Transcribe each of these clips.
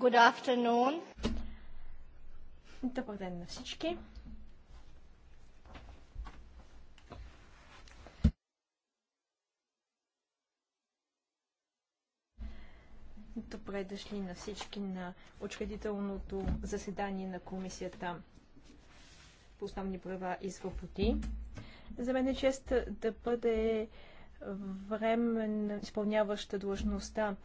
Good afternoon. Добър ден на всички. Добре дошли на всички на учредителното заседание на Комисията по основни права и свободи. За мен е чест да бъде временно изпълняваща длъжността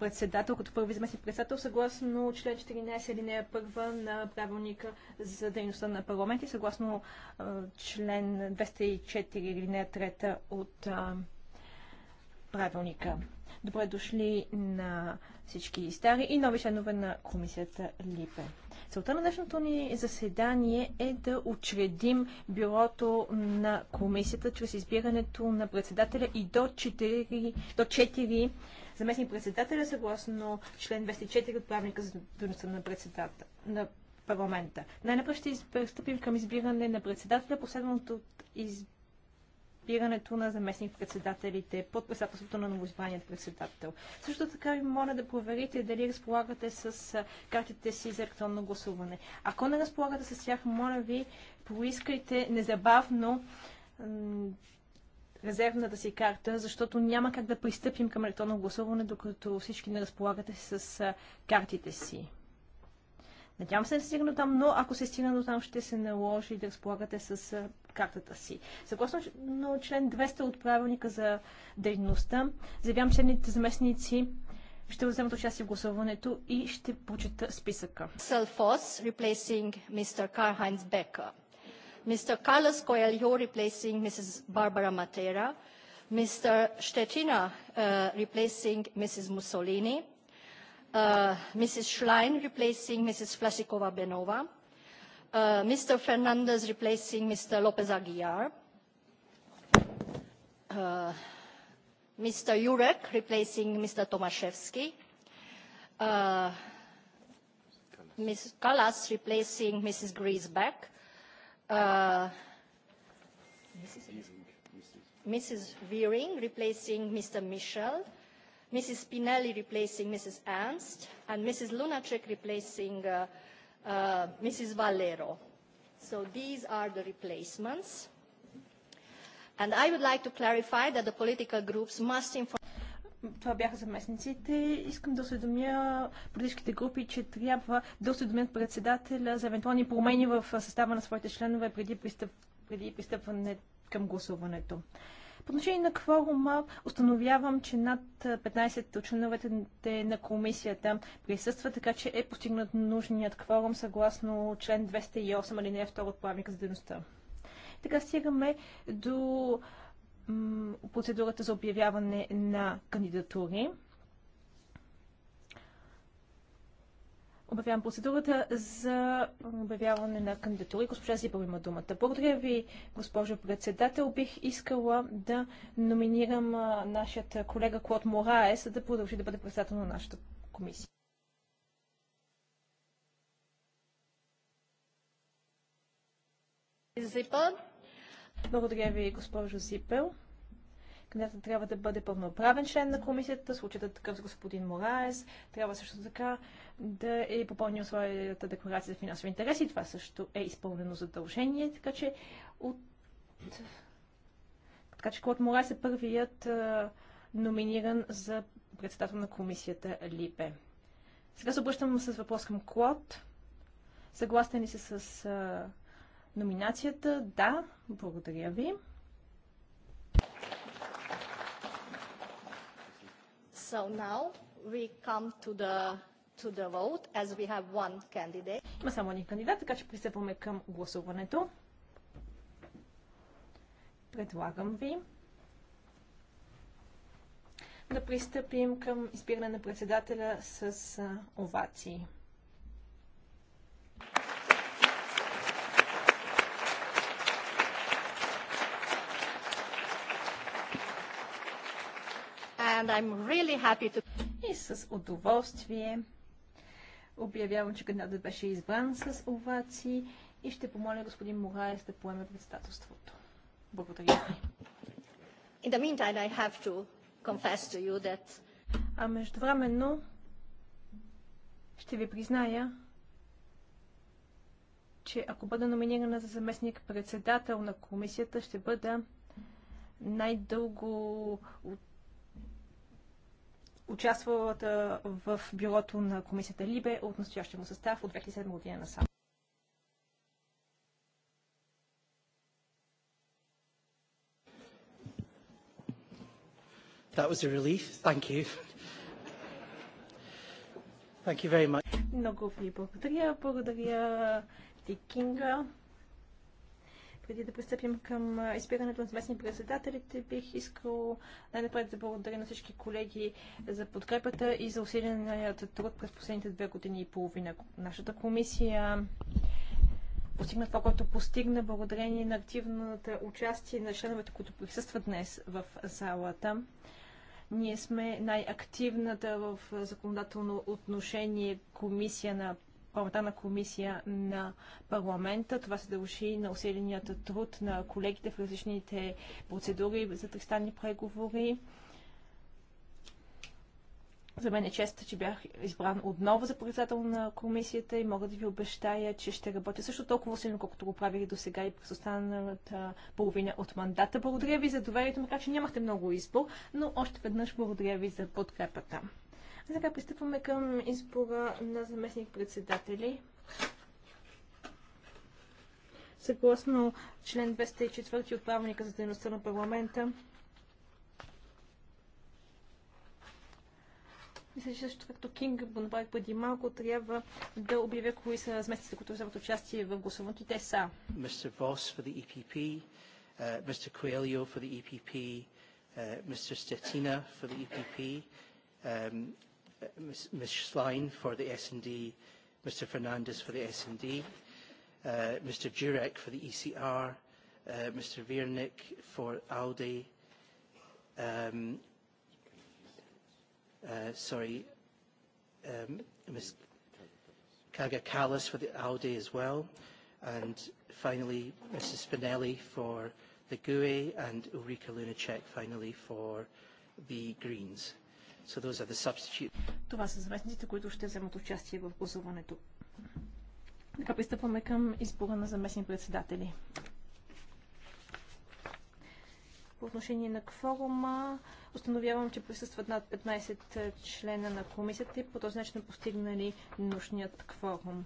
председател, като първи заместник председател, съгласно член 14 алинея 1 на правилника за дейността на парламент и съгласно член 204 алинея 3 от правилника. Добре дошли на всички стари и нови членове на комисията Липе. Целта на днешното ни заседание е да учредим бюрото на комисията чрез избирането на председателя и до 4, до 4 заместни председателя, съгласно член 204 от правника за дейността на председател на парламента. Най-напред ще пристъпим към избиране на председателя, последното от избиране избирането на заместник-председателите под председателството на новоизбраният председател. Също така ви моля да проверите дали разполагате с картите си за електронно гласуване. Ако не разполагате с тях, моля ви, поискайте незабавно резервната си карта, защото няма как да пристъпим към електронно гласуване, докато всички не разполагате с картите си. Надявам се да стигна там, но ако се стигна до там, ще се наложи да разполагате с картата си. Съгласно но член 200 от правилника за дейността, заявявам следните заместници ще вземат участие в гласуването и ще прочета списъка. Селфос, replacing Mr. karl Бека. Becker. Mr. Carlos Coelho, replacing Mrs. Barbara Matera. Mr. Stetina, uh, replacing Mrs. Mussolini uh, Mrs. Schlein replacing Mrs. Flasikova Benova, uh, Mr. Fernandez replacing Mr. Lopez Aguilar, uh, Mr. Jurek replacing Mr. Tomaszewski, uh, Ms. Kallas replacing Mrs. Griesbeck, uh, Mrs. Mrs. Veering replacing Mr. Michel, Mrs. Spinelli replacing Mrs. Ernst, and Mrs. Lunacek replacing uh, uh, Mrs. Valero. So these are the replacements. And I would like to clarify that the political groups must inform това бяха заместниците. Искам да осведомя политическите групи, че трябва да осведомят председателя за евентуални промени в състава на своите членове преди, пристъп, преди пристъпване към гласуването. По отношение на кворума установявам, че над 15 от членовете на комисията присъстват, така че е постигнат нужният кворум съгласно член 208 алинея 2 от правника за дейността. Така стигаме до процедурата за обявяване на кандидатури. Обявявам процедурата за обявяване на кандидатури. Госпожа Зипова има думата. Благодаря ви, госпожо председател. Бих искала да номинирам нашият колега Клод Мораес да продължи да бъде председател на нашата комисия. Зипа. Благодаря ви, госпожо Зипел. Кандидатът трябва да бъде пълноправен член на комисията, случаят е такъв с господин Мораес. Трябва също така да е попълнил своята декларация за финансови интереси. Това също е изпълнено задължение, така че от... Така че Клод Мораес е първият а, номиниран за председател на комисията Липе. Сега се обръщам с въпрос към Клод. Съгласни ли се с а, номинацията? Да, благодаря ви. So now we come to the to the vote, as we have one candidate. Има само един кандидат, така че пристъпваме към гласуването. Предлагам ви да пристъпим към избиране на председателя с овации. and I'm really happy to... И с удоволствие обявявам, че кандидатът беше избран с овации и ще помоля господин Мораес да поеме председателството. Благодаря ви. In the meantime, I have to confess to you that... А междувременно ще ви призная, че ако бъда номинирана за заместник председател на комисията, ще бъда най-дълго от участвалата в бюрото на комисията Либе от настоящия му състав от 2007 година насам. That was a relief. Thank you. Thank you very much. Много ви благодаря. Благодаря ти, Кинга. Преди да пристъпим към избирането на заместни председателите, бих искал най-напред да благодаря на всички колеги за подкрепата и за усилянията труд през последните две години и половина. Нашата комисия постигна това, което постигна благодарение на активната участие на членовете, които присъстват днес в залата. Ние сме най-активната в законодателно отношение комисия на парламентарна комисия на парламента. Това се дължи на усиленият труд на колегите в различните процедури за тристанни преговори. За мен е чест, че бях избран отново за председател на комисията и мога да ви обещая, че ще работя също толкова силно, колкото го правих до сега и през останалата половина от мандата. Благодаря ви за доверието, макар че нямахте много избор, но още веднъж благодаря ви за подкрепата. А сега пристъпваме към избора на заместник-председатели. Съгласно член 204 от правилника за дейността на парламента, Мисля, че също както Кинг го направи преди малко, трябва да обявя кои са разместите, които вземат участие в гласуването. Те са. Мистер Voss за ЕПП, мистер uh, за ЕПП, for the EPP, uh, Ms. Schlein for the S&D, Mr. Fernandez for the S&D, uh, Mr. Jurek for the ECR, uh, Mr. Viernik for ALDE, um, uh, sorry, um, Ms. Kaga Kallas for the ALDE as well, and finally Mrs. Spinelli for the GUE and Ulrika Lunacek finally for the Greens. So those are the substitute. Това са заместниците, които ще вземат участие в гласуването. Така пристъпваме към избора на заместни председатели. По отношение на кворума, установявам, че присъстват над 15 е, члена на комисията и по този начин постигнали нужният кворум.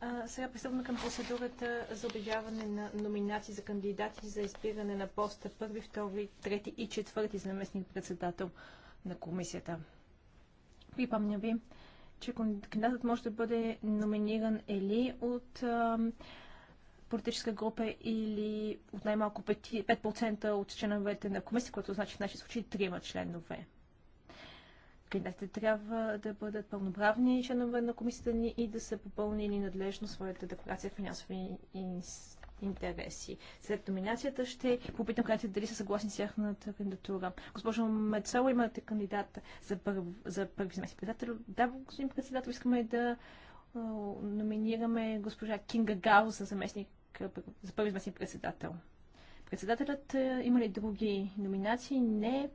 А, сега пристъпваме към процедурата за обявяване на номинации за кандидати за избиране на поста първи, втори, трети и четвърти заместник председател на комисията. Припомня ви, че кандидатът може да бъде номиниран или от политическа група или от най-малко 5% от членовете на комисия, което значи в нашия случай трима членове. Кандидатите трябва да бъдат пълноправни членове на комисията ни и да са попълнили надлежно своята декларация в финансови институции интереси. След номинацията ще попитам кандидатите дали са съгласни с тяхната кандидатура. Госпожо Мецало, имате кандидат за, първ, за първи заместник председател. Да, господин председател, искаме да о, номинираме госпожа Кинга Гао за, заместник, за първи заместник председател. Председателят е, има ли други номинации? Не.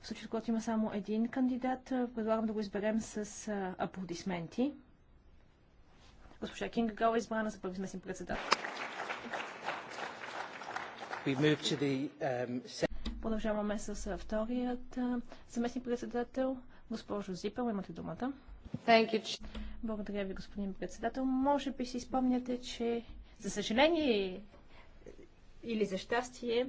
В случай, когато има само един кандидат, предлагам да го изберем с аплодисменти. Госпожа Кинга Гал е избрана за първи заместник председател. Um, Продължаваме с вторият заместник председател. Госпожо Зипел, имате думата. Благодаря ви, господин председател. Може би си спомняте, че за съжаление или за щастие,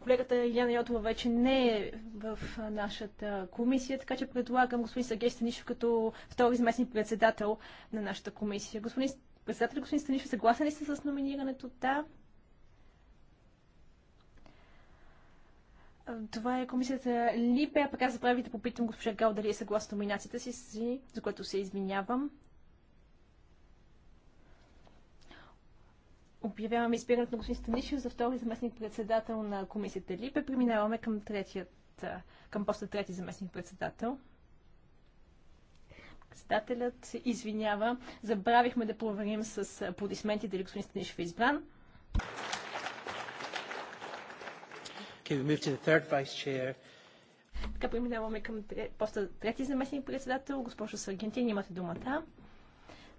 Колегата Иляна Йотова вече не е в нашата комисия, така че предлагам господин Сергей Станишев като втори заместник председател на нашата комисия. Господин председател, господин Станишев, съгласен ли сте с номинирането? Да. Това е комисията Липе, а пък аз забравих да попитам госпожа Гал дали е съгласна с номинацията си, за което се извинявам. Обявяваме избирането на господин Станишев за втори заместник председател на комисията Липе. Преминаваме към, третият, към поста трети заместник председател. Председателят извинява. Забравихме да проверим с аплодисменти дали господин Станишев е избран. Okay, move to the third vice chair. Така преминаваме към поста трети заместник председател. Госпожо Саргентин, имате думата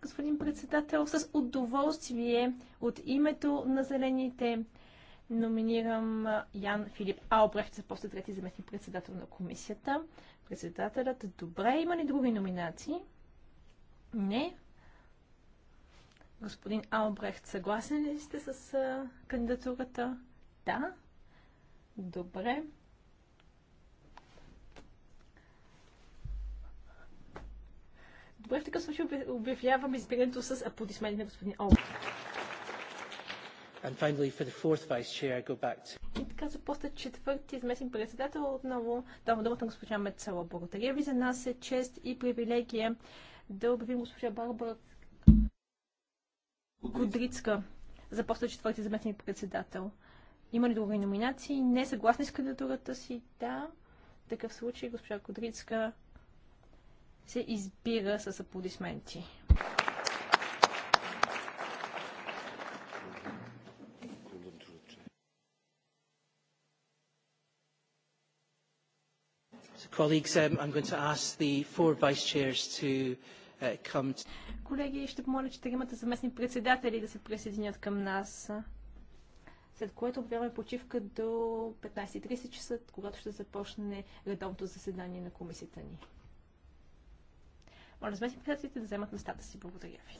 господин председател. С удоволствие от името на зелените номинирам Ян Филип Албрехт за после трети заместник председател на комисията. Председателят, добре, има ли други номинации? Не. Господин Албрехт, съгласен ли сте с кандидатурата? Да. Добре. Добре, в такъв случай обявявам избирането с аплодисменти на господин Олбрихт. And finally, for the fourth vice chair, I go back to... И така за поста четвърти заместник председател отново давам думата на госпожа Мецела. Благодаря ви за нас е чест и привилегия да обявим госпожа Барбара Кудрицка за поста четвърти заместник председател. Има ли други номинации? Не съгласни с кандидатурата си? Да. В такъв случай госпожа Кудрицка се избира с аплодисменти. Um, uh, Колеги, ще помоля четиримата заместни председатели да се присъединят към нас, след което обявяваме почивка до 15.30 часа, когато ще започне редовното заседание на комисията ни. Моля, заместник председателите да вземат местата си. Благодаря ви.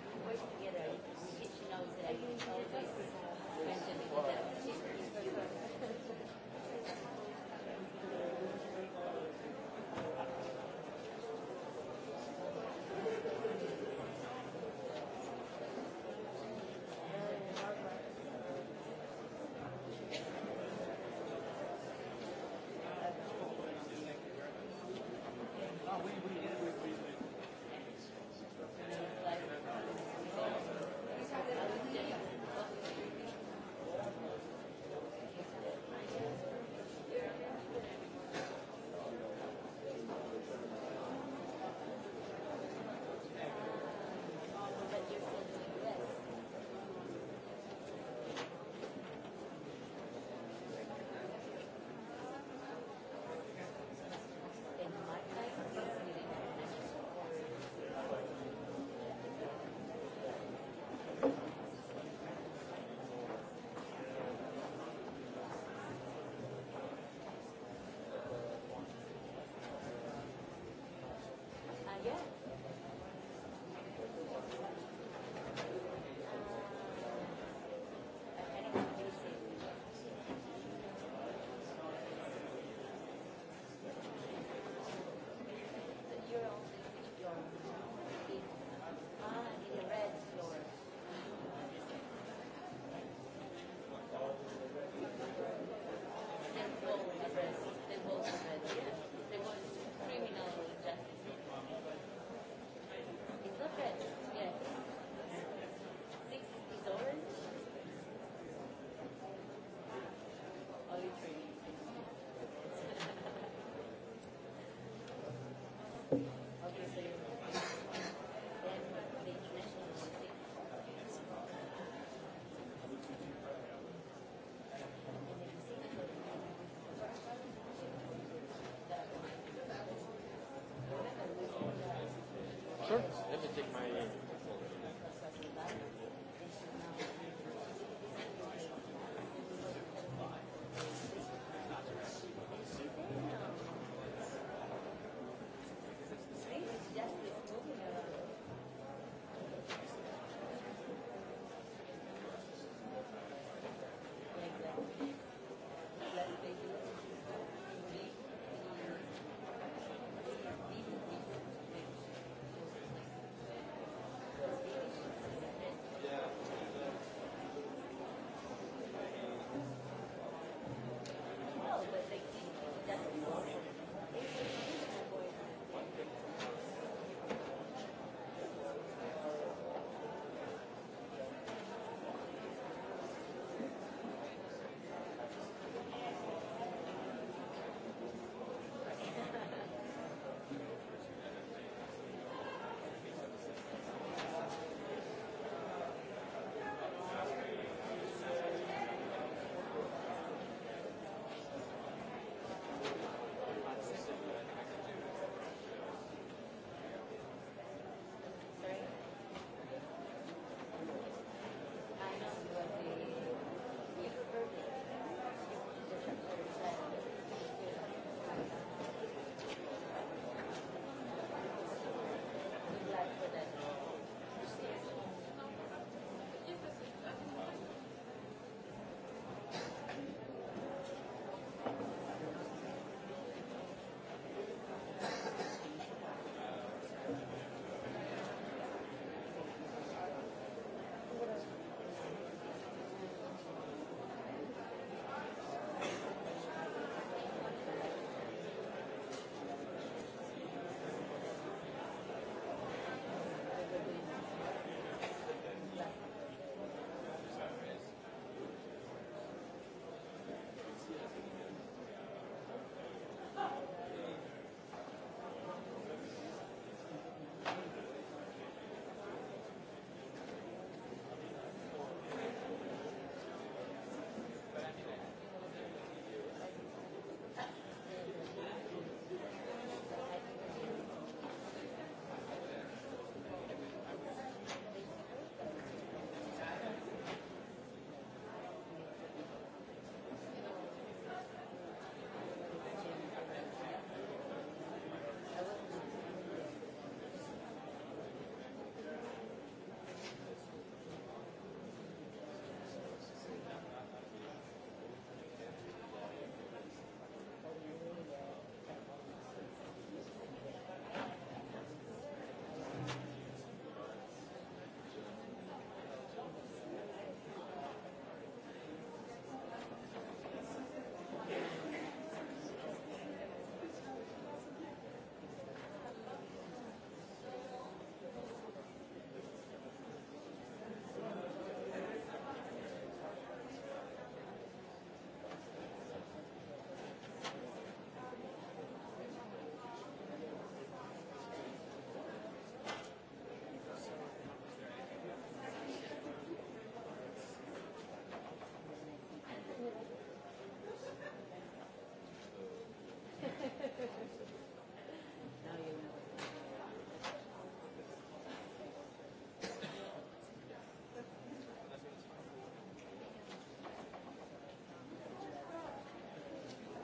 Let me take my.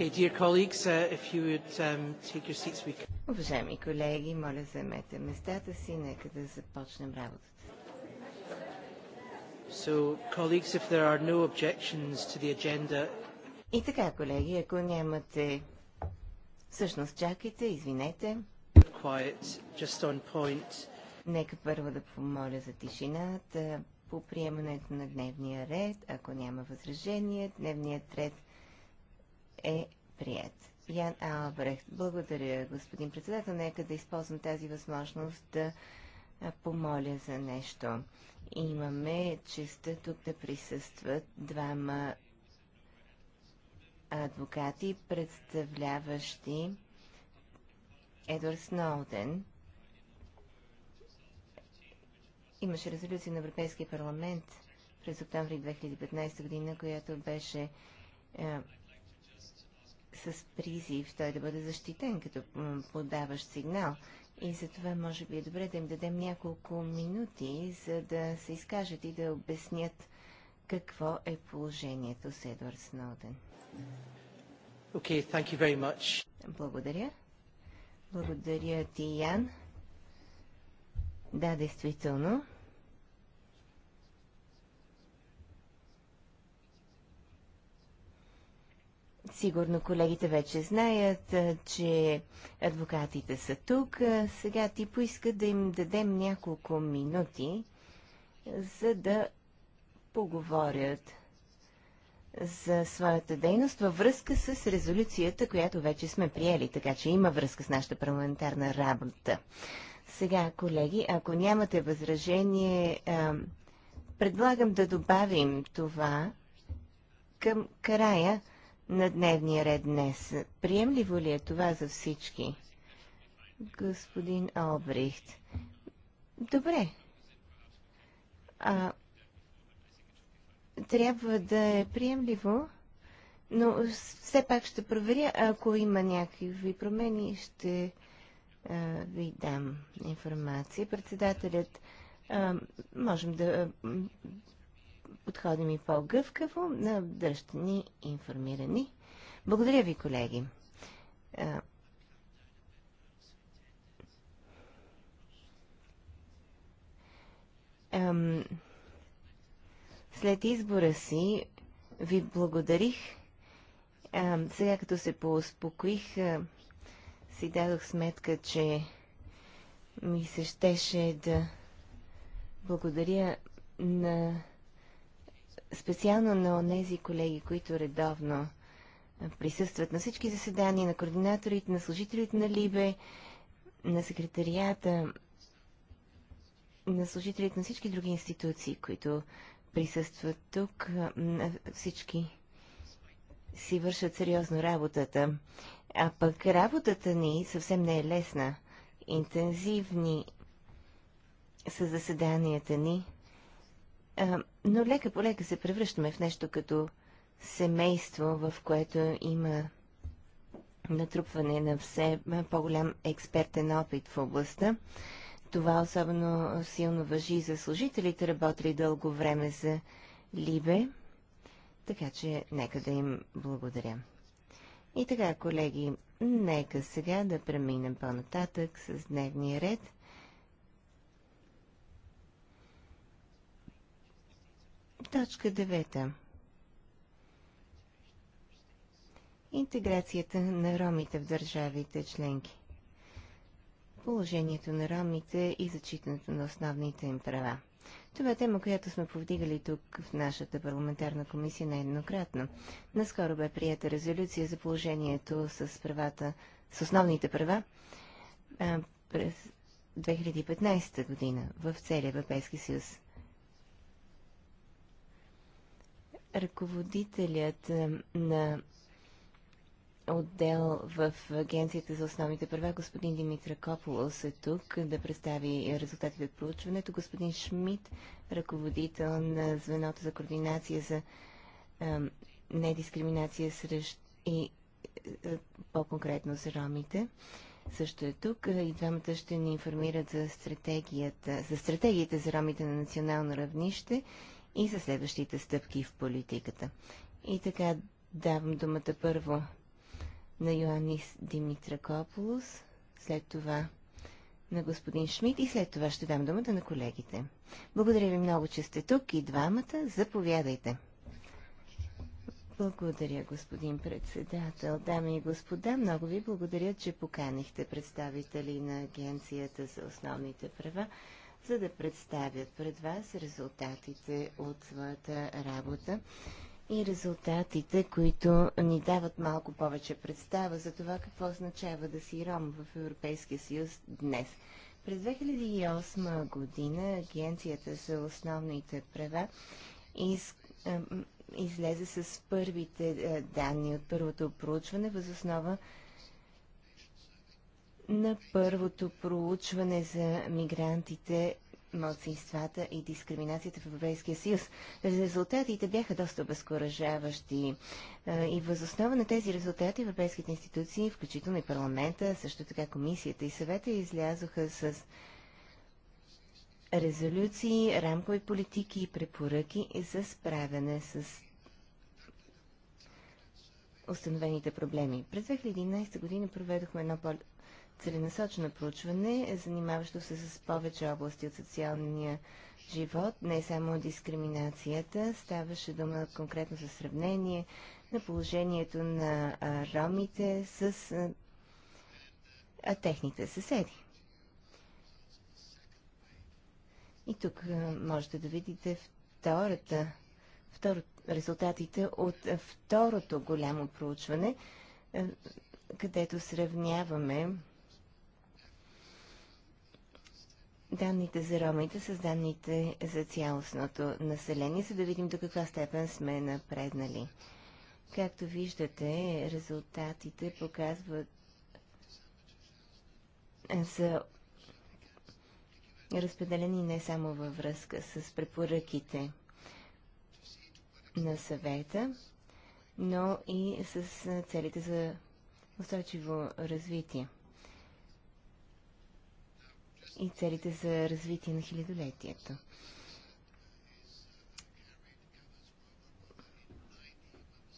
Okay, Уважаеми колеги, моля заемете местата си, нека да започнем работата. So, colleagues, if there are no objections to the agenda... И така, колеги, ако нямате... Всъщност, чакайте, извинете. Quiet, just on point. Нека първо да помоля за тишината по приемането на дневния ред. Ако няма възражение, дневният ред е прият. Ян Албрехт, благодаря, господин председател. Нека да използвам тази възможност да помоля за нещо. Имаме честа тук да присъстват двама адвокати, представляващи Едвард Сноуден. Имаше резолюция на Европейския парламент през октомври 2015 година, която беше е, с призив той да бъде защитен като подаваш сигнал. И за това може би е добре да им дадем няколко минути, за да се изкажат и да обяснят какво е положението с Едвард Сноуден. Okay, thank you very much. Благодаря. Благодаря ти, Ян. Да, действително. Сигурно колегите вече знаят, че адвокатите са тук. Сега ти поиска да им дадем няколко минути, за да поговорят за своята дейност във връзка с резолюцията, която вече сме приели, така че има връзка с нашата парламентарна работа. Сега, колеги, ако нямате възражение, предлагам да добавим това към края на дневния ред днес. Приемливо ли е това за всички? Господин Обрихт. Добре. А, трябва да е приемливо, но все пак ще проверя. Ако има някакви промени, ще а, ви дам информация. Председателят а, можем да подходим и по-гъвкаво, държите ни информирани. Благодаря ви, колеги. след избора си ви благодарих. сега като се поуспокоих, си дадох сметка, че ми се щеше да благодаря на специално на онези колеги, които редовно присъстват на всички заседания, на координаторите, на служителите на Либе, на секретарията, на служителите на всички други институции, които присъстват тук, на всички си вършат сериозно работата. А пък работата ни съвсем не е лесна. Интензивни са заседанията ни но лека по лека се превръщаме в нещо като семейство, в което има натрупване на все по-голям експертен опит в областта. Това особено силно въжи за служителите, работили дълго време за Либе, така че нека да им благодаря. И така, колеги, нека сега да преминем по-нататък с дневния ред – Точка 9. Интеграцията на ромите в държавите членки. Положението на ромите и зачитането на основните им права. Това е тема, която сме повдигали тук в нашата парламентарна комисия нееднократно. Наскоро бе прията резолюция за положението с правата, с основните права а, през 2015 година в целия Европейски съюз. ръководителят е, на отдел в Агенцията за основните права, господин Димитра Кополос е тук да представи резултатите от проучването. Господин Шмидт, ръководител на звеното за координация за е, недискриминация срещу и е, по-конкретно за ромите, също е тук. Е, и двамата ще ни информират за стратегията, за стратегията за ромите на национално равнище и за следващите стъпки в политиката. И така давам думата първо на Йоаннис Димитракополос, след това на господин Шмидт и след това ще дам думата на колегите. Благодаря ви много, че сте тук и двамата. Заповядайте. Благодаря, господин председател. Дами и господа, много ви благодаря, че поканихте представители на Агенцията за основните права за да представят пред вас резултатите от своята работа и резултатите, които ни дават малко повече представа за това какво означава да си ром в Европейския съюз днес. През 2008 година Агенцията за основните права из, излезе с първите е, данни от първото проучване възоснова основа на първото проучване за мигрантите, младсинствата и дискриминацията в Европейския съюз. Резултатите бяха доста обезкуражаващи. И възоснова на тези резултати европейските институции, включително и парламента, също така комисията и съвета излязоха с резолюции, рамкови политики и препоръки за справяне с установените проблеми. През 2011 година проведохме едно целенасочено проучване, занимаващо се с повече области от социалния живот, не само дискриминацията. Ставаше дума конкретно за сравнение на положението на ромите с а, а, техните съседи. И тук а, можете да видите втората, второ, резултатите от второто голямо проучване, а, където сравняваме данните за ромите с данните за цялостното население, за да видим до каква степен сме напреднали. Както виждате, резултатите показват за е, разпределени не само във връзка с препоръките на съвета, но и с е, целите за устойчиво развитие и целите за развитие на хилядолетието.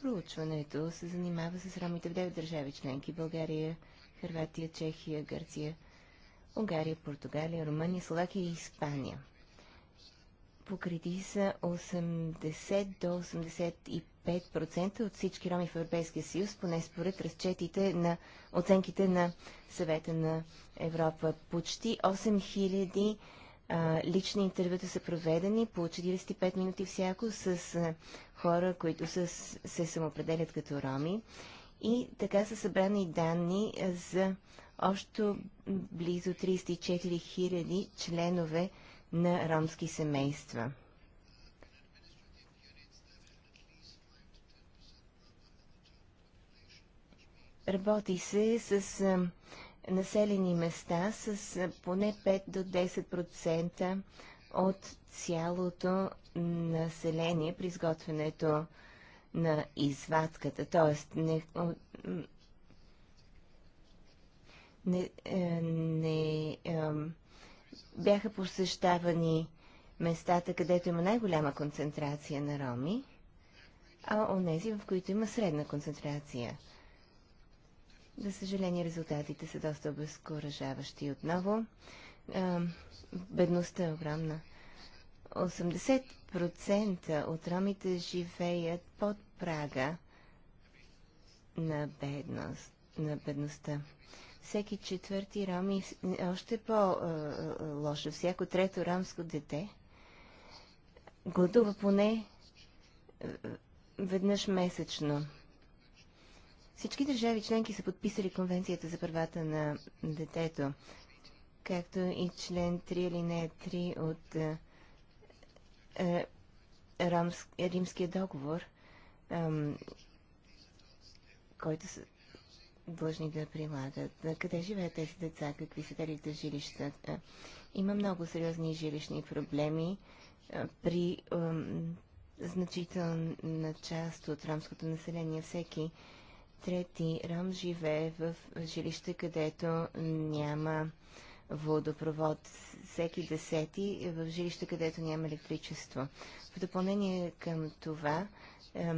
Проучването се занимава с ромите в 9 държави членки – България, Хърватия, Чехия, Гърция, Унгария, Португалия, Румъния, Словакия и Испания. Покрити са 80 до 5% от всички роми в Европейския съюз, поне според разчетите на оценките на съвета на Европа. Почти 8000 а, лични интервюта са проведени по 45 минути всяко с а, хора, които са, се самоопределят като роми. И така са събрани данни за още близо 34 000 членове на ромски семейства. Работи се с населени места с поне 5 до 10% от цялото население при изготвянето на извадката. Тоест, не, не, е, не е, бяха посещавани местата, където има най-голяма концентрация на роми, а онези, в които има средна концентрация за съжаление, резултатите са доста обезкуражаващи отново. А, бедността е огромна. 80% от ромите живеят под прага на, бедност, на бедността. Всеки четвърти роми, още по-лошо, всяко трето ромско дете гладува поне веднъж месечно. Всички държави членки са подписали Конвенцията за правата на детето, както и член 3 или не 3 от е, е, е, Римския договор, е, който са длъжни да прилагат. Къде живеят тези деца? Какви са техните жилища? Има много сериозни жилищни проблеми при значителна част от ромското население. Всеки трети ром живее в жилище, където няма водопровод. Всеки десети в жилище, където няма електричество. В допълнение към това, е,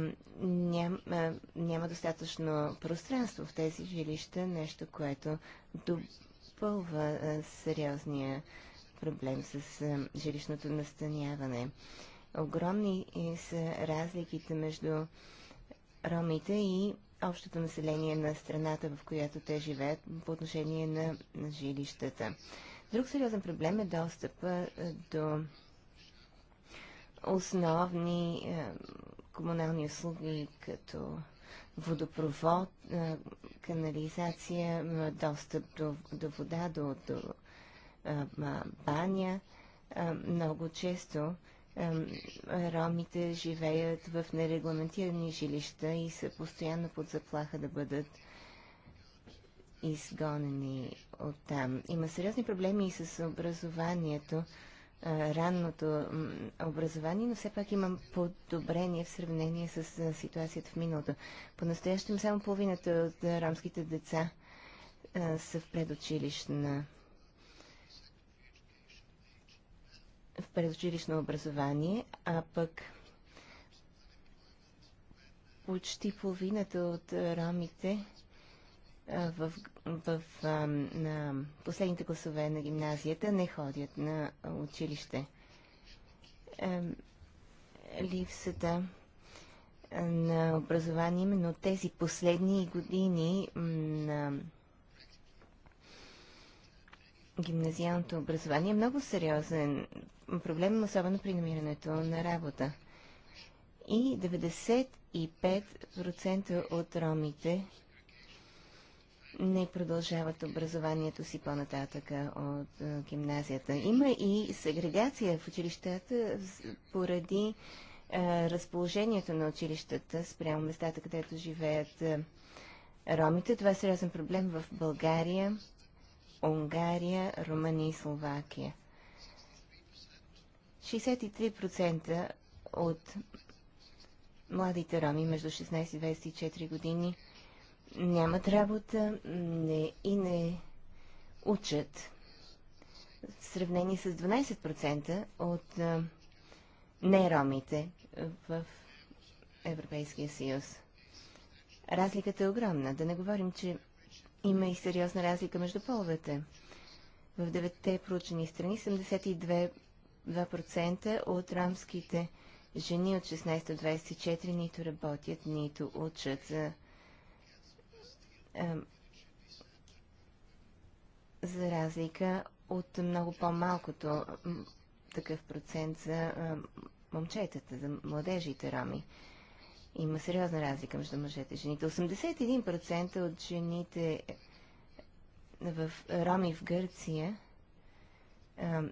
няма достатъчно пространство в тези жилища, нещо, което допълва е, сериозния проблем с е, жилищното настаняване. Огромни са разликите между ромите и общото население на страната, в която те живеят по отношение на, жилищата. Друг сериозен проблем е достъпа е, до основни е, комунални услуги, като водопровод, е, канализация, достъп до, до вода, до, до баня. Много често ромите живеят в нерегламентирани жилища и са постоянно под заплаха да бъдат изгонени от там. Има сериозни проблеми и с образованието, ранното образование, но все пак имам подобрение в сравнение с ситуацията в миналото. По-настоящем само половината от ромските деца са в предучилищна в предучилищно образование, а пък почти половината от ромите в, в на последните класове на гимназията не ходят на училище. липсата на образование, именно тези последни години на гимназиалното образование е много сериозен проблем, особено при намирането на работа. И 95% от ромите не продължават образованието си по-нататъка от гимназията. Има и сегрегация в училищата поради разположението на училищата спрямо местата, където живеят ромите. Това е сериозен проблем в България Унгария, Румъния и Словакия. 63% от младите роми между 16 и 24 години нямат работа не, и не учат. В сравнение с 12% от а, неромите в Европейския съюз. Разликата е огромна. Да не говорим, че има и сериозна разлика между половете. В девете проучени страни 72% от рамските жени от 16 до 24 нито работят, нито учат. За, за разлика от много по-малкото такъв процент за момчетата, за младежите роми. Има сериозна разлика между мъжете и жените. 81% от жените е, в Роми в Гърция а, е,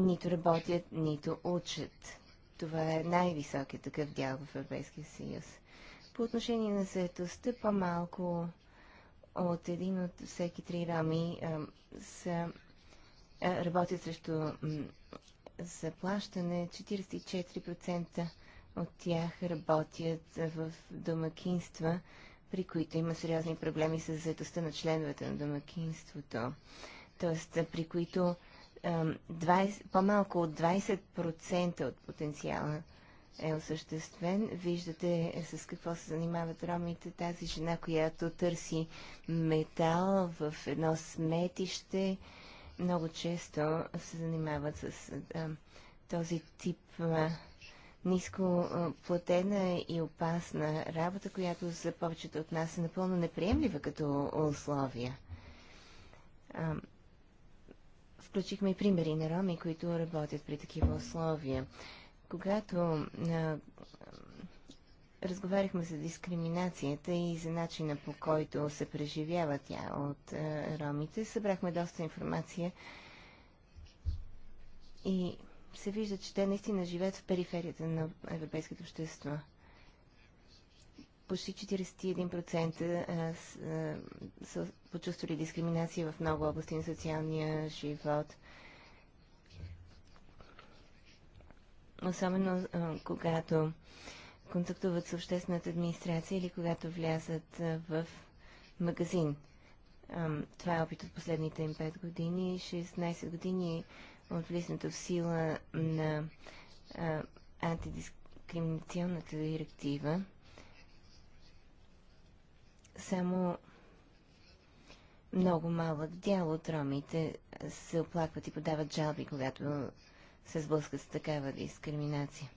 нито работят, нито учат. Това е най-високият такъв дял в Европейския съюз. По отношение на заетостта, по-малко от един от всеки три рами а, е, са, а, работят срещу заплащане. 44% от тях работят в домакинства, при които има сериозни проблеми с заедостта на членовете на домакинството. Тоест, при които 20, по-малко от 20% от потенциала е осъществен. Виждате с какво се занимават ромите. Тази жена, която търси метал в едно сметище, много често се занимават с този тип ниско платена и опасна работа, която за повечето от нас е напълно неприемлива като условия. включихме и примери на роми, които работят при такива условия. Когато а, разговаряхме за дискриминацията и за начина по който се преживява тя от а, ромите, събрахме доста информация и се вижда, че те наистина живеят в периферията на европейското общество. Почти 41% са почувствали дискриминация в много области на социалния живот. Особено когато контактуват с обществената администрация или когато влязат в магазин. Това е опит от последните им 5 години. 16 години от влизането в сила на антидискриминационната директива, само много малък дял от ромите се оплакват и подават жалби, когато се сблъскат с такава дискриминация.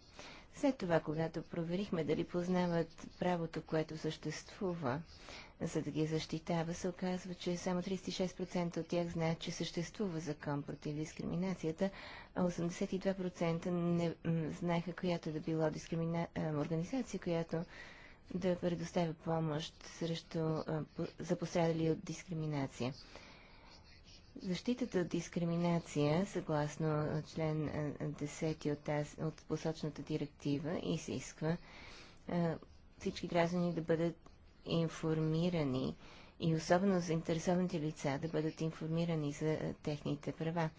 След това, когато проверихме дали познават правото, което съществува, за да ги защитава, се оказва, че само 36% от тях знаят, че съществува закон против дискриминацията, а 82% не знаеха която да било дискримина... организация, която да предоставя помощ срещу, за пострадали от дискриминация. Защитата от дискриминация, съгласно член 10 от, таз, от посочната директива, изисква всички граждани да бъдат информирани и особено заинтересованите лица да бъдат информирани за техните права.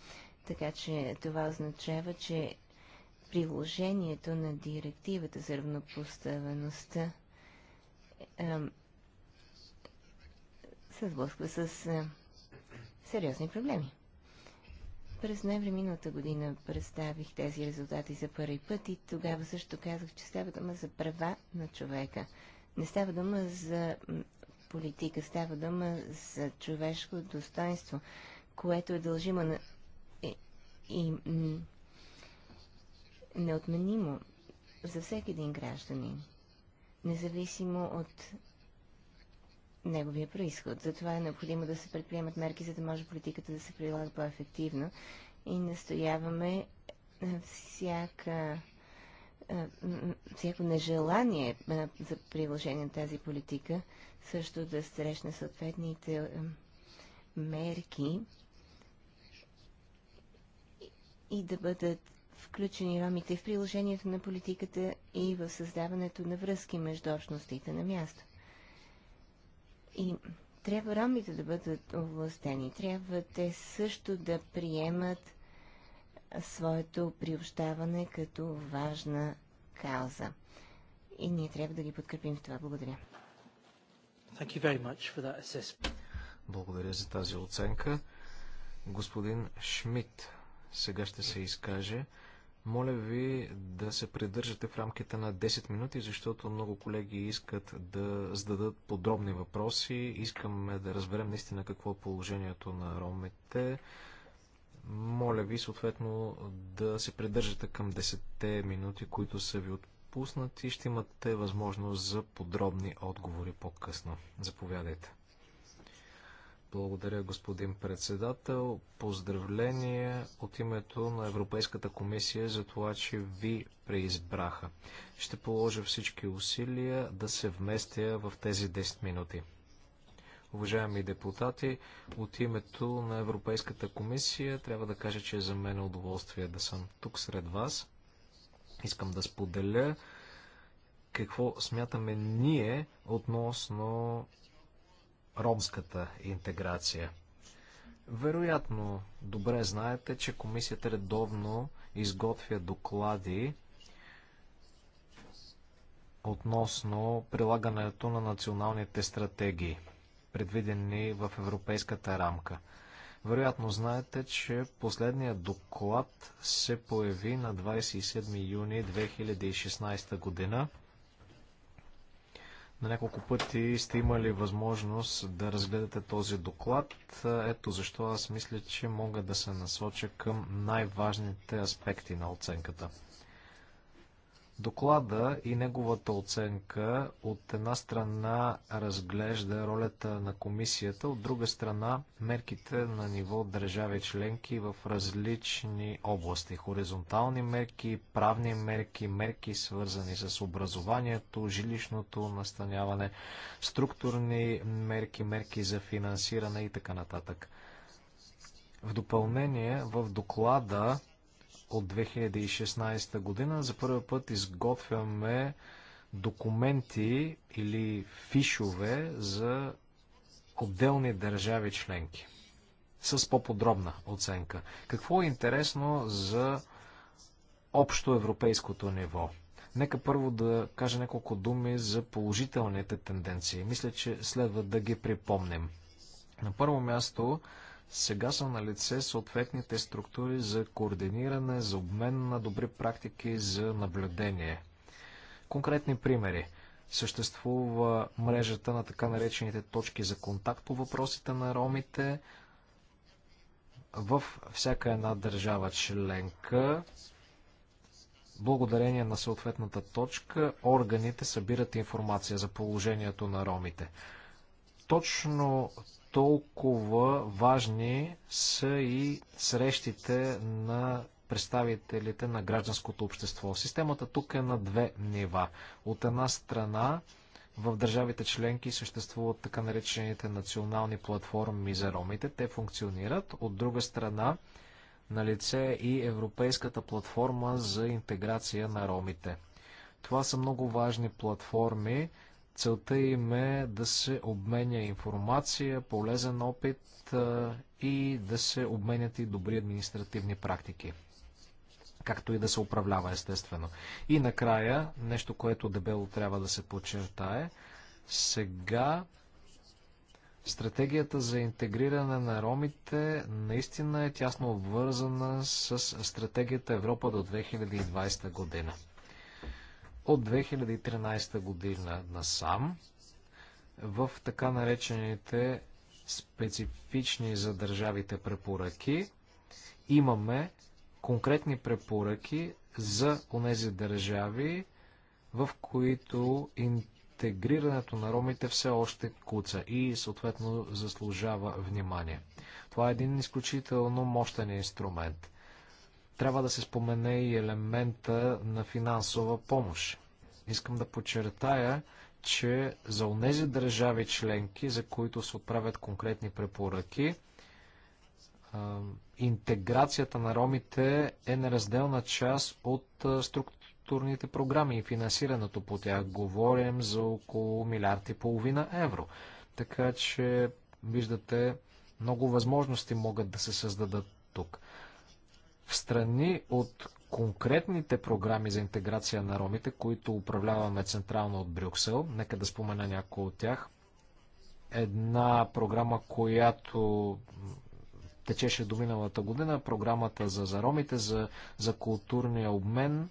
Така че това означава, че приложението на директивата за равнопоставеността е, се сблъсква с е, сериозни проблеми. През ноември миналата година представих тези резултати за първи път и тогава също казах, че става дума за права на човека. Не става дума за политика, става дума за човешко достоинство, което е дължимо на... Е, и, и неотменимо за всеки един гражданин, независимо от неговия происход. Затова е необходимо да се предприемат мерки, за да може политиката да се прилага по-ефективно и настояваме всяка е, всяко нежелание е, за приложение на тази политика също да срещне съответните е, мерки и да бъдат включени ромите в приложението на политиката и в създаването на връзки между общностите на място. И трябва ромите да бъдат овластени, трябва те също да приемат своето приобщаване като важна кауза. И ние трябва да ги подкрепим в това. Благодаря. Thank you very much for that assessment. Благодаря за тази оценка. Господин Шмидт сега ще се изкаже. Моля ви да се придържате в рамките на 10 минути, защото много колеги искат да зададат подробни въпроси. Искаме да разберем наистина какво е положението на ромите. Моля ви, съответно, да се придържате към 10 минути, които са ви отпуснати. Ще имате възможност за подробни отговори по-късно. Заповядайте. Благодаря, господин председател. Поздравление от името на Европейската комисия за това, че ви преизбраха. Ще положа всички усилия да се вместя в тези 10 минути. Уважаеми депутати, от името на Европейската комисия трябва да кажа, че е за мен удоволствие да съм тук сред вас. Искам да споделя какво смятаме ние относно ромската интеграция. Вероятно, добре знаете, че комисията редовно изготвя доклади относно прилагането на националните стратегии – предвидени в европейската рамка. Вероятно знаете, че последният доклад се появи на 27 юни 2016 година. На няколко пъти сте имали възможност да разгледате този доклад. Ето защо аз мисля, че мога да се насоча към най-важните аспекти на оценката. Доклада и неговата оценка от една страна разглежда ролята на комисията, от друга страна мерките на ниво държави членки в различни области. Хоризонтални мерки, правни мерки, мерки свързани с образованието, жилищното настаняване, структурни мерки, мерки за финансиране и така нататък. В допълнение, в доклада от 2016 година. За първи път изготвяме документи или фишове за отделни държави членки с по-подробна оценка. Какво е интересно за общо европейското ниво? Нека първо да кажа няколко думи за положителните тенденции. Мисля, че следва да ги припомним. На първо място сега са на лице съответните структури за координиране, за обмен на добри практики, за наблюдение. Конкретни примери. Съществува мрежата на така наречените точки за контакт по въпросите на ромите в всяка една държава членка. Благодарение на съответната точка, органите събират информация за положението на ромите. Точно толкова важни са и срещите на представителите на гражданското общество. Системата тук е на две нива. От една страна, в държавите членки съществуват така наречените национални платформи за ромите. Те функционират. От друга страна, на лице е и Европейската платформа за интеграция на ромите. Това са много важни платформи, Целта им е да се обменя информация, полезен опит и да се обменят и добри административни практики. Както и да се управлява, естествено. И накрая, нещо, което дебело трябва да се подчертае, сега Стратегията за интегриране на ромите наистина е тясно обвързана с стратегията Европа до 2020 година. От 2013 година насам в така наречените специфични за държавите препоръки имаме конкретни препоръки за онези държави, в които интегрирането на ромите все още куца и съответно заслужава внимание. Това е един изключително мощен инструмент. Трябва да се спомене и елемента на финансова помощ. Искам да подчертая, че за онези държави членки, за които се отправят конкретни препоръки, интеграцията на ромите е неразделна част от структурните програми и финансирането по тях. Говорим за около милиард и половина евро. Така че, виждате, много възможности могат да се създадат тук в страни от конкретните програми за интеграция на ромите, които управляваме централно от Брюксел. Нека да спомена някои от тях. Една програма, която течеше до миналата година, програмата за, за ромите, за, за културния обмен.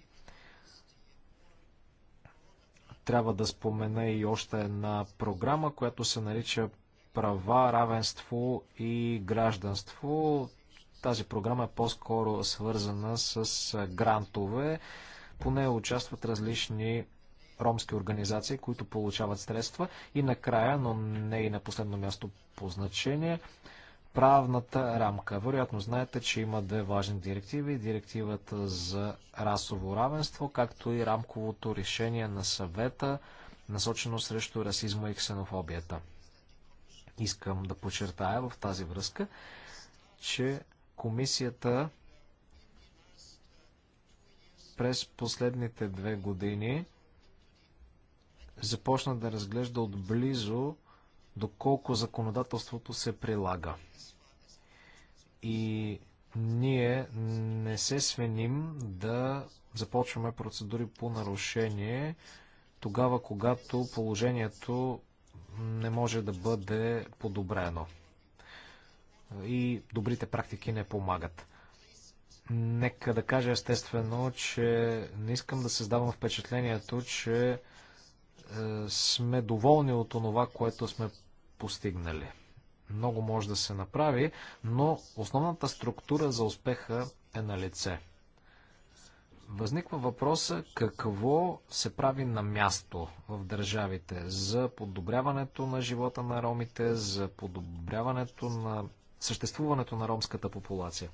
Трябва да спомена и още една програма, която се нарича Права, равенство и гражданство. Тази програма е по-скоро свързана с грантове. По нея участват различни ромски организации, които получават средства. И накрая, но не и на последно място по значение, правната рамка. Вероятно знаете, че има две важни директиви. Директивата за расово равенство, както и рамковото решение на съвета, насочено срещу расизма и ксенофобията. Искам да подчертая в тази връзка, че Комисията през последните две години започна да разглежда отблизо доколко законодателството се прилага. И ние не се свеним да започваме процедури по нарушение тогава, когато положението не може да бъде подобрено и добрите практики не помагат. Нека да кажа естествено, че не искам да създавам впечатлението, че е, сме доволни от това, което сме постигнали. Много може да се направи, но основната структура за успеха е на лице. Възниква въпроса какво се прави на място в държавите за подобряването на живота на ромите, за подобряването на съществуването на ромската популация.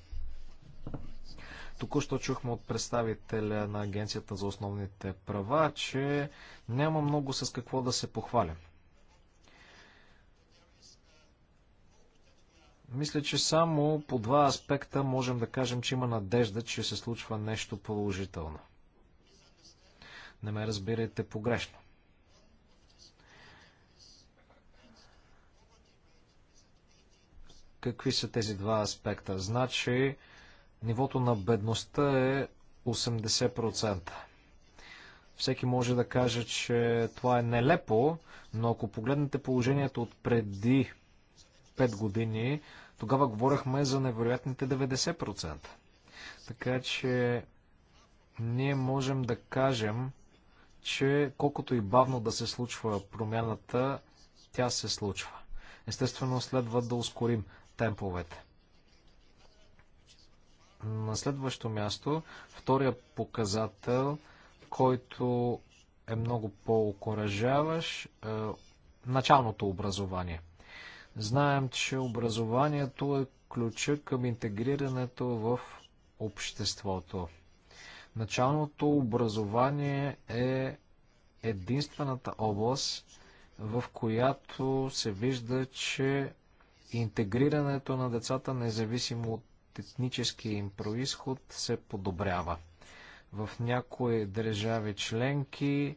Току-що чухме от представителя на Агенцията за основните права, че няма много с какво да се похваля. Мисля, че само по два аспекта можем да кажем, че има надежда, че се случва нещо положително. Не ме разбирайте погрешно. какви са тези два аспекта. Значи, нивото на бедността е 80%. Всеки може да каже, че това е нелепо, но ако погледнете положението от преди 5 години, тогава говорихме за невероятните 90%. Така че ние можем да кажем, че колкото и бавно да се случва промяната, тя се случва. Естествено, следва да ускорим темповете. На следващо място, втория показател, който е много по-окоръжаващ, е, началното образование. Знаем, че образованието е ключа към интегрирането в обществото. Началното образование е единствената област, в която се вижда, че интегрирането на децата, независимо от етническия им происход, се подобрява. В някои държави членки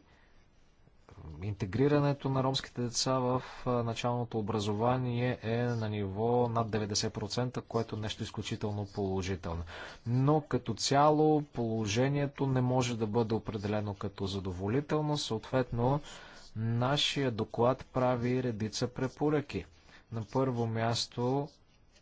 интегрирането на ромските деца в началното образование е на ниво над 90%, което е нещо изключително положително. Но като цяло положението не може да бъде определено като задоволително, съответно нашия доклад прави редица препоръки. На първо място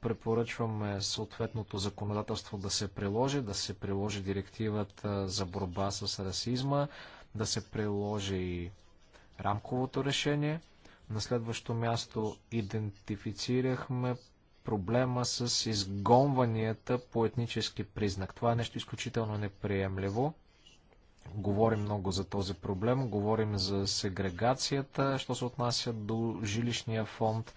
препоръчваме съответното законодателство да се приложи, да се приложи директивата за борба с расизма, да се приложи и рамковото решение. На следващо място идентифицирахме проблема с изгонванията по етнически признак. Това е нещо изключително неприемливо. Говорим много за този проблем, говорим за сегрегацията, що се отнася до жилищния фонд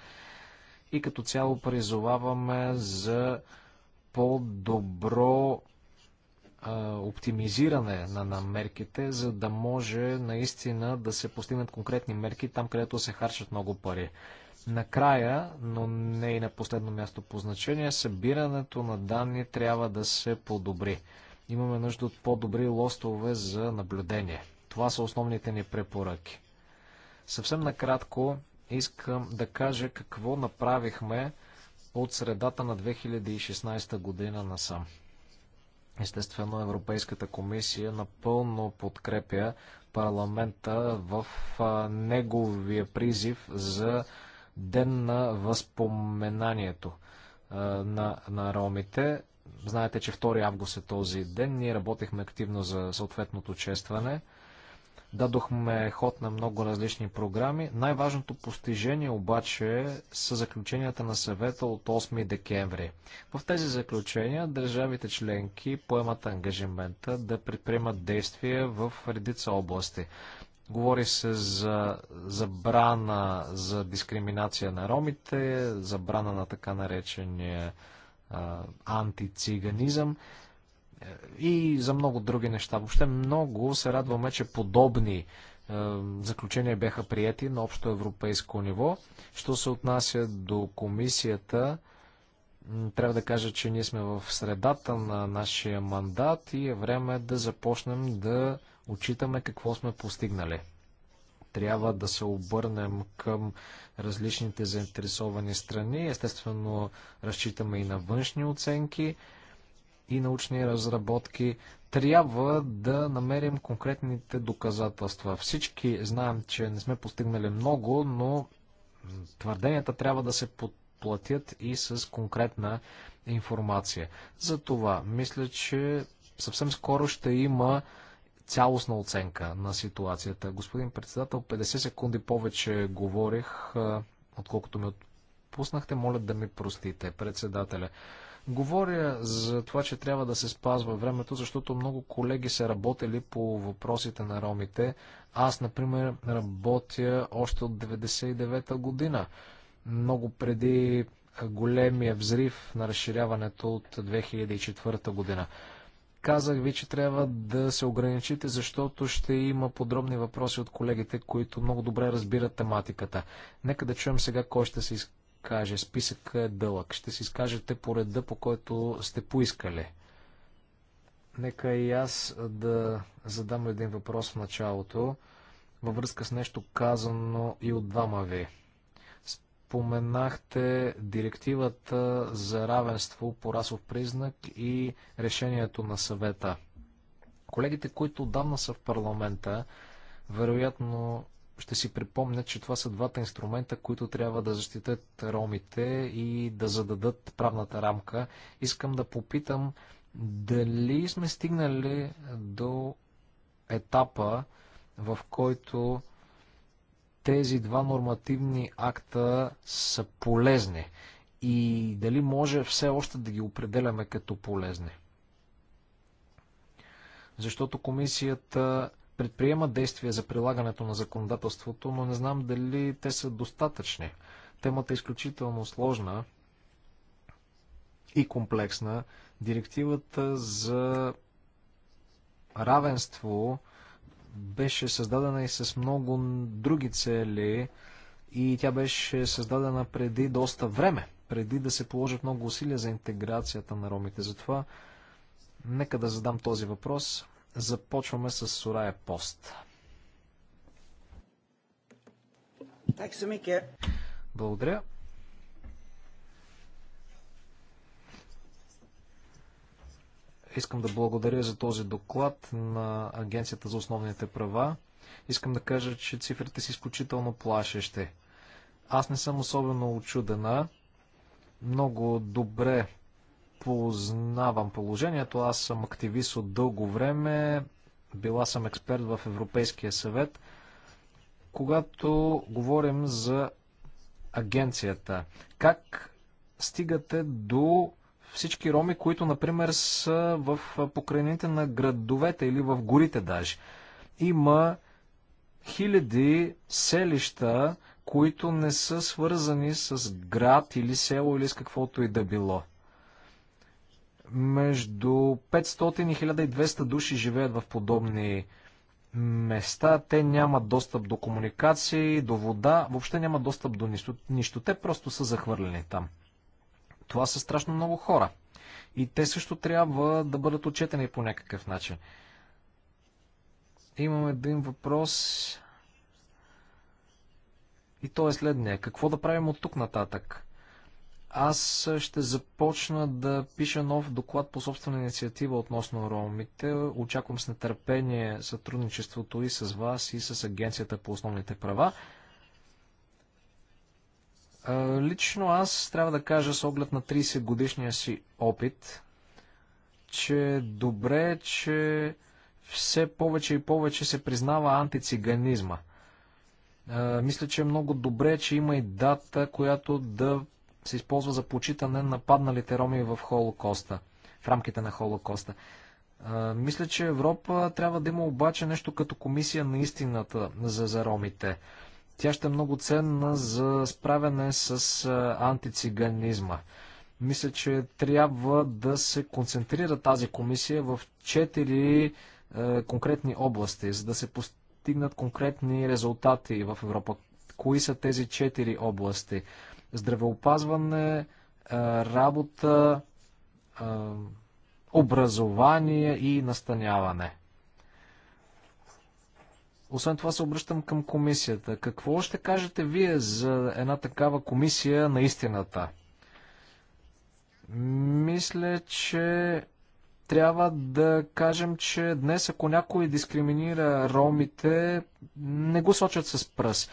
и като цяло призоваваме за по-добро оптимизиране на, на мерките, за да може наистина да се постигнат конкретни мерки там, където се харчат много пари. Накрая, но не и на последно място по значение, събирането на данни трябва да се подобри. Имаме нужда от по-добри лостове за наблюдение. Това са основните ни препоръки. Съвсем накратко искам да кажа какво направихме от средата на 2016 година насам. Естествено, Европейската комисия напълно подкрепя парламента в неговия призив за ден на възпоменанието на, на ромите. Знаете, че 2 август е този ден. Ние работихме активно за съответното честване. Дадохме ход на много различни програми. Най-важното постижение обаче са заключенията на съвета от 8 декември. В тези заключения държавите членки поемат ангажимента да предприемат действия в редица области. Говори се за забрана за дискриминация на ромите, забрана на така наречения антициганизъм и за много други неща. Въобще много се радваме, че подобни е, заключения бяха прияти на общо европейско ниво. Що се отнася до комисията, трябва да кажа, че ние сме в средата на нашия мандат и е време да започнем да отчитаме какво сме постигнали. Трябва да се обърнем към различните заинтересовани страни. Естествено, разчитаме и на външни оценки и научни разработки, трябва да намерим конкретните доказателства. Всички знаем, че не сме постигнали много, но твърденията трябва да се подплатят и с конкретна информация. За това мисля, че съвсем скоро ще има цялостна оценка на ситуацията. Господин председател, 50 секунди повече говорих, отколкото ми отпуснахте. Моля да ми простите, председателя. Говоря за това, че трябва да се спазва времето, защото много колеги са работили по въпросите на ромите. Аз, например, работя още от 99-та година, много преди големия взрив на разширяването от 2004 година. Казах ви, че трябва да се ограничите, защото ще има подробни въпроси от колегите, които много добре разбират тематиката. Нека да чуем сега кой ще се изказва каже. Списък е дълъг. Ще си скажете по реда, по който сте поискали. Нека и аз да задам един въпрос в началото, във връзка с нещо казано и от двама ви. Споменахте директивата за равенство по расов признак и решението на съвета. Колегите, които отдавна са в парламента, вероятно ще си припомня, че това са двата инструмента, които трябва да защитят ромите и да зададат правната рамка. Искам да попитам дали сме стигнали до етапа, в който тези два нормативни акта са полезни и дали може все още да ги определяме като полезни. Защото комисията предприема действия за прилагането на законодателството, но не знам дали те са достатъчни. Темата е изключително сложна и комплексна. Директивата за равенство беше създадена и с много други цели и тя беше създадена преди доста време, преди да се положат много усилия за интеграцията на ромите. Затова нека да задам този въпрос. Започваме с Сурая Пост. Благодаря. Искам да благодаря за този доклад на Агенцията за основните права. Искам да кажа, че цифрите са изключително плашещи. Аз не съм особено очудена. Много добре познавам положението. Аз съм активист от дълго време. Била съм експерт в Европейския съвет. Когато говорим за агенцията, как стигате до всички роми, които, например, са в покрайнините на градовете или в горите даже. Има хиляди селища, които не са свързани с град или село или с каквото и да било. Между 500 и 1200 души живеят в подобни места. Те нямат достъп до комуникации, до вода, въобще нямат достъп до нищо. нищо. Те просто са захвърлени там. Това са страшно много хора. И те също трябва да бъдат отчетени по някакъв начин. Имам един въпрос. И то е следния. Какво да правим от тук нататък? Аз ще започна да пиша нов доклад по собствена инициатива относно ромите. Очаквам с нетърпение сътрудничеството и с вас, и с Агенцията по основните права. Лично аз трябва да кажа с оглед на 30 годишния си опит, че добре, че все повече и повече се признава антициганизма. Мисля, че е много добре, че има и дата, която да се използва за почитане на падналите роми в Холокоста, в рамките на Холокоста. Мисля, че Европа трябва да има обаче нещо като комисия на истината за, за ромите. Тя ще е много ценна за справяне с антициганизма. Мисля, че трябва да се концентрира тази комисия в четири е, конкретни области, за да се постигнат конкретни резултати в Европа. Кои са тези четири области? здравеопазване, е, работа, е, образование и настаняване. Освен това се обръщам към комисията. Какво ще кажете вие за една такава комисия на истината? Мисля, че трябва да кажем, че днес ако някой дискриминира ромите, не го сочат с пръст.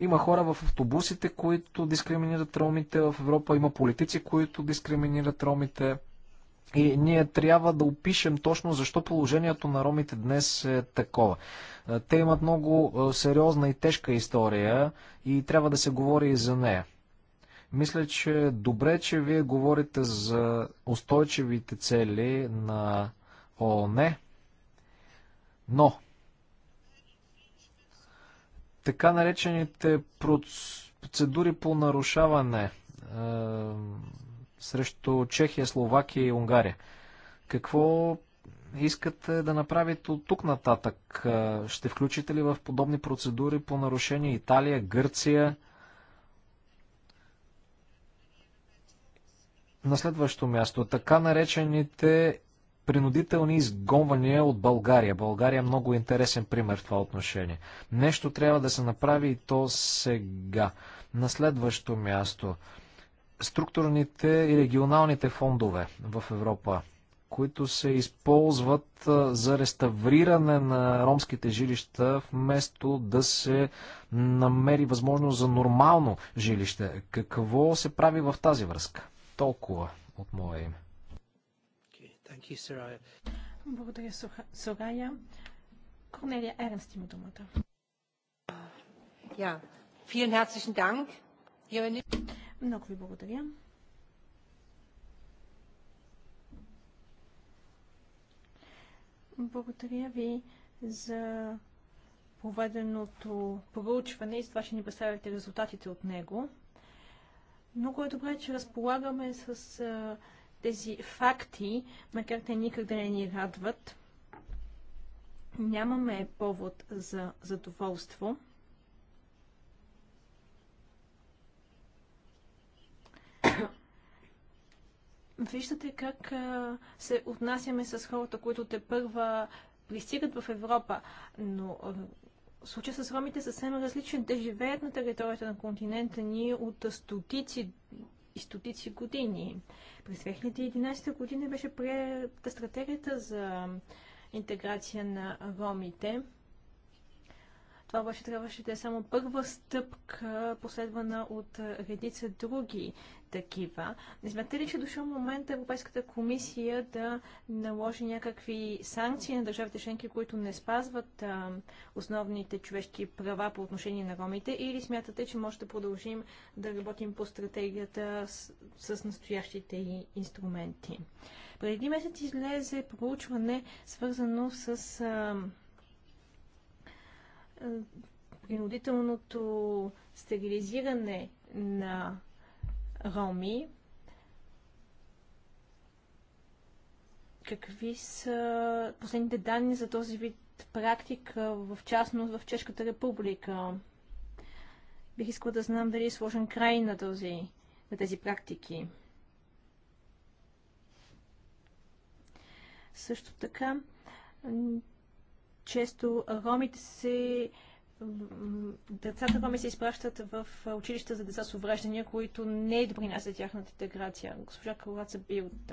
Има хора в автобусите, които дискриминират ромите в Европа, има политици, които дискриминират ромите. И ние трябва да опишем точно защо положението на ромите днес е такова. Е, те имат много е, сериозна и тежка история и трябва да се говори и за нея. Мисля, че е добре, че вие говорите за устойчивите цели на ООН, но така наречените процедури по нарушаване е, срещу Чехия, Словакия и Унгария. Какво искате да направите от тук нататък? Е, ще включите ли в подобни процедури по нарушение Италия, Гърция? На следващо място, така наречените принудителни изгонвания от България. България е много интересен пример в това отношение. Нещо трябва да се направи и то сега. На следващо място. Структурните и регионалните фондове в Европа, които се използват за реставриране на ромските жилища, вместо да се намери възможност за нормално жилище. Какво се прави в тази връзка? Толкова от мое име you, Soraya. Благодаря, Сурая. Корнелия Ернст има думата. Ja, vielen herzlichen Dank. Много ви благодаря. Благодаря ви за проведеното проучване и с това ще ни представите резултатите от него. Много е добре, че разполагаме с тези факти, макар те никак да не ни радват. Нямаме повод за задоволство. Виждате как се отнасяме с хората, които те първа пристигат в Европа, но случая с ромите е съвсем различен. Те живеят на територията на континента ни от стотици и стотици години. През 2011 година беше приета стратегията за интеграция на ромите – това обаче трябваше да е само първа стъпка, последвана от редица други такива. Не смятате ли, че е дошъл момент Европейската комисия да наложи някакви санкции на държавите членки, които не спазват а, основните човешки права по отношение на ромите? Или смятате, че може да продължим да работим по стратегията с, с настоящите и инструменти? Преди месец излезе проучване, свързано с. А, е, принудителното стерилизиране на роми. Какви са последните данни за този вид практика, в частност в Чешката република? Бих искала да знам дали е сложен край на, този, на тези практики. Също така, често ромите се децата роми се изпращат в училища за деца с увреждания, които не допринасят тяхната интеграция. Госпожа Калаца Билт.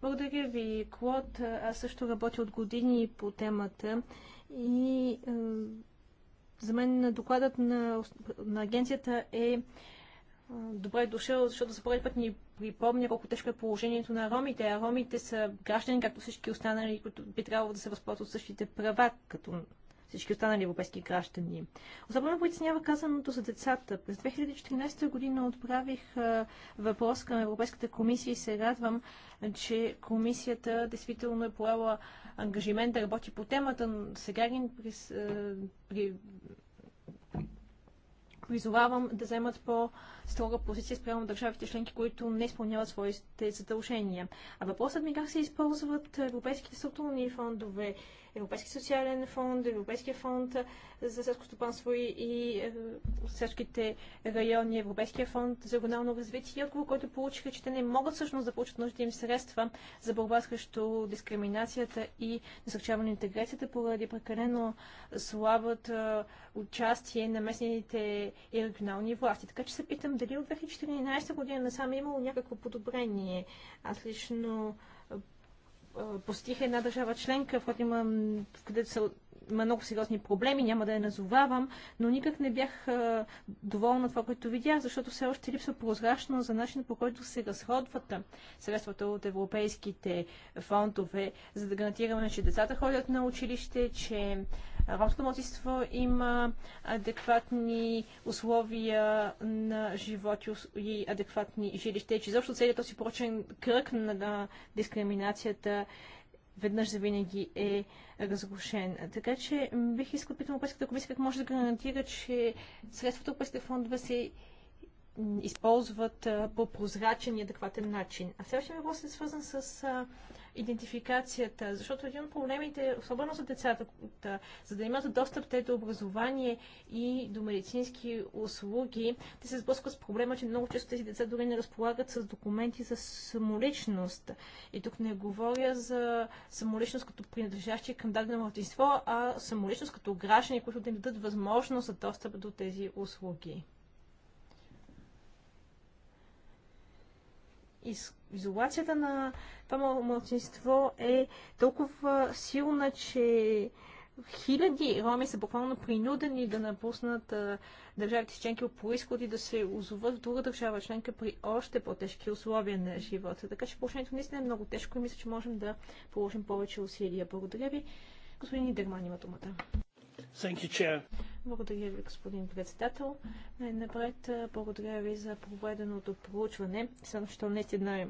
Благодаря ви, Клод. Аз също работя от години по темата и за мен докладът на, на агенцията е добре е дошъл, защото за първи път ни припомня колко тежко е положението на ромите. А ромите са граждани, както всички останали, които би трябвало да се възползват същите права, като всички останали европейски граждани. Особено притеснява казаното за децата. През 2014 година отправих въпрос към Европейската комисия и се радвам, че комисията действително е поела ангажимент да работи по темата, но сега през, при призовавам да вземат по-строга позиция спрямо държавите членки, които не изпълняват своите задължения. А въпросът ми е как се използват европейските структурни фондове Европейски социален фонд, Европейския фонд за селско стопанство и, и е, селските райони, Европейския фонд за регионално развитие, отговор, който получиха, че те не могат всъщност да получат нужните им средства за борба срещу дискриминацията и насърчаване на интеграцията поради прекалено слабата е, участие на местните и регионални власти. Така че се питам дали от 2014 година насам е имало някакво подобрение. Аз лично посетих една държава членка, в която има, където са има много сериозни проблеми, няма да я назовавам, но никак не бях доволна това, което видях, защото все още липсва прозрачно за начина по който се разходват средствата от европейските фондове, за да гарантираме, че децата ходят на училище, че ромското младсинство има адекватни условия на живот и адекватни жилища, че защото целият този порочен кръг на дискриминацията веднъж за винаги е разрушен. Така че бих искал да питам Европейската комисия как може да гарантира, че средствата от Европейските фондове се използват по прозрачен и адекватен начин. А следващия въпрос е свързан с идентификацията, защото един от проблемите, особено за децата, за да имат достъп те до образование и до медицински услуги, те се сблъскват с проблема, че много често тези деца дори не разполагат с документи за самоличност. И тук не говоря за самоличност като принадлежащи към дадено младенство, а самоличност като граждани, които да им дадат възможност за достъп до тези услуги. из, изолацията на това младсинство е толкова силна, че хиляди роми са буквално принудени да напуснат а, държавите членки от происход и да се озоват в друга държава членка при още по-тежки условия на живота. Така че положението наистина е много тежко и мисля, че можем да положим повече усилия. Благодаря ви. Господин Нидерман има думата. You, благодаря ви, господин председател. Най-напред благодаря ви за проведеното проучване. Само, не наистина е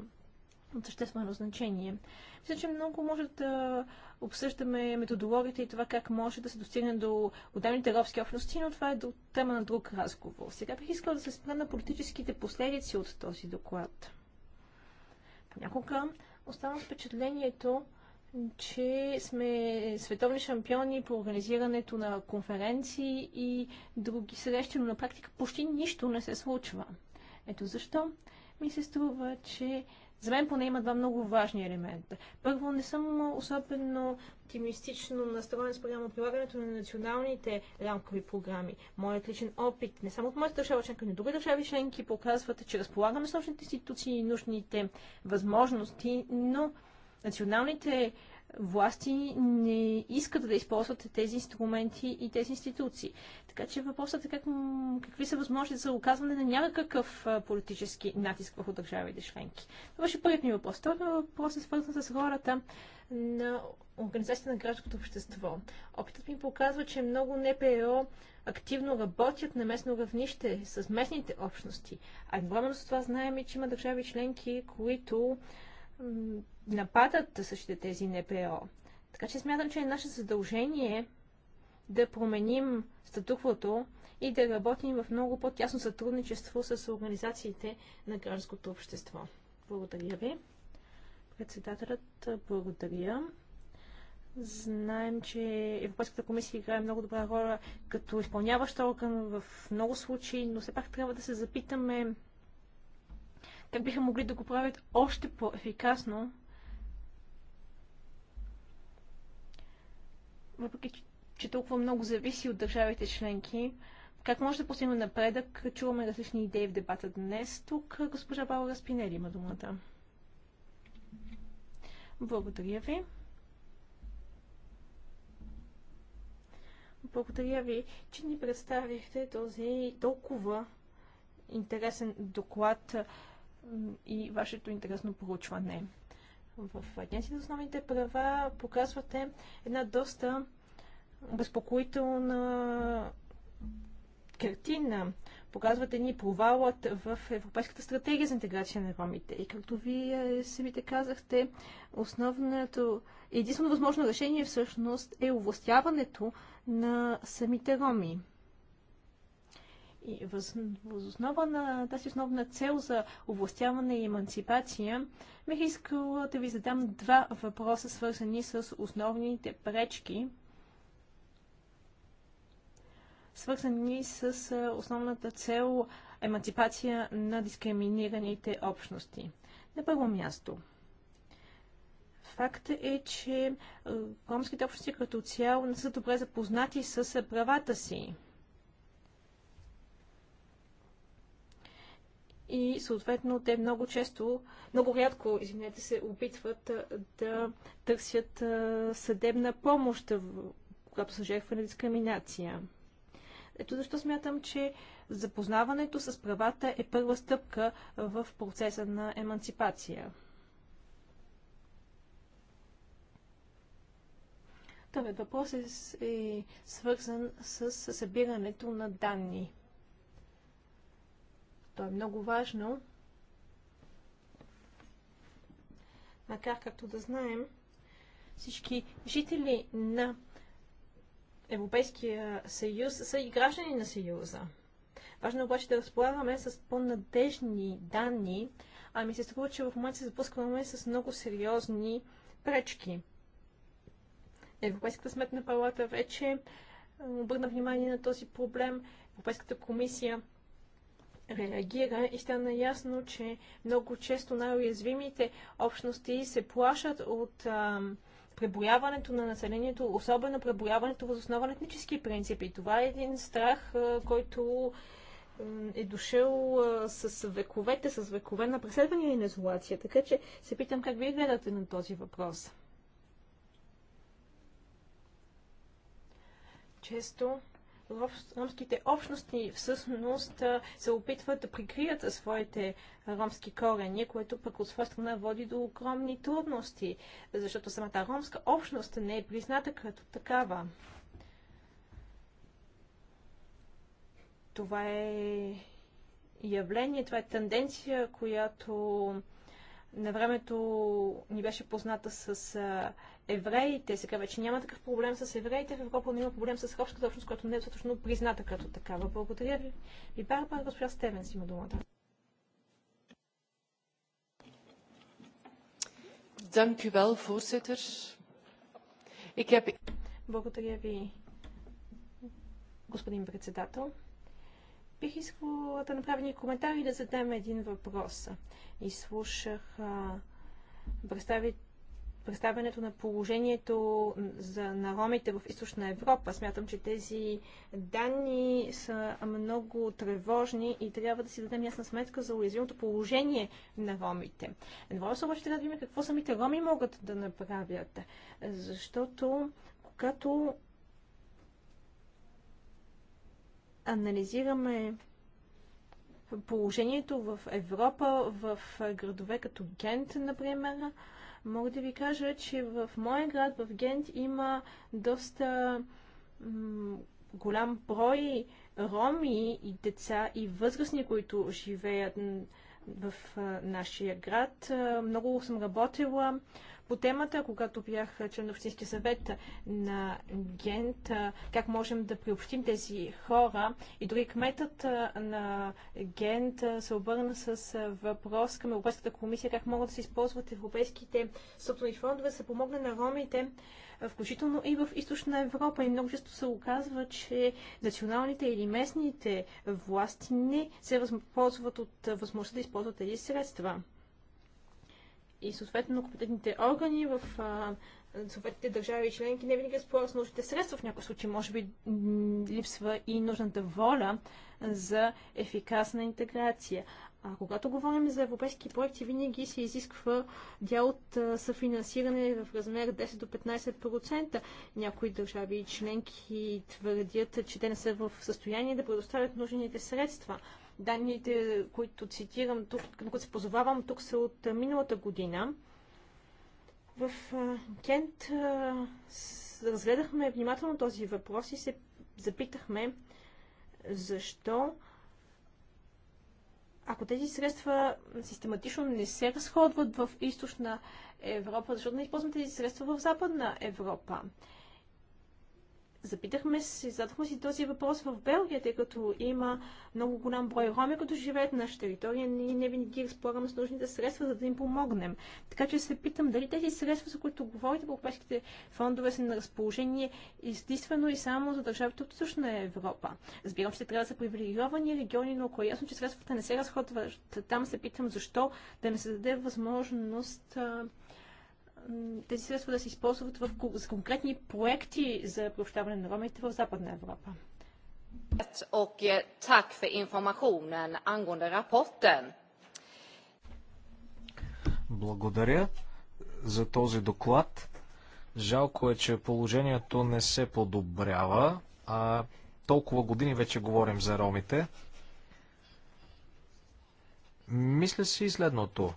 от съществено значение. Мисля, че много може да обсъждаме методологията и това как може да се достигне до отделните робски общности, но това е до тема на друг разговор. Сега бих искал да се спра на политическите последици от този доклад. Понякога остана впечатлението, че сме световни шампиони по организирането на конференции и други срещи, но на практика почти нищо не се случва. Ето защо ми се струва, че за мен поне има два много важни елемента. Първо, не съм особено оптимистично настроен спрямо прилагането на националните рамкови програми. Моят личен опит, не само от моята държава членка, но и други държави членки, показват, че разполагаме с нужните институции и нужните възможности, но националните власти не искат да използват тези инструменти и тези институции. Така че въпросът е как, какви са възможности за оказване на някакъв политически натиск върху държавите членки. Това беше първият ми въпрос. Вторият въпрос е свързан с хората на Организацията на гражданското общество. Опитът ми показва, че много НПО активно работят на местно равнище с местните общности. А едновременно с това знаем, че има държави членки, които нападат същите тези НПО. Така че смятам, че е наше задължение да променим статуквото и да работим в много по-тясно сътрудничество с организациите на гражданското общество. Благодаря ви. Председателят, благодаря. Знаем, че Европейската комисия играе много добра роля като изпълняващ орган в много случаи, но все пак трябва да се запитаме те биха могли да го правят още по-ефикасно. Въпреки, че толкова много зависи от държавите членки, как може да постигнем напредък? Чуваме различни идеи в дебата днес. Тук госпожа Баура Спинели има думата. Благодаря ви. Благодаря ви, че ни представихте този толкова интересен доклад и вашето интересно проучване. В Агенцията за основните права показвате една доста безпокоителна картина. Показвате ни провалът в Европейската стратегия за интеграция на ромите. И както вие самите казахте, основното, единствено възможно решение всъщност е овластяването на самите роми. И въз основа на тази основна цел за овластяване и емансипация, бих искала да ви задам два въпроса, свързани с основните пречки, свързани с основната цел емансипация на дискриминираните общности. На първо място, факт е, че ромските общности като цяло не са добре запознати с правата си и съответно те много често, много рядко, извинете се, опитват да търсят съдебна помощ, когато са жертва на дискриминация. Ето защо смятам, че запознаването с правата е първа стъпка в процеса на емансипация. Това въпрос е, е свързан с събирането на данни. То е много важно, макар както да знаем, всички жители на Европейския съюз са и граждани на съюза. Важно е обаче да разполагаме с по-надежни данни, а ми се струва, че в момента се запускваме с много сериозни пречки. Европейската сметна палата вече обърна внимание на този проблем. Европейската комисия реагира и стана ясно, че много често най-уязвимите общности се плашат от преброяването на населението, особено преброяването въз основа на етнически принципи. Това е един страх, който е дошъл с вековете, с векове на преследване и на изолация. Така че се питам как вие гледате на този въпрос. Често ромските общности всъщност се опитват да прикрият своите ромски корени, което пък от своя страна води до огромни трудности, защото самата ромска общност не е призната като такава. Това е явление, това е тенденция, която на времето ни беше позната с евреите. Сега вече няма такъв проблем с евреите. В Европа но има проблем с робската общност, която не е достатъчно призната като такава. Благодаря ви. И Барбара, госпожа Стевенс има думата. Благодаря ви, господин председател. Бих искала да направя някои коментари и да задам един въпрос. Изслушах представите представянето на положението за, на ромите в източна Европа. Смятам, че тези данни са много тревожни и трябва да си дадем ясна сметка за уязвимото положение на ромите. Едновременно се обаче трябва да видим какво самите роми могат да направят. Защото когато анализираме положението в Европа, в градове като Гент, например, Мога да ви кажа, че в моя град, в Гент, има доста голям брой роми и деца и възрастни, които живеят в нашия град. Много съм работила по темата, когато бях член на Общинския съвет на Гент, как можем да приобщим тези хора. И дори кметът на Гент се обърна с въпрос към Европейската комисия, как могат да се използват европейските структурни фондове, да се помогне на ромите, включително и в Източна Европа. И много често се оказва, че националните или местните власти не се възползват от възможността да използват тези средства и съответно компетентните органи в съответните държави и членки не винаги разполагат с нужните средства. В някои случаи може би липсва и нужната воля за ефикасна интеграция. А когато говорим за европейски проекти, винаги се изисква дял от съфинансиране в размер 10 до 15%. Някои държави и членки твърдят, че те не са в състояние да предоставят нужните средства. Данните, които цитирам тук, на които се позовавам тук, са от миналата година. В Кент разгледахме внимателно този въпрос и се запитахме защо ако тези средства систематично не се разходват в източна Европа, защото не използваме тези средства в западна Европа. Запитахме си, задахме си този въпрос в Белгия, тъй като има много голям брой роми, които живеят на нашата територия. Ние не винаги разполагаме с нужните средства, за да им помогнем. Така че се питам дали тези средства, за които говорите, европейските фондове са на разположение единствено и само за държавите от Сушна Европа. Разбирам, че трябва да са привилегировани региони, но ако е ясно, че средствата не се разходват там, се питам защо да не се даде възможност а, тези средства да се използват в, за конкретни проекти за приобщаване на ромите в Западна Европа. Eh, Благодаря за този доклад. Жалко е, че положението не се подобрява, а толкова години вече говорим за ромите. Мисля си следното.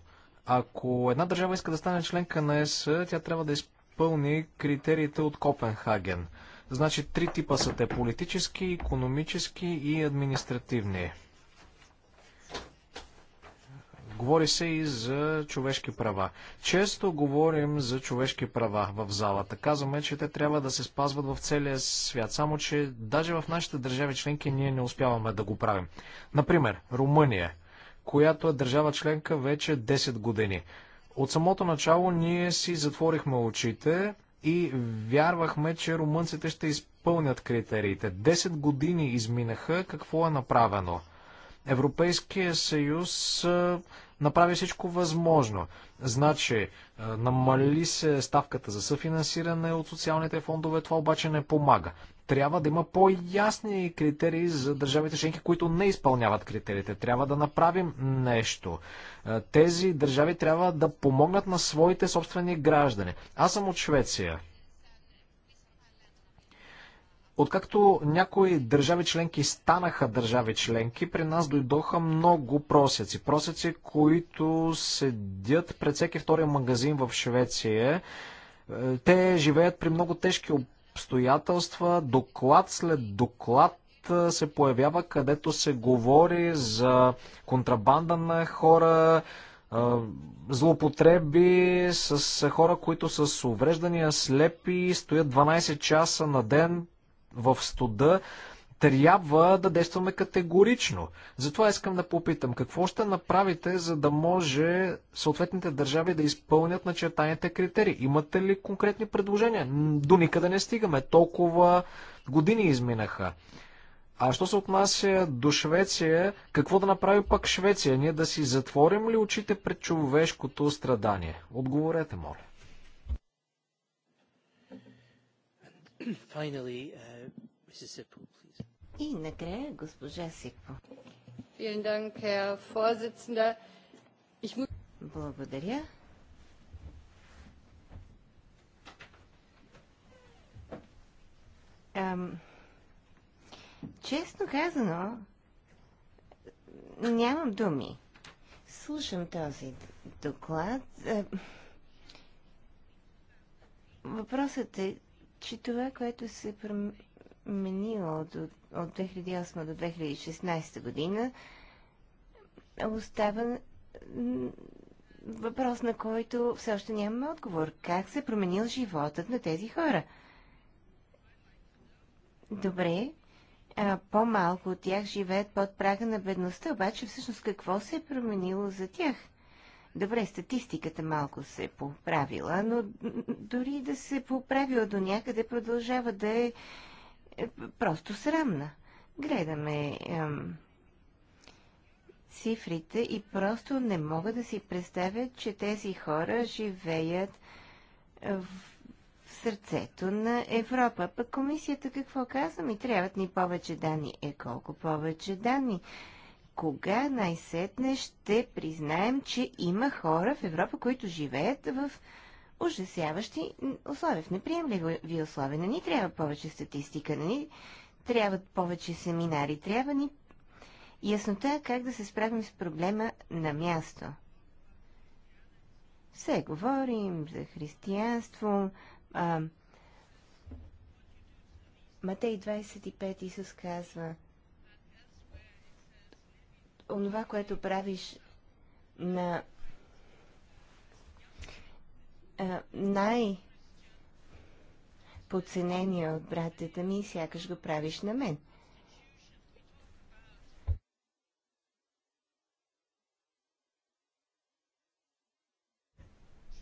Ако една държава иска да стане членка на ЕС, тя трябва да изпълни критериите от Копенхаген. Значи три типа са те – политически, економически и административни. Говори се и за човешки права. Често говорим за човешки права в залата. Казваме, че те трябва да се спазват в целия свят. Само, че даже в нашите държави членки ние не успяваме да го правим. Например, Румъния – която е държава членка вече 10 години. От самото начало ние си затворихме очите и вярвахме, че румънците ще изпълнят критериите. 10 години изминаха, какво е направено? Европейския съюз направи всичко възможно. Значи, е, намали се ставката за съфинансиране от социалните фондове, това обаче не помага. Трябва да има по-ясни критерии за държавите членки, които не изпълняват критериите. Трябва да направим нещо. Е, тези държави трябва да помогнат на своите собствени граждани. Аз съм от Швеция. Откакто някои държави членки станаха държави членки, при нас дойдоха много просеци. Просеци, които седят пред всеки втория магазин в Швеция. Е, те живеят при много тежки обстоятелства. Доклад след доклад е, се появява, където се говори за контрабанда на хора, е, злоупотреби с хора, които са с увреждания, слепи, стоят 12 часа на ден в студа, трябва да действаме категорично. Затова искам да попитам, какво ще направите, за да може съответните държави да изпълнят начертаните критерии? Имате ли конкретни предложения? До никъде не стигаме. Толкова години изминаха. А що се отнася до Швеция, какво да направи пък Швеция? Ние да си затворим ли очите пред човешкото страдание? Отговорете, моля. Finally, uh... И накрая госпожа Сипо. Благодаря. Ам, честно казано, нямам думи. Слушам този доклад. Въпросът е, че това, което се променила от, от 2008 до 2016 година, остава въпрос, на който все още нямаме отговор. Как се е променил животът на тези хора? Добре, по-малко от тях живеят под прага на бедността, обаче всъщност какво се е променило за тях? Добре, статистиката малко се е поправила, но дори да се поправила до някъде, продължава да е просто срамна. Гледаме ем, цифрите и просто не мога да си представя, че тези хора живеят в сърцето на Европа. Пък комисията какво казва? Ми трябват ни повече данни. Е, колко повече данни? Кога най-сетне ще признаем, че има хора в Европа, които живеят в ужасяващи условия, в неприемливи условия. Не ни трябва повече статистика, не ни трябват повече семинари, трябва ни яснота как да се справим с проблема на място. Все говорим за християнство. А, Матей 25 Исус казва Онова, което правиш на най- подценения от братята ми и сякаш го правиш на мен.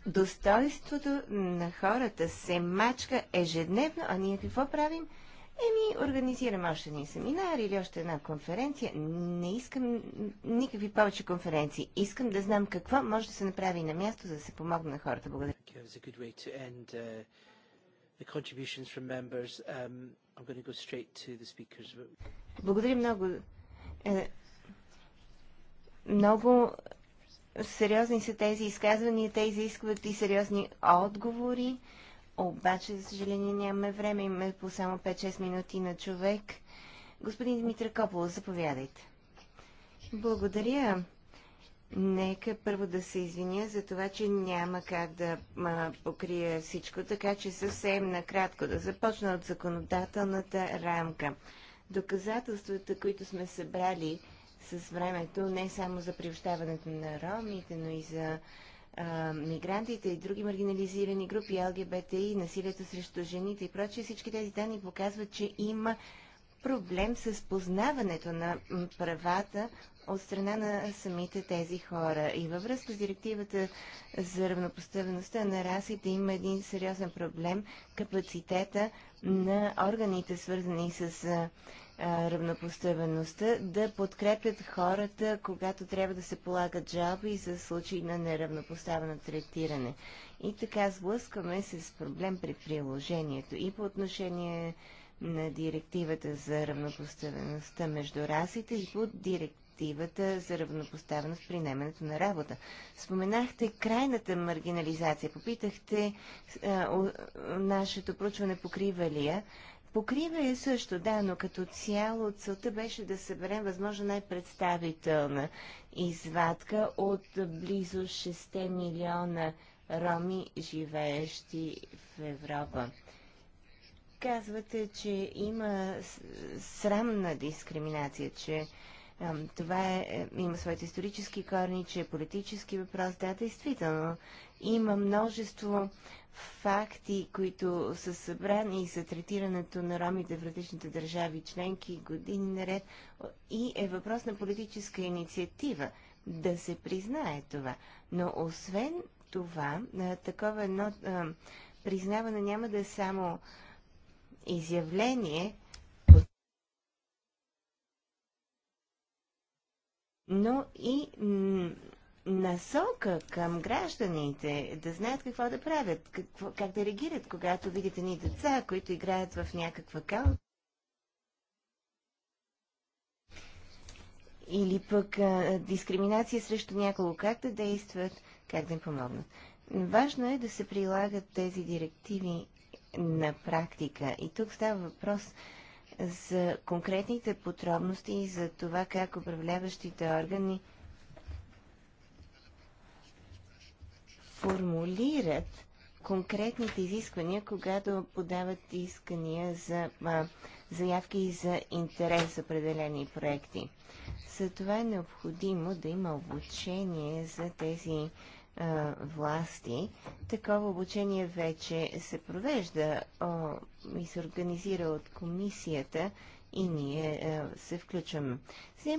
Достоинството на хората се мачка ежедневно, а ние какво правим? Еми, организирам още един семинар или още една конференция. Не искам никакви повече конференции. Искам да знам какво може да се направи на място, за да се помогне на хората. Благодаря. Uh, um, Благодаря много. Е, много сериозни са тези изказвания, тези искват и сериозни отговори. Обаче, за съжаление, нямаме време. Имаме по само 5-6 минути на човек. Господин Димитър Копол, заповядайте. Благодаря. Нека първо да се извиня за това, че няма как да покрия всичко, така че съвсем накратко да започна от законодателната рамка. Доказателствата, които сме събрали с времето, не само за приобщаването на ромите, но и за мигрантите и други маргинализирани групи, ЛГБТИ, насилието срещу жените и прочие, всички тези данни показват, че има проблем с познаването на правата от страна на самите тези хора. И във връзка с директивата за равнопоставеността на расите има един сериозен проблем капацитета на органите, свързани с равнопоставеността, да подкрепят хората, когато трябва да се полагат жалби за случаи на неравнопоставено третиране. И така сблъскваме се с проблем при приложението и по отношение на директивата за равнопоставеността между расите и по директивата за равнопоставеност при наемането на работа. Споменахте крайната маргинализация. Попитахте а, о, нашето проучване покрива ли я. Покрива е също, да, но като цяло целта беше да съберем възможно най-представителна извадка от близо 6 милиона роми, живеещи в Европа. Казвате, че има срамна дискриминация, че това е, е, има своите исторически корни, че е политически въпрос. Да, действително, има множество факти, които са събрани за третирането на ромите в различните държави членки години наред и е въпрос на политическа инициатива да се признае това. Но освен това, такова едно признаване няма да е само изявление, но и насока към гражданите, да знаят какво да правят, какво, как да реагират, когато видите ни деца, които играят в някаква кауза. Или пък а, дискриминация срещу някого, как да действат, как да им помогнат. Важно е да се прилагат тези директиви на практика. И тук става въпрос за конкретните подробности и за това как управляващите органи формулират конкретните изисквания, когато подават искания за а, заявки и за интерес за определени проекти. За това е необходимо да има обучение за тези а, власти. Такова обучение вече се провежда о, и се организира от комисията и ние а, се включваме. Сега,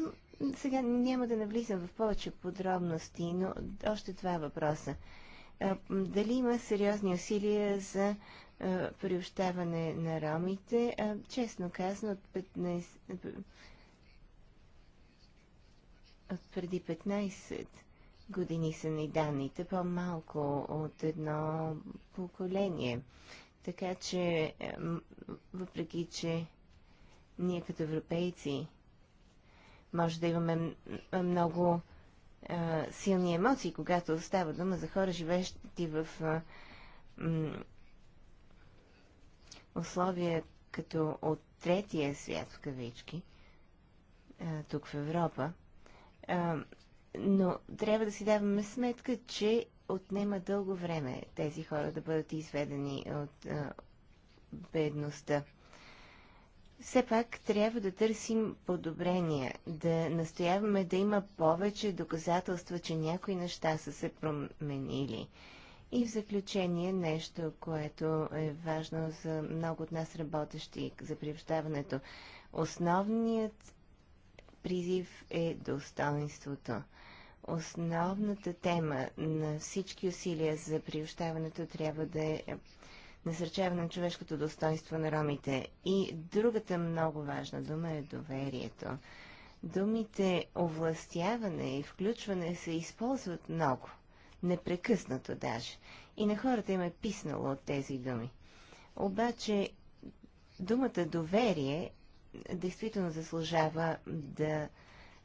сега няма да навлизам в повече подробности, но още два е въпроса. Е, дали има сериозни усилия за е, приобщаване на ромите. Е, честно казано, от 15... От преди 15 години са ни данните, по-малко от едно поколение. Така че, въпреки че ние като европейци може да имаме много а, силни емоции, когато става дума за хора, живеещи в а, м, условия като от третия свят, в кавички, а, тук в Европа. А, но трябва да си даваме сметка, че отнема дълго време тези хора да бъдат изведени от а, бедността все пак трябва да търсим подобрения, да настояваме да има повече доказателства, че някои неща са се променили. И в заключение нещо, което е важно за много от нас работещи за приобщаването. Основният призив е достоинството. Основната тема на всички усилия за приобщаването трябва да е насърчаване на човешкото достоинство на ромите. И другата много важна дума е доверието. Думите овластяване и включване се използват много, непрекъснато даже. И на хората им е писнало от тези думи. Обаче думата доверие действително заслужава да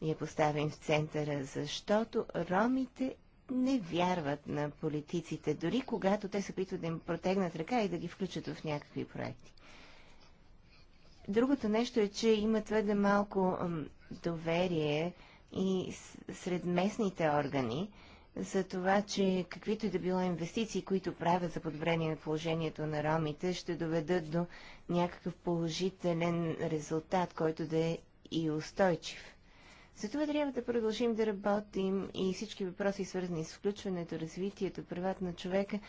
я поставим в центъра, защото ромите не вярват на политиците, дори когато те се опитват да им протегнат ръка и да ги включат в някакви проекти. Другото нещо е, че има твърде малко доверие и сред местните органи за това, че каквито и да било инвестиции, които правят за подобрение на положението на ромите, ще доведат до някакъв положителен резултат, който да е и устойчив. Затова трябва да продължим да работим и всички въпроси, свързани с включването, развитието, правят на човека,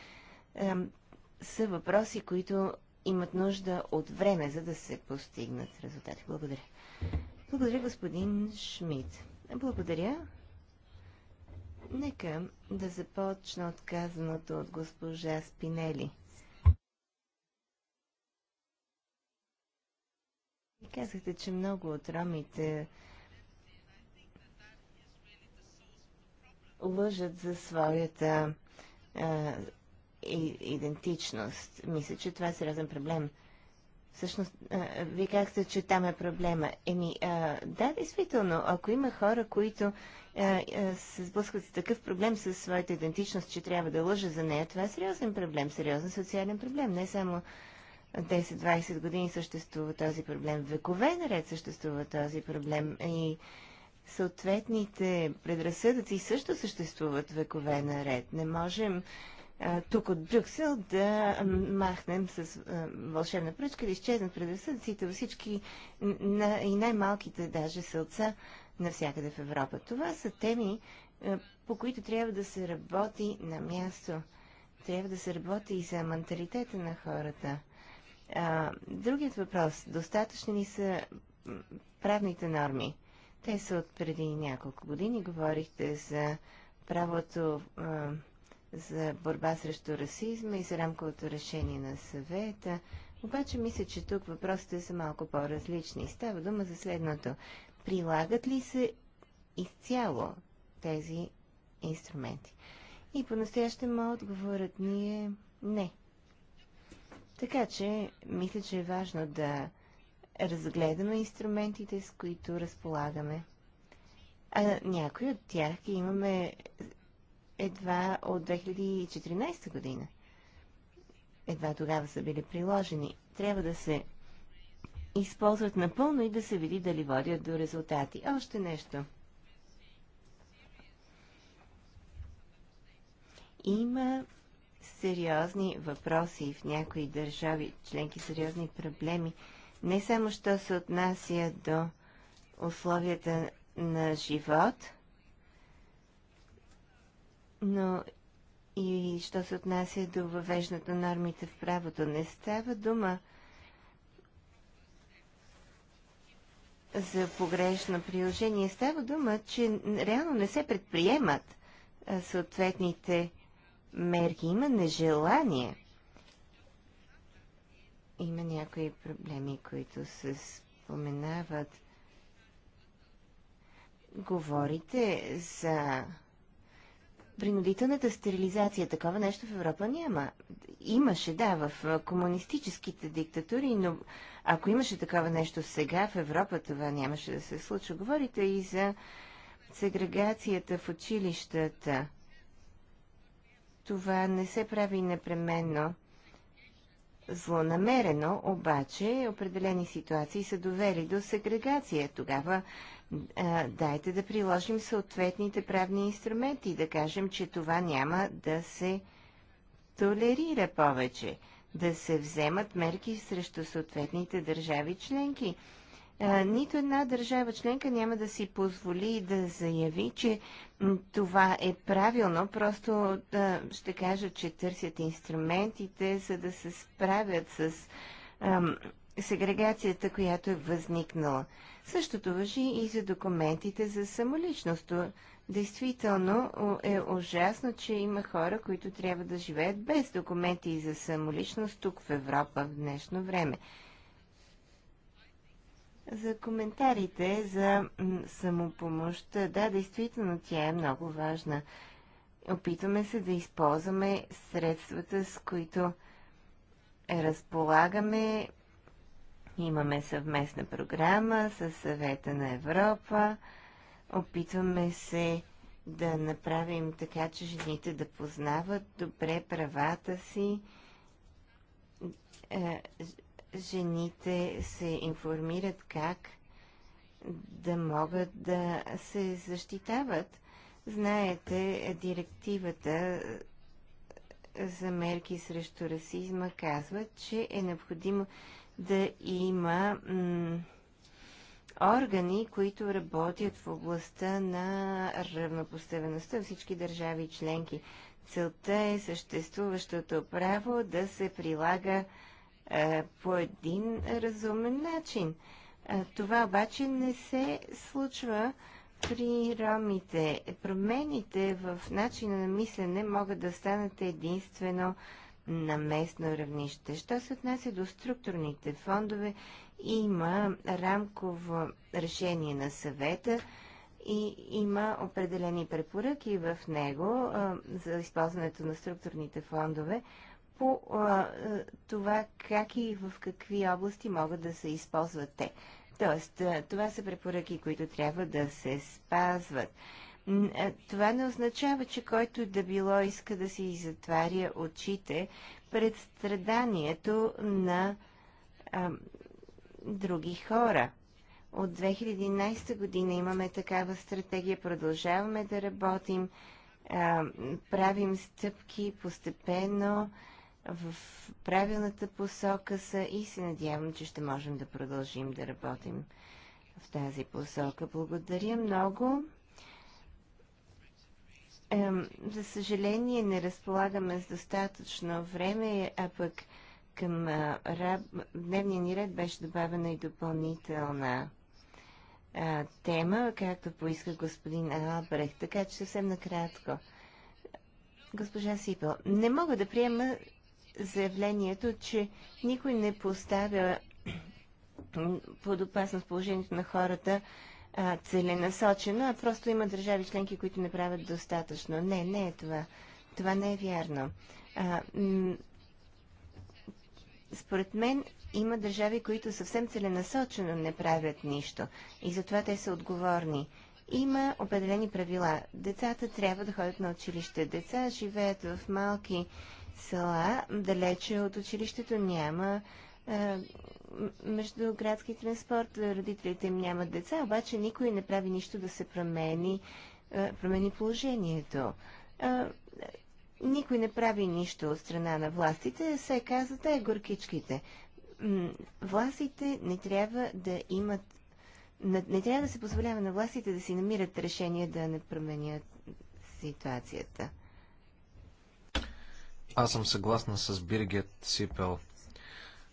са въпроси, които имат нужда от време, за да се постигнат резултати. Благодаря. Благодаря, господин Шмидт. Благодаря. Нека да започна от казаното от госпожа Спинели. казахте, че много от ромите лъжат за своята а, и, идентичност. Мисля, че това е сериозен проблем. Всъщност, а, вие казахте, че там е проблема. Еми, а, да, действително, ако има хора, които а, а, се сблъскват с такъв проблем с своята идентичност, че трябва да лъжа за нея, това е сериозен проблем, сериозен социален проблем. Не само 10-20 години съществува този проблем, векове наред съществува този проблем и съответните предразсъдъци също съществуват векове наред. Не можем а, тук от Брюксел да махнем с а, вълшебна пръчка да изчезнат предразсъдъците във всички на, и най-малките даже сълца навсякъде в Европа. Това са теми, а, по които трябва да се работи на място. Трябва да се работи и за менталитета на хората. А, другият въпрос. Достатъчни ли са правните норми? Те са от преди няколко години. Говорихте за правото а, за борба срещу расизма и за рамковото решение на съвета. Обаче мисля, че тук въпросите са малко по-различни. Става дума за следното. Прилагат ли се изцяло тези инструменти? И по-настоящем отговорът ни е не. Така че, мисля, че е важно да разгледаме инструментите, с които разполагаме. А някои от тях ги имаме едва от 2014 година. Едва тогава са били приложени. Трябва да се използват напълно и да се види дали водят до резултати. Още нещо. Има сериозни въпроси в някои държави, членки сериозни проблеми не само що се отнася до условията на живот, но и що се отнася до въвеждането нормите в правото. Не става дума за погрешно приложение. Става дума, че реално не се предприемат съответните мерки. Има нежелание има някои проблеми, които се споменават. Говорите за принудителната стерилизация. Такова нещо в Европа няма. Имаше, да, в комунистическите диктатури, но ако имаше такова нещо сега в Европа, това нямаше да се случи. Говорите и за сегрегацията в училищата. Това не се прави непременно Злонамерено обаче определени ситуации са довели до сегрегация. Тогава а, дайте да приложим съответните правни инструменти и да кажем, че това няма да се толерира повече, да се вземат мерки срещу съответните държави членки нито една държава членка няма да си позволи да заяви, че това е правилно, просто да, ще кажа, че търсят инструментите, за да се справят с ам, сегрегацията, която е възникнала. Същото въжи и за документите за самоличност. Действително е ужасно, че има хора, които трябва да живеят без документи за самоличност тук в Европа в днешно време. За коментарите за самопомощта. Да, действително тя е много важна. Опитваме се да използваме средствата, с които разполагаме. Имаме съвместна програма с съвета на Европа. Опитваме се да направим така, че жените да познават добре правата си. Е, жените се информират как да могат да се защитават. Знаете, директивата за мерки срещу расизма казва, че е необходимо да има органи, които работят в областта на равнопоставеността в всички държави и членки. Целта е съществуващото право да се прилага е, по един разумен начин. Е, това обаче не се случва при ромите. Промените в начина на мислене могат да станат единствено на местно равнище. Що се отнася до структурните фондове, има рамково решение на съвета и има определени препоръки в него а, е, за използването на структурните фондове по а, това как и в какви области могат да се използват те. Тоест, това са препоръки, които трябва да се спазват. Това не означава, че който да било иска да си затваря очите пред страданието на а, други хора. От 2011 година имаме такава стратегия, продължаваме да работим, а, правим стъпки постепенно. А, в правилната посока са и се надявам, че ще можем да продължим да работим в тази посока. Благодаря много. за съжаление не разполагаме с достатъчно време, а пък към раб... дневния ни ред беше добавена и допълнителна а, тема, както поиска господин Албрех, така че съвсем накратко. Госпожа Сипел, не мога да приема заявлението, че никой не поставя под опасност положението на хората а, целенасочено, а просто има държави членки, които не правят достатъчно. Не, не е това. Това не е вярно. А, според мен има държави, които съвсем целенасочено не правят нищо и затова те са отговорни. Има определени правила. Децата трябва да ходят на училище. Деца живеят в малки села, далече от училището няма е, междуградски транспорт, родителите им нямат деца, обаче никой не прави нищо да се промени, промени положението. никой не прави нищо от страна на властите, се казват е горкичките. Властите не трябва да имат не трябва да се позволява на властите да си намират решение да не променят ситуацията. Аз съм съгласна с Биргет Сипел.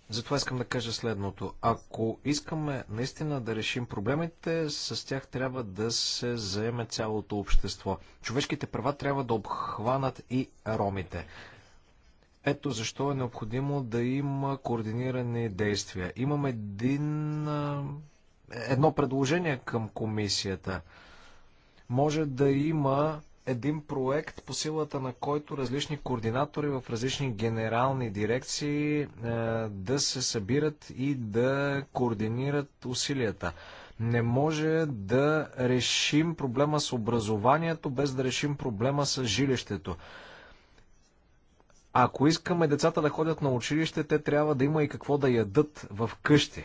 Затова искам да кажа следното. Ако искаме наистина да решим проблемите, с тях трябва да се заеме цялото общество. Човешките права трябва да обхванат и ромите. Ето защо е необходимо да има координирани действия. Имам един, едно предложение към комисията. Може да има един проект, по силата на който различни координатори в различни генерални дирекции е, да се събират и да координират усилията. Не може да решим проблема с образованието, без да решим проблема с жилището. Ако искаме децата да ходят на училище, те трябва да има и какво да ядат в къщи.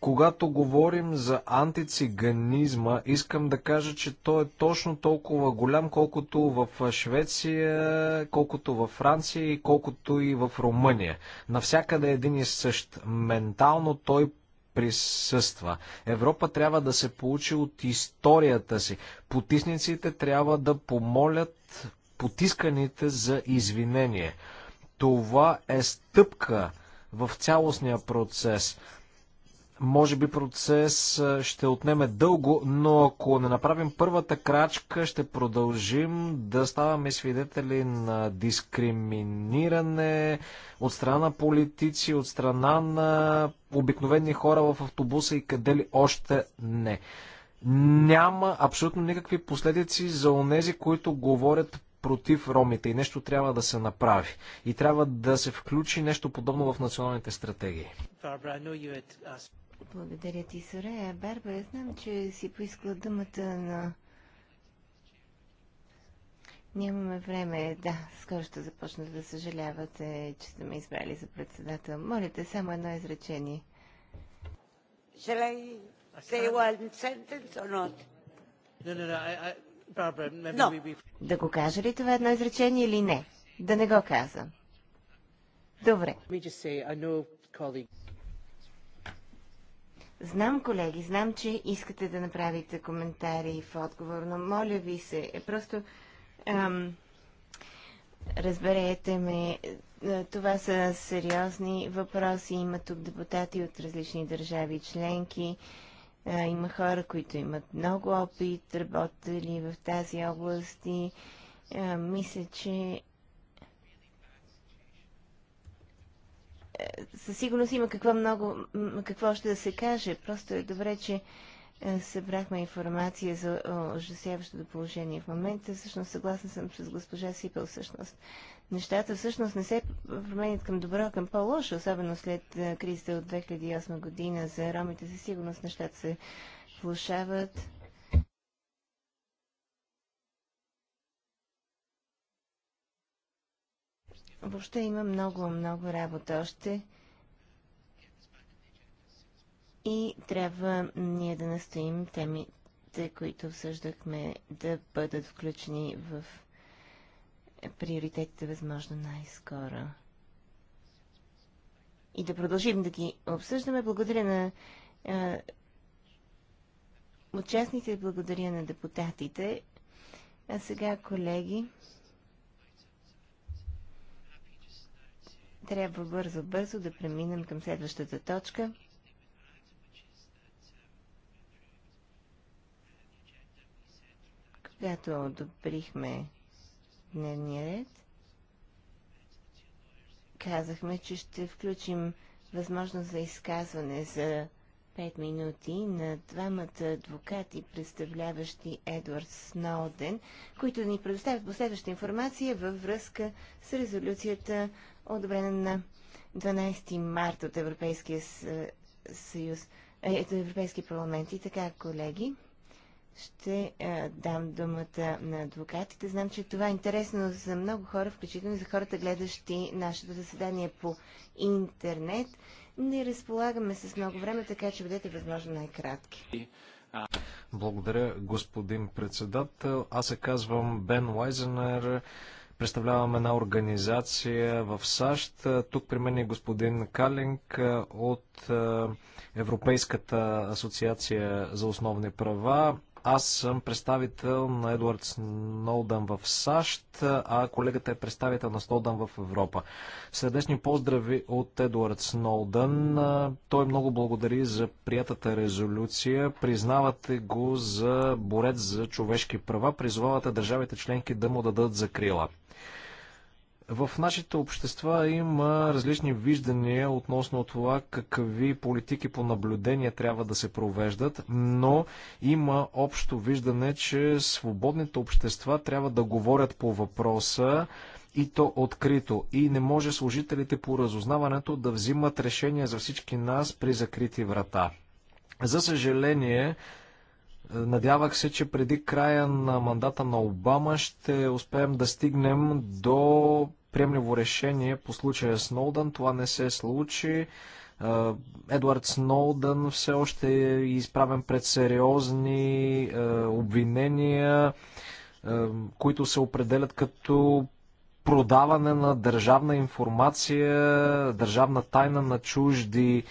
Когато говорим за антициганизма, искам да кажа, че той е точно толкова голям, колкото в Швеция, колкото в Франция и колкото и в Румъния. Навсякъде един и същ. Ментално той присъства. Европа трябва да се получи от историята си. Потисниците трябва да помолят потисканите за извинение. Това е стъпка в цялостния процес. Може би процес ще отнеме дълго, но ако не направим първата крачка, ще продължим да ставаме свидетели на дискриминиране от страна на политици, от страна на обикновени хора в автобуса и къде ли още не. Няма абсолютно никакви последици за онези, които говорят против ромите и нещо трябва да се направи. И трябва да се включи нещо подобно в националните стратегии. Barbara, благодаря ти, Сорея. Барбара, знам, че си поискала думата, но... Нямаме време. Да, скоро ще започна да съжалявате, че сте ме избрали за председател. Моля те, само едно изречение. Shall I No, no, no. I, I, Barbara, maybe no. we... Да го кажа ли това едно изречение или не? Да не го казвам. Добре. Say, colleague... Знам, колеги, знам, че искате да направите коментари в отговор, но моля ви се, е просто ам, разберете ме, е, това са сериозни въпроси. Има тук депутати от различни държави членки. А, е, има хора, които имат много опит, работили в тази област и а, мисля, че със сигурност има какво много, какво ще да се каже. Просто е добре, че е, събрахме информация за ужасяващото положение в момента. Всъщност съгласна съм с госпожа Сипел. Всъщност нещата всъщност не се променят към добро, към по-лошо, особено след е, кризата от 2008 година за ромите. Със сигурност нещата се влушават. Въобще има много, много работа още. И трябва ние да настоим темите, които обсъждахме, да бъдат включени в приоритетите възможно най-скоро. И да продължим да ги обсъждаме. Благодаря на е, участниците, благодаря на депутатите. А сега, колеги, Трябва бързо-бързо да преминем към следващата точка. Когато одобрихме дневния ред, казахме, че ще включим възможност за изказване за 5 минути на двамата адвокати, представляващи Едвард Сноуден, които ни предоставят последваща информация във връзка с резолюцията, одобрена на 12 марта от Европейския съюз, е, от Европейския парламент. И така, колеги, ще е, дам думата на адвокатите. Знам, че това е интересно за много хора, включително и за хората, гледащи нашето заседание по интернет. Не разполагаме с много време, така че бъдете възможно най-кратки. Благодаря, господин председател. Аз се казвам Бен Уайзенер. Представлявам една организация в САЩ. Тук при мен е господин Калинг от е, Европейската асоциация за основни права. Аз съм представител на Едуард Сноудън в САЩ, а колегата е представител на Сноудън в Европа. Сърдечни поздрави от Едуард Сноудън. Той много благодари за приятата резолюция. Признавате го за борец за човешки права. Призовавате държавите членки да му дадат закрила. В нашите общества има различни виждания относно това какви политики по наблюдение трябва да се провеждат, но има общо виждане, че свободните общества трябва да говорят по въпроса и то открито. И не може служителите по разузнаването да взимат решения за всички нас при закрити врата. За съжаление, Надявах се, че преди края на мандата на Обама ще успеем да стигнем до приемливо решение по случая Сноудън. Това не се случи. Едвард Сноудън все още е изправен пред сериозни обвинения, които се определят като продаване на държавна информация, държавна тайна на чужди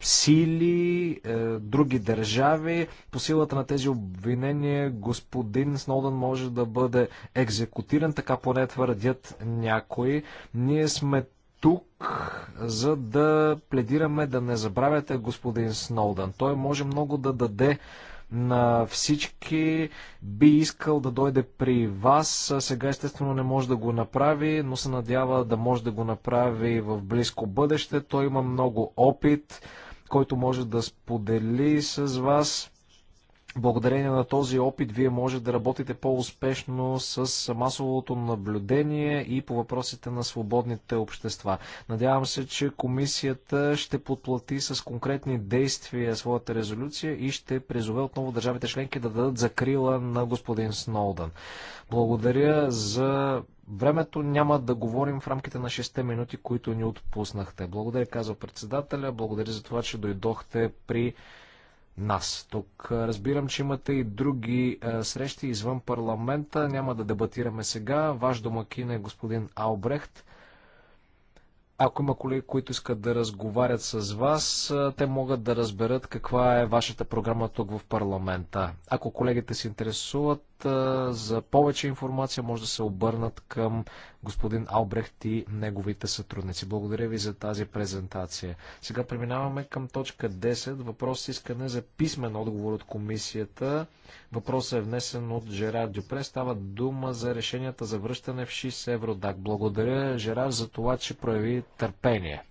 сили, е, други държави. По силата на тези обвинения господин Сноудън може да бъде екзекутиран, така поне твърдят някои. Ние сме тук, за да пледираме да не забравяте господин Сноудън. Той може много да даде на всички. Би искал да дойде при вас. Сега естествено не може да го направи, но се надява да може да го направи в близко бъдеще. Той има много опит, който може да сподели с вас благодарение на този опит вие може да работите по-успешно с масовото наблюдение и по въпросите на свободните общества. Надявам се, че комисията ще подплати с конкретни действия своята резолюция и ще призове отново държавите членки да дадат закрила на господин Сноудън. Благодаря за времето. Няма да говорим в рамките на 6 минути, които ни отпуснахте. Благодаря, казва председателя. Благодаря за това, че дойдохте при нас. Тук разбирам, че имате и други срещи извън парламента. Няма да дебатираме сега. Ваш домакин е господин Албрехт. Ако има колеги, които искат да разговарят с вас, те могат да разберат каква е вашата програма тук в парламента. Ако колегите се интересуват, за повече информация може да се обърнат към господин Албрехт и неговите сътрудници. Благодаря ви за тази презентация. Сега преминаваме към точка 10. Въпрос искане за писмен отговор от комисията. Въпросът е внесен от Жерар Дюпре. Става дума за решенията за връщане в 6 Евродак. Благодаря, Жерар, за това, че прояви търпение.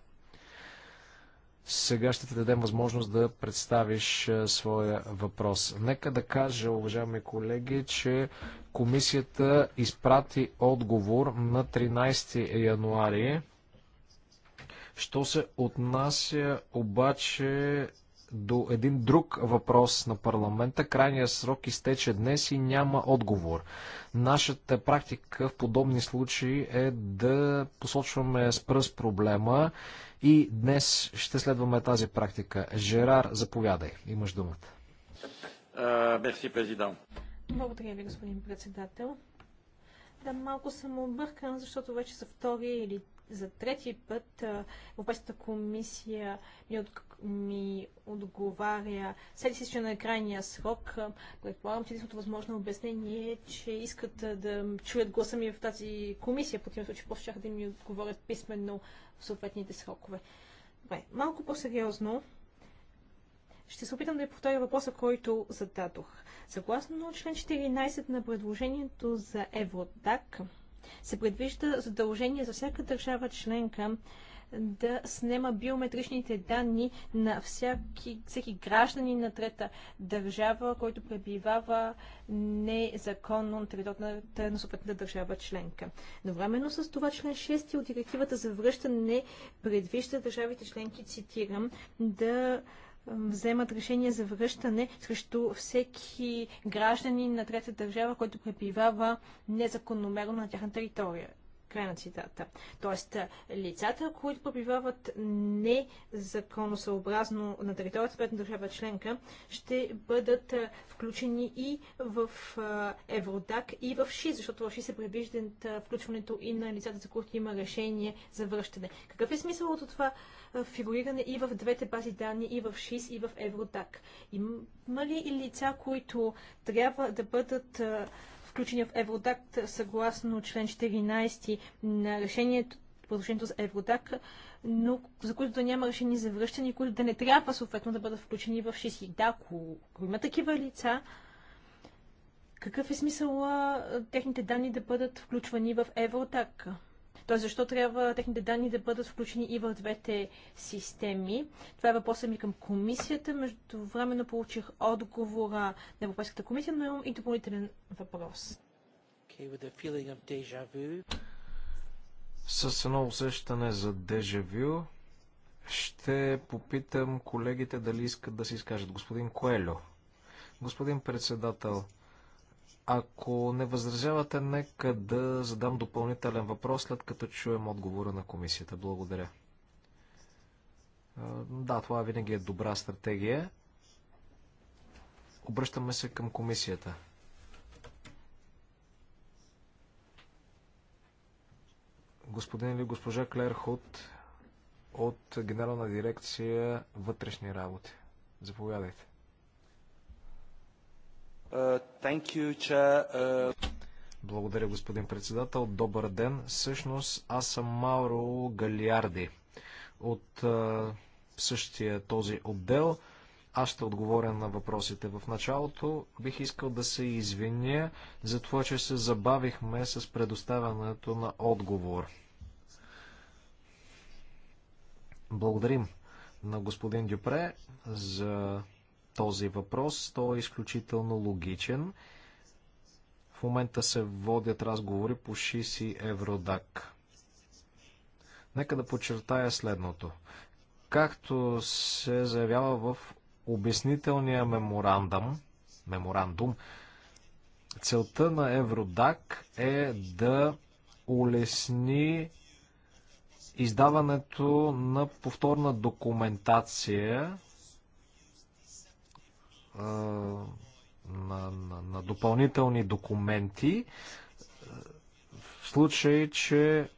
Сега ще ти дадем възможност да представиш своя въпрос. Нека да кажа, уважаеми колеги, че комисията изпрати отговор на 13 януари. Що се отнася обаче до един друг въпрос на парламента. Крайният срок изтече днес и няма отговор. Нашата практика в подобни случаи е да посочваме с пръст проблема и днес ще следваме тази практика. Жерар, заповядай. Имаш думата. Мерси, президент. Благодаря ви, господин председател. Да, малко съм объркан, защото вече за втори или за трети път Европейската комисия ми, от, ми отговаря след изтичане на крайния срок. Предполагам, че единственото възможно обяснение е, че искат да чуят гласа ми в тази комисия. По този случай по да ми отговорят писменно съответните срокове. Добре, малко по-сериозно. Ще се опитам да ви повторя въпроса, който зададох. Съгласно член 14 на предложението за Евродак, се предвижда задължение за всяка държава членка да снема биометричните данни на всяки, всеки гражданин на трета държава, който пребивава незаконно на територията на съответната държава членка. Но времено с това член 6 от директивата за връщане предвижда държавите членки, цитирам, да вземат решение за връщане срещу всеки гражданин на трета държава, който пребивава незакономерно на тяхна територия. Край на цитата. Тоест, лицата, които пребивават незаконосъобразно на територията на държава членка, ще бъдат включени и в Евродак, и в ШИ, защото в ШИ се предвижда включването и на лицата, за които има решение за връщане. Какъв е смисъл от това фигуриране и в двете бази данни, и в ШИС, и в Евродак? Има ли лица, които трябва да бъдат включени в Евродак, съгласно член 14 на решението продължението за Евродак, но за които да няма решени за връщане, които да не трябва съответно да бъдат включени в ШИСИ. Да, ако има такива лица, какъв е смисъл техните данни да бъдат включвани в Евротак? Тоест, защо трябва техните данни да бъдат включени и в двете системи? Това е въпросът ми към комисията. Между времено получих отговора на Европейската комисия, но имам и допълнителен въпрос. Okay, С едно усещане за дежавю ще попитам колегите дали искат да се изкажат. Господин Коелю. Господин председател, ако не възразявате, нека да задам допълнителен въпрос, след като чуем отговора на комисията. Благодаря. Да, това винаги е добра стратегия. Обръщаме се към комисията. Господин или госпожа Клер Худ от Генерална дирекция вътрешни работи. Заповядайте. Uh, you, uh, Благодаря, господин председател. Добър ден. Всъщност, аз съм Мауро Галиарди от същия този отдел. Аз ще отговоря на въпросите в началото. Бих искал да се извиня за това, че се забавихме с предоставянето на отговор. Благодарим на господин Дюпре за този въпрос. Той е изключително логичен. В момента се водят разговори по ШИСИ Евродак. Нека да подчертая следното. Както се заявява в обяснителния меморандум, меморандум целта на Евродак е да улесни издаването на повторна документация на, на, на допълнителни документи в случай, че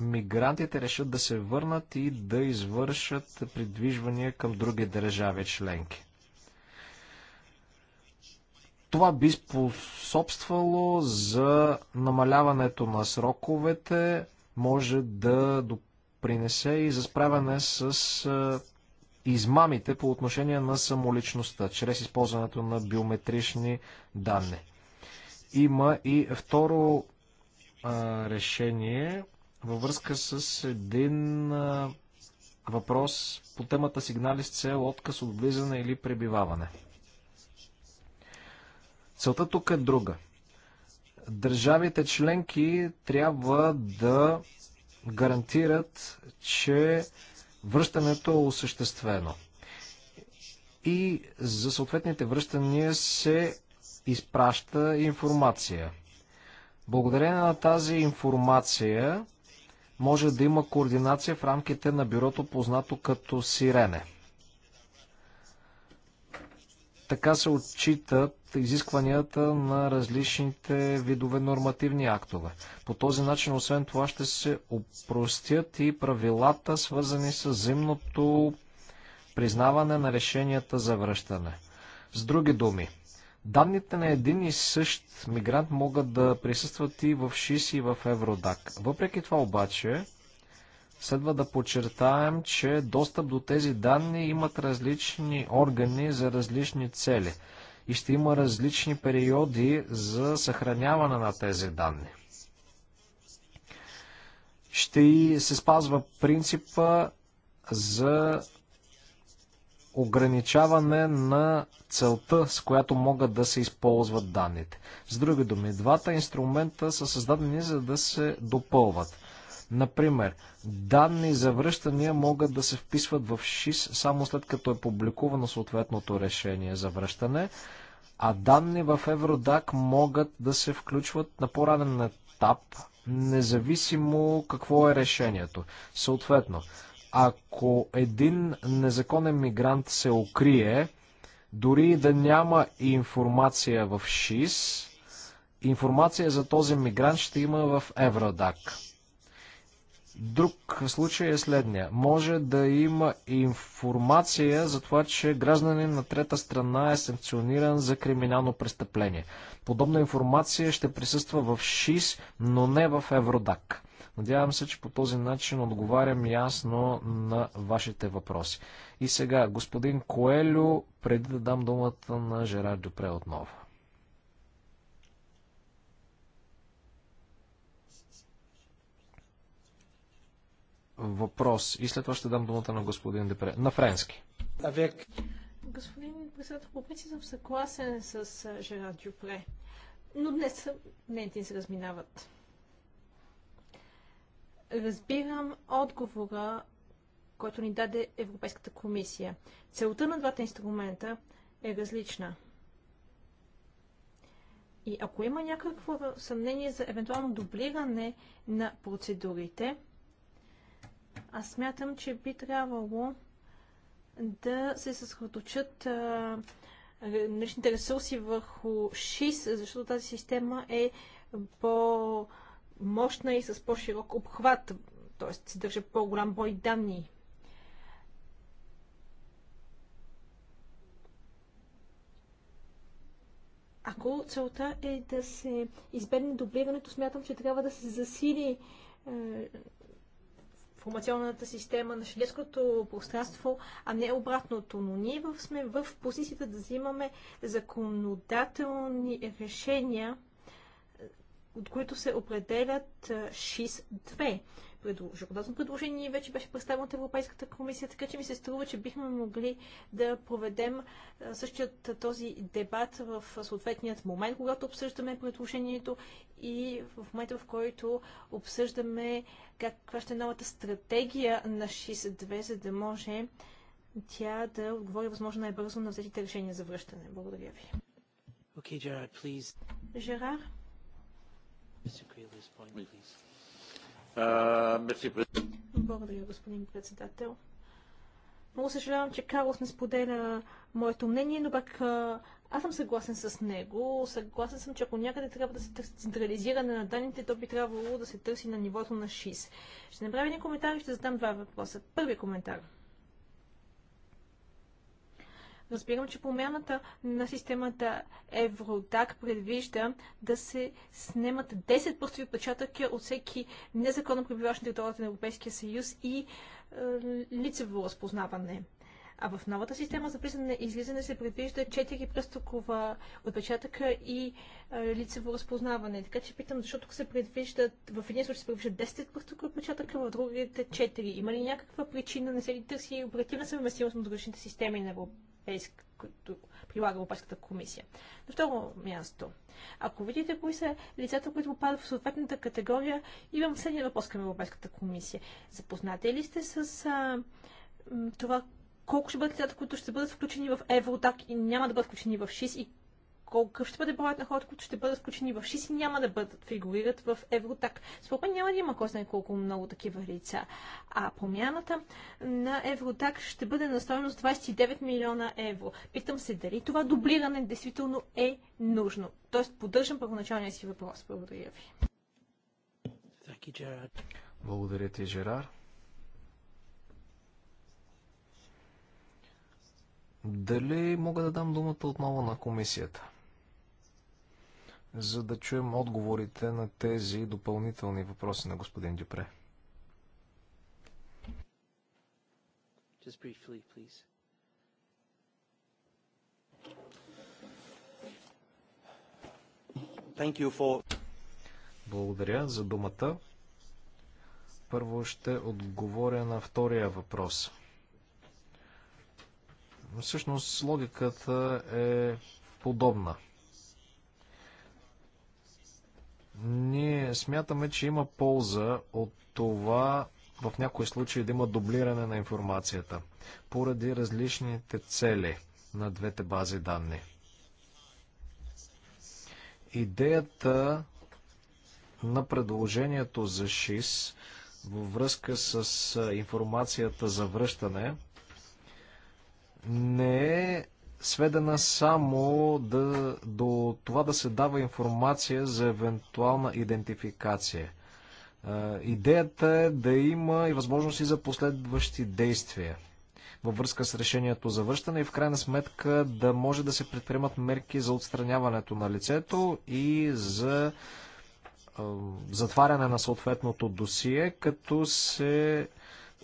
мигрантите решат да се върнат и да извършат придвижвания към други държави членки. Това би способствало за намаляването на сроковете, може да допринесе и за справяне с измамите по отношение на самоличността, чрез използването на биометрични данни. Има и второ а, решение във връзка с един а, въпрос по темата сигнали с цел отказ от влизане или пребиваване. Целта тук е друга. Държавите членки трябва да гарантират, че връщането е осъществено. И за съответните връщания се изпраща информация. Благодарение на тази информация може да има координация в рамките на бюрото, познато като Сирене. Така се отчитат изискванията на различните видове нормативни актове. По този начин, освен това, ще се опростят и правилата, свързани с зимното признаване на решенията за връщане. С други думи, данните на един и същ мигрант могат да присъстват и в ШИС и в Евродак. Въпреки това обаче, Следва да подчертаем, че достъп до тези данни имат различни органи за различни цели и ще има различни периоди за съхраняване на тези данни. Ще и се спазва принципа за ограничаване на целта, с която могат да се използват данните. С други думи, двата инструмента са създадени за да се допълват. Например, данни за връщания могат да се вписват в ШИС само след като е публикувано съответното решение за връщане, а данни в Евродак могат да се включват на по-ранен етап, независимо какво е решението. Съответно, ако един незаконен мигрант се укрие, дори да няма информация в ШИС, информация за този мигрант ще има в Евродак. Друг случай е следния. Може да има информация за това, че гражданин на трета страна е санкциониран за криминално престъпление. Подобна информация ще присъства в ШИС, но не в Евродак. Надявам се, че по този начин отговарям ясно на вашите въпроси. И сега, господин Коелю, преди да дам думата на Жерар Дюпре отново. въпрос и след това ще дам думата на господин Депре. На френски. Господин председател, по принцип съм съгласен с Жерар Дюпре, но днес не ти се разминават. Разбирам отговора, който ни даде Европейската комисия. Целта на двата инструмента е различна. И ако има някакво съмнение за евентуално дублиране на процедурите, аз смятам, че би трябвало да се съсредоточат наличните ресурси върху ШИС, защото тази система е по-мощна и с по-широк обхват, т.е. се държа по-голям брой данни. Ако целта е да се избегне дублирането, смятам, че трябва да се засили е, информационната система на шведското пространство, а не обратното. Но ние сме в позицията да взимаме законодателни решения, от които се определят ШИС-2 законодателно предложение вече беше представено от Европейската комисия, така че ми се струва, че бихме могли да проведем същият този дебат в съответният момент, когато обсъждаме предложението и в момента, в който обсъждаме каква ще е новата стратегия на 62, за да може тя да отговори възможно най-бързо на взетите решения за връщане. Благодаря ви. Okay, Gerard, please. Gerard? Mr. Greeley's point, please. Благодаря, господин председател. Много съжалявам, че Карлос не споделя моето мнение, но пак аз съм съгласен с него. Съгласен съм, че ако някъде трябва да се търси централизиране на данните, то би трябвало да се търси на нивото на ШИС. Ще направя един коментар и ще задам два въпроса. Първи коментар – Разбирам, че промяната на системата Евродак предвижда да се снемат 10 пръстови отпечатъки от всеки незаконно пребиваш на територията на Европейския съюз и е, лицево разпознаване. А в новата система за влизане и излизане се предвижда 4 пръстокова отпечатъка и е, лицево разпознаване. Така че питам, защото тук се предвиждат, в един случай се предвиждат 10 пръстокова отпечатъка, в другите 4. Има ли някаква причина, не се ли търси оперативна съвместимост на другите системи на Европа? които прилага Европейската комисия. На второ място, ако видите кои са лицата, които попадат в съответната категория, имам следния въпрос към Европейската комисия. Запознате ли сте с а, това, колко ще бъдат лицата, които ще бъдат включени в Евротак и няма да бъдат включени в ШИС и колко ще бъде броят на хората, които ще бъдат включени в ШИС и няма да бъдат фигурират в Евротак. Според няма да има кой знае колко много такива лица. А промяната на Евротак ще бъде на стоеност 29 милиона евро. Питам се дали това дублиране действително е нужно. Тоест поддържам първоначалния си въпрос. Благодаря ви. Благодаря ти, Жерар. Дали мога да дам думата отново на комисията? за да чуем отговорите на тези допълнителни въпроси на господин Дюпре. Just briefly, please. Thank you for... Благодаря за думата. Първо ще отговоря на втория въпрос. Всъщност логиката е подобна ние смятаме, че има полза от това в някои случаи да има дублиране на информацията поради различните цели на двете бази данни. Идеята на предложението за ШИС във връзка с информацията за връщане не е сведена само да, до това да се дава информация за евентуална идентификация. Идеята е да има и възможности за последващи действия във връзка с решението за връщане и в крайна сметка да може да се предприемат мерки за отстраняването на лицето и за затваряне на съответното досие, като се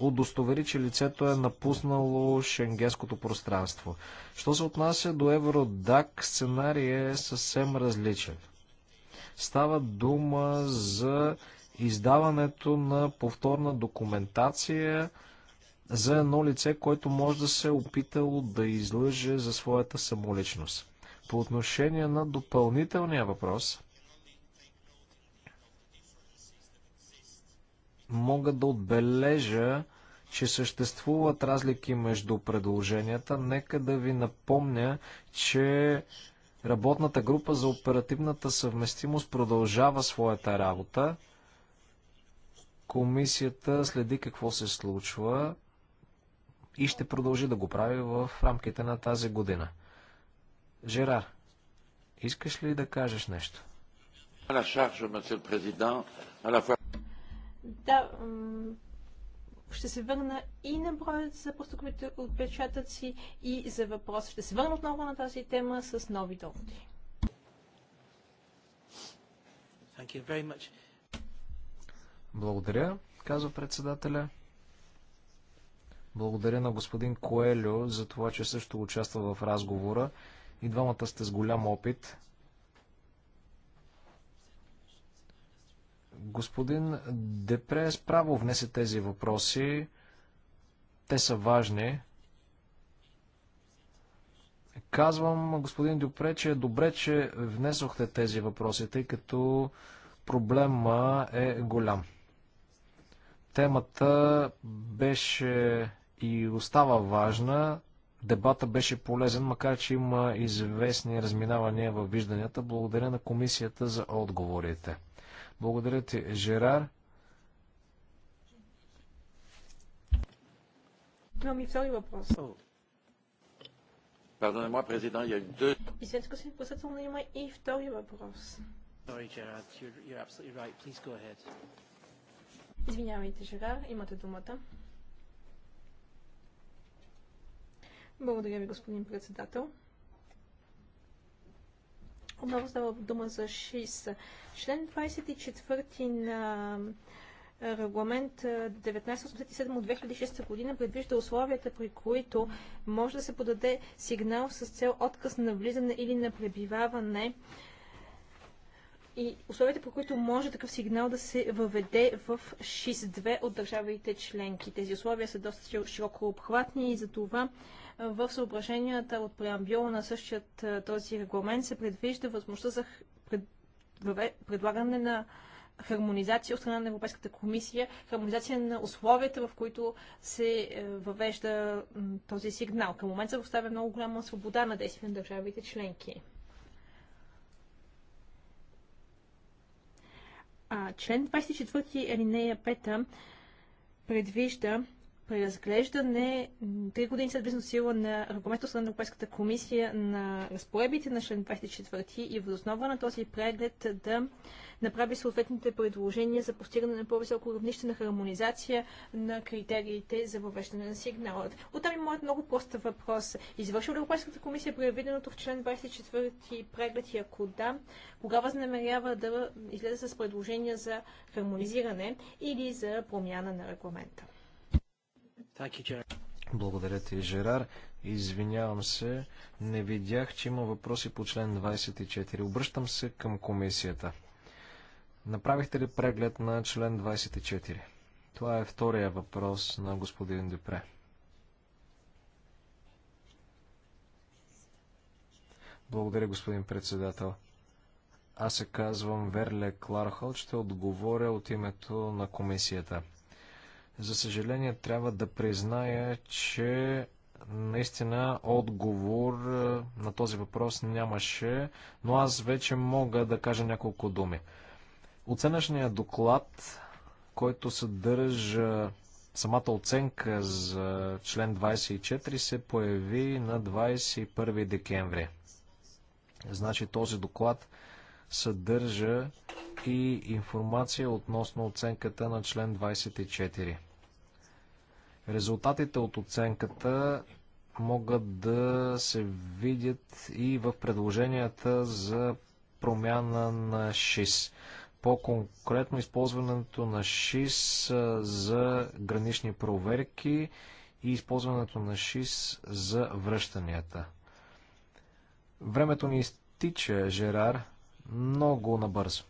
удостовери, че лицето е напуснало шенгенското пространство. Що се отнася до Евродак, сценария е съвсем различен. Става дума за издаването на повторна документация за едно лице, което може да се е опитало да излъже за своята самоличност. По отношение на допълнителния въпрос – мога да отбележа, че съществуват разлики между предложенията. Нека да ви напомня, че работната група за оперативната съвместимост продължава своята работа. Комисията следи какво се случва и ще продължи да го прави в рамките на тази година. Жерар, искаш ли да кажеш нещо? да, ще се върна и на броят за постъковите отпечатъци и за въпрос. Ще се върна отново на тази тема с нови доводи. Благодаря, казва председателя. Благодаря на господин Коелю за това, че също участва в разговора. И двамата сте с голям опит. Господин Депре е справо внесе тези въпроси. Те са важни. Казвам, господин Дюпре, че е добре, че внесохте тези въпроси, тъй като проблема е голям. Темата беше и остава важна. Дебата беше полезен, макар че има известни разминавания във вижданията. Благодаря на комисията за отговорите. Благодаря ти, Жерар. Имам и втори въпрос. Pardonnez-moi, président, il y a eu deux. Извинете, господин председател, но има и втори въпрос. Sorry, Gerard, you're, you're absolutely right. Please go ahead. Извинявайте, Жерар, имате думата. Благодаря ви, господин председател. Отново става дума за 6. Член 24 на регламент 1987 от 2006 година предвижда условията, при които може да се подаде сигнал с цел отказ на влизане или на пребиваване и условията, по които може такъв сигнал да се въведе в 6.2 2 от държавите членки. Тези условия са доста широко обхватни и за това в съображенията от преамбюла на същият е, този регламент се предвижда възможността за предлагане на хармонизация от страна на Европейската комисия, хармонизация на условията, в които се е, въвежда този сигнал. Към момента се оставя много голяма свобода на действие на държавите членки. А, член 24 алинея 5 предвижда преразглеждане три години след влизане сила на регламент на Европейската комисия на разпоредбите на член 24 и възоснова на този преглед да направи съответните предложения за постигане на по-високо равнище на хармонизация на критериите за въвеждане на сигналът. Оттам там има много прост въпрос. Извършва ли Европейската комисия предвиденото в член 24 преглед и ако да, кога възнамерява да излезе с предложения за хармонизиране или за промяна на регламента? Благодаря ти, Жерар. Извинявам се, не видях, че има въпроси по член 24. Обръщам се към комисията. Направихте ли преглед на член 24? Това е втория въпрос на господин Дюпре. Благодаря, господин председател. Аз се казвам Верле Клархол, ще отговоря от името на комисията. За съжаление, трябва да призная, че наистина отговор е, на този въпрос нямаше, но аз вече мога да кажа няколко думи. Оценъчният доклад, който съдържа самата оценка за член 24, се появи на 21 декември. Значи този доклад съдържа и информация относно оценката на член 24. Резултатите от оценката могат да се видят и в предложенията за промяна на ШИС. По-конкретно използването на ШИС за гранични проверки и използването на ШИС за връщанията. Времето ни изтича, Жерар, много набързо.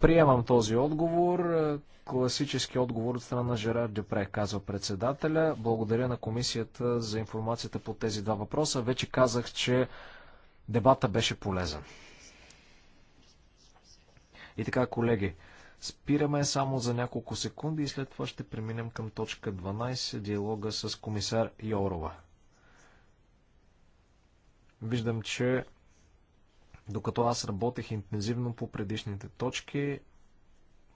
Приемам този отговор. Е, класически отговор от страна на Жерар Дюпре, казва председателя. Благодаря на комисията за информацията по тези два въпроса. Вече казах, че дебата беше полезен. И така, колеги, спираме само за няколко секунди и след това ще преминем към точка 12, диалога с комисар Йорова. Виждам, че докато аз работех интензивно по предишните точки,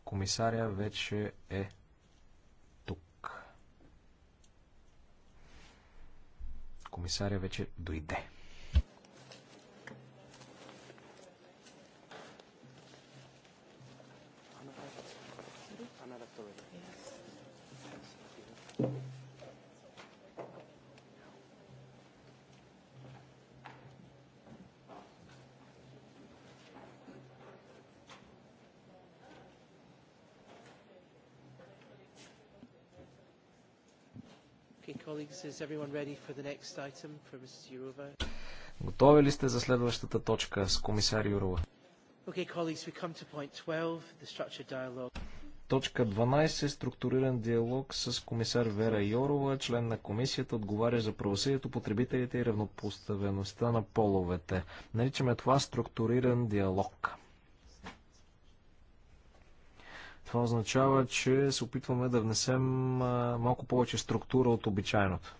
комисаря вече е тук. Комисаря вече дойде. Готови ли сте за следващата точка с комисар Юрова? Точка 12, е Структуриран диалог с комисар Вера Йорова, член на комисията, отговаря за правосъдието, потребителите и равнопоставеността на половете. Наричаме това структуриран диалог. Това означава, че се опитваме да внесем малко повече структура от обичайното.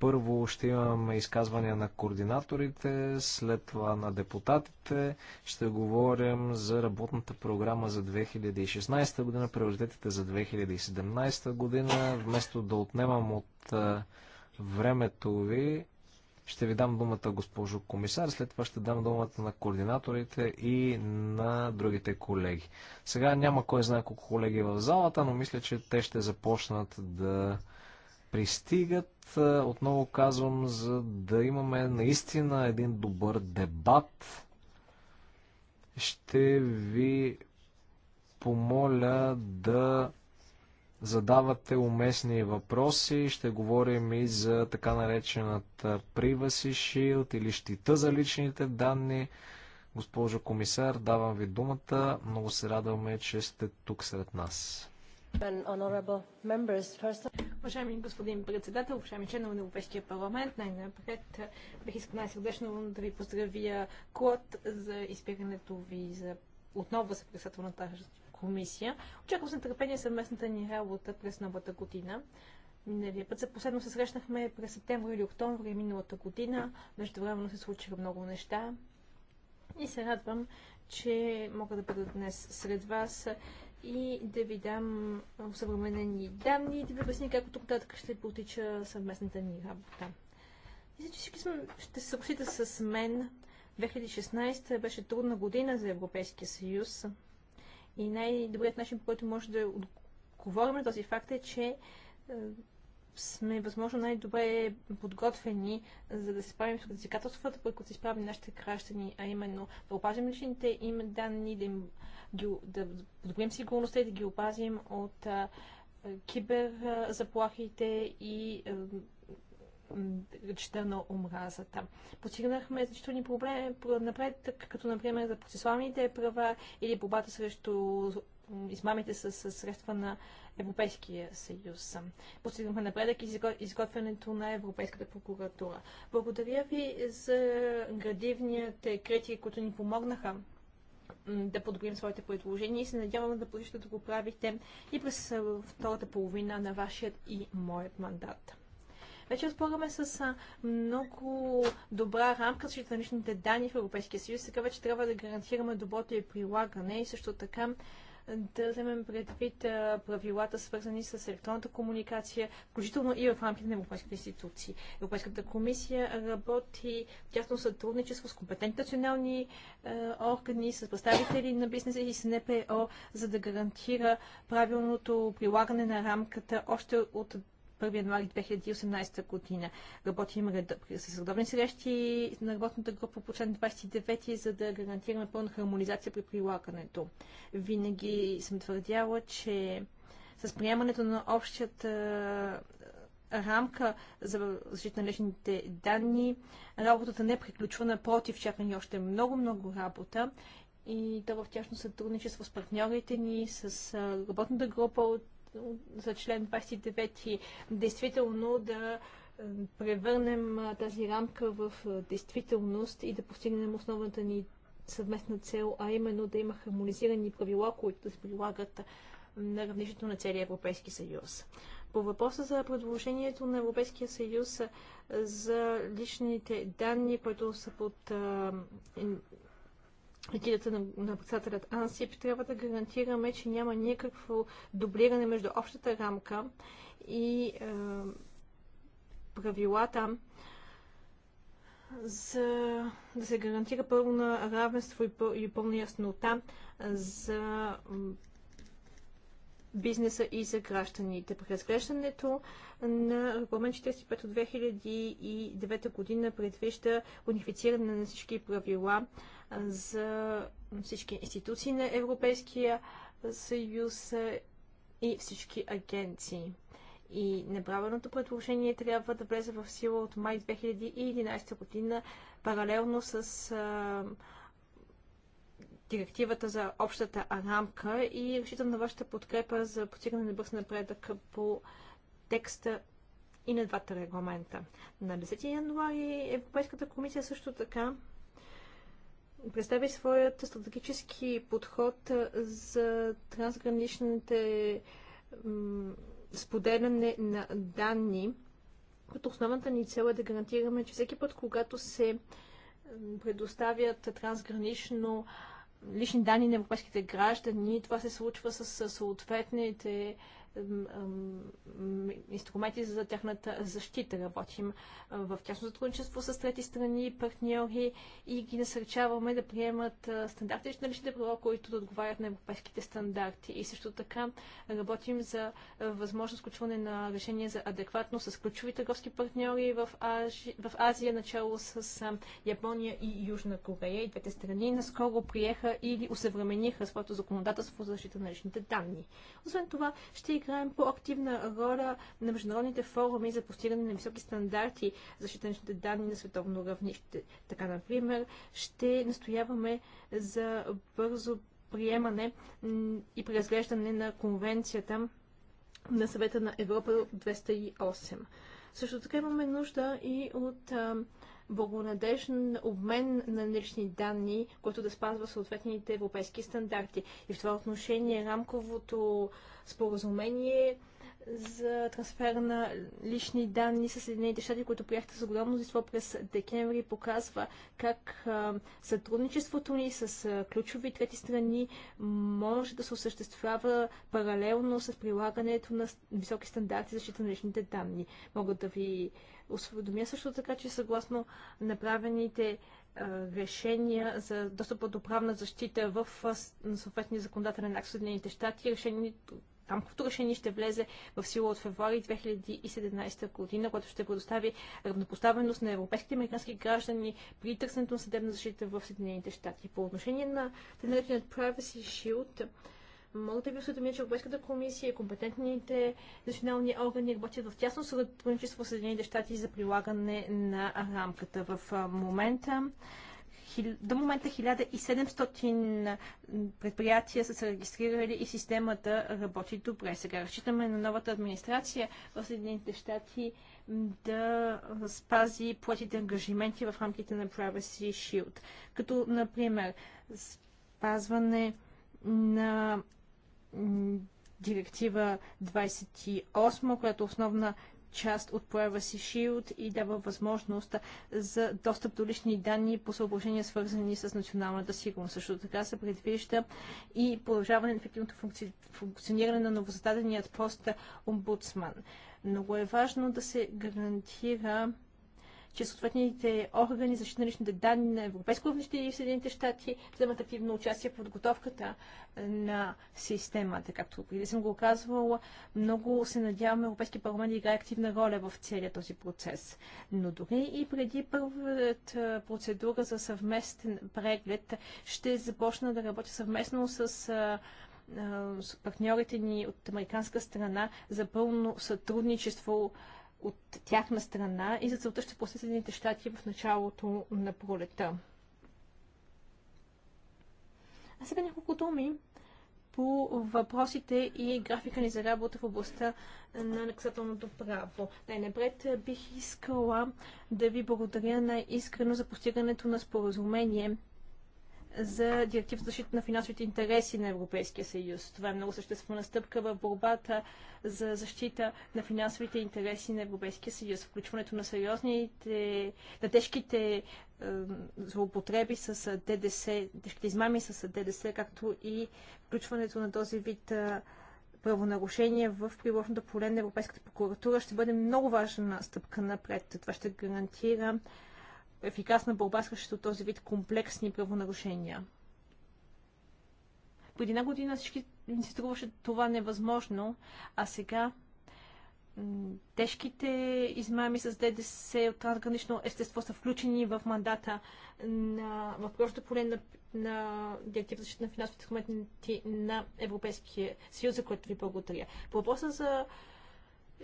Първо ще имаме изказвания на координаторите, след това на депутатите. Ще говорим за работната програма за 2016 година, приоритетите за 2017 година. Вместо да отнемам от времето ви, ще ви дам думата, госпожо комисар, след това ще дам думата на координаторите и на другите колеги. Сега няма кой знае колко колеги е в залата, но мисля, че те ще започнат да пристигат. Е, отново казвам, за да имаме наистина един добър дебат, ще ви помоля да задавате уместни въпроси. Ще говорим и за така наречената Privacy Shield или щита за личните данни. Госпожо комисар, давам ви думата. Много се радваме, че сте тук сред нас. Уважаеми господин председател, уважаеми членове на Европейския парламент, най-напред бих искал най-сърдечно да ви поздравя Клод за изпирането ви за отново за председател на тази комисия. Очаквам с нетърпение съвместната ни работа през новата година. Миналия път за последно се срещнахме през септември или октомври миналата година. Междувременно се случиха много неща. И се радвам, че мога да бъда днес сред вас и да ви дам съвременени данни и да ви обясня как тук нататък ще потича съвместната ни работа. Мисля, че всички ще се съгласите с мен. 2016 беше трудна година за Европейския съюз. И най-добрият начин, по който може да отговорим на този факт е, че е, сме възможно най-добре подготвени, за да се справим с предизвикателствата, по които се справим нашите граждани, а именно да опазим личните им данни, да, им, да подобрим сигурността и да ги опазим от а, киберзаплахите и а, е, речта на омразата. Постигнахме значителни проблеми напред, като например за процесуалните права или борбата срещу измамите с, средства на Европейския съюз. Постигнахме напредък и изготвянето на Европейската прокуратура. Благодаря ви за градивните критики, които ни помогнаха да подобрим своите предложения и се надявам да продължите да го правите и през втората половина на вашият и моят мандат. Вече разполагаме с много добра рамка за личните данни в Европейския съюз. Сега вече трябва да гарантираме доброто и прилагане и също така да вземем предвид правилата, свързани с електронната комуникация, включително и в рамките на европейските институции. Европейската комисия работи в тясно сътрудничество с компетентни национални органи, с представители на бизнеса и с НПО, за да гарантира правилното прилагане на рамката още от 1 януари 2018 година. Работим с редовни срещи на работната група по член 29, за да гарантираме пълна хармонизация при прилагането. Винаги съм твърдяла, че с приемането на общата рамка за защита на личните данни, работата не е приключва, напротив, чака ни още много-много работа и то в тяхно сътрудничество с партньорите ни, с работната група от за член 29 действително да е, превърнем е, тази рамка в е, действителност и да постигнем основната ни съвместна цел, а именно да има хармонизирани правила, които да се прилагат на равнището на целия Европейски съюз. По въпроса за предложението на Европейския съюз за личните данни, които са под Гидата на, на председателят АНСИП трябва да гарантираме, че няма никакво дублиране между общата рамка и е, правилата за да се гарантира пълно равенство и, пъл, и пълна яснота за бизнеса и за гражданите. разглеждането на регламент 45 от 2009 година предвижда унифициране на всички правила за всички институции на Европейския съюз и всички агенции. И направеното предложение трябва да влезе в сила от май 2011 година, паралелно с а, директивата за общата рамка и решител на вашата подкрепа за постигане на бърз напредък по текста и на двата регламента. На 10 януари Европейската комисия също така представи своят стратегически подход за трансграничните споделяне на данни, като основната ни цел е да гарантираме, че всеки път, когато се предоставят трансгранично лични данни на европейските граждани, това се случва с съответните инструменти за тяхната защита. Работим в тясно сътрудничество с трети страни, партньори и ги насърчаваме да приемат стандарти на личните права, които да отговарят на европейските стандарти. И също така работим за възможно сключване на решение за адекватно с ключови търговски партньори в, в Азия, начало с Япония и Южна Корея. И двете страни наскоро приеха или усъвремениха своето законодателство за защита на личните данни. Освен това, ще и играем по-активна роля на международните форуми за постигане на високи стандарти за щитаничните данни на световно равнище. Така, например, ще настояваме за бързо приемане и преразглеждане на конвенцията на съвета на Европа 208. Също така имаме нужда и от а, благонадежен обмен на лични данни, който да спазва съответните европейски стандарти. И в това отношение рамковото споразумение за трансфер на лични данни с Съединените щати, които приехте с огромно мнозинство през декември, показва как сътрудничеството ни с ключови трети страни може да се осъществява паралелно с прилагането на високи стандарти за защита на личните данни. Мога да ви осведомя също така, че съгласно направените решения за достъпа до правна защита в съответния законодателен акт Съединените щати. Решението рамковото решение ще влезе в сила от февруари 2017 година, което ще предостави равнопоставеност на европейските американски граждани при търсенето на съдебна защита в Съединените щати. По отношение на тенденцията Privacy Shield, мога да ви осведомя, че Европейската комисия и компетентните национални органи работят в тясно сътрудничество в Съединените щати за прилагане на рамката. В момента до момента 1700 предприятия са се регистрирали и системата работи добре. Сега разчитаме на новата администрация в Съединените щати да спази платите ангажименти в рамките на Privacy Shield. Като, например, спазване на директива 28, която е основна част от Privacy Shield и дава възможност за достъп до лични данни по съображения свързани с националната сигурност. Също така се предвижда и продължаване на ефективното функци... функциониране на новозададеният пост омбудсман. Много е важно да се гарантира че съответните органи за на личните данни на Европейско равнище и в Съединените щати вземат активно участие в подготовката на системата. Както преди съм го казвала, много се надяваме Европейския парламент да играе активна роля в целия този процес. Но дори и преди първата процедура за съвместен преглед ще започна да работя съвместно с с партньорите ни от американска страна за пълно сътрудничество от тяхна страна и за целта ще посетят Съединените щати в началото на пролета. А сега няколко думи по въпросите и графика ни за работа в областта на наказателното право. Най-напред бих искала да ви благодаря най-искрено за постигането на споразумение за директив за защита на финансовите интереси на Европейския съюз. Това е много съществена стъпка в борбата за защита на финансовите интереси на Европейския съюз. Включването на сериозните, на тежките е, злоупотреби с е, ДДС, тежките измами с е, ДДС, както и включването на този вид е, правонарушения в приложното поле на Европейската прокуратура ще бъде много важна стъпка напред. Това ще гарантира ефикасна борба срещу този вид комплексни правонарушения. Преди една година всички ни се струваше това невъзможно, а сега тежките измами с ДДС от трансгранично естество са включени в мандата на, в прошлото поле на, на директива защита на финансовите документи на Европейския съюз, за което ви благодаря. По въпроса за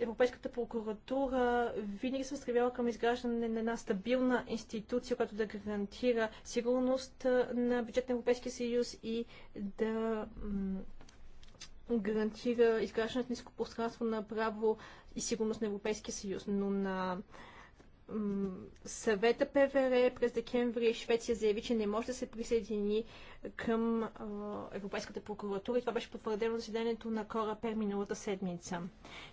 Европейската прокуратура винаги се стремяла към изграждане на една стабилна институция, която да гарантира сигурност на бюджет на Европейския съюз и да гарантира изграждането на ниско пространство на право и сигурност на Европейския съюз. Но на съвета ПВР през декември Швеция заяви, че не може да се присъедини към Европейската прокуратура и това беше потвърдено заседанието на Кора Пер миналата седмица.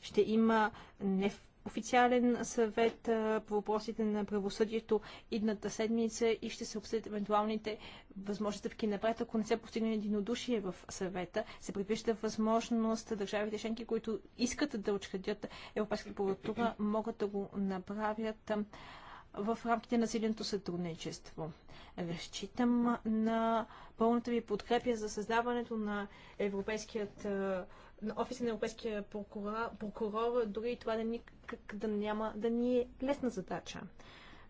Ще има не официален съвет по въпросите на правосъдието идната седмица и ще се обсъдят евентуалните възможности стъпки напред, ако не се постигне единодушие в съвета. Се предвижда възможност държавите членки, които искат да учредят Европейската прокуратура, могат да го направят в рамките на силеното сътрудничество. Разчитам на пълната ви подкрепя за създаването на Европейският на офиса на Европейския прокурор, дори дори това да, никак, да, няма, да ни е лесна задача.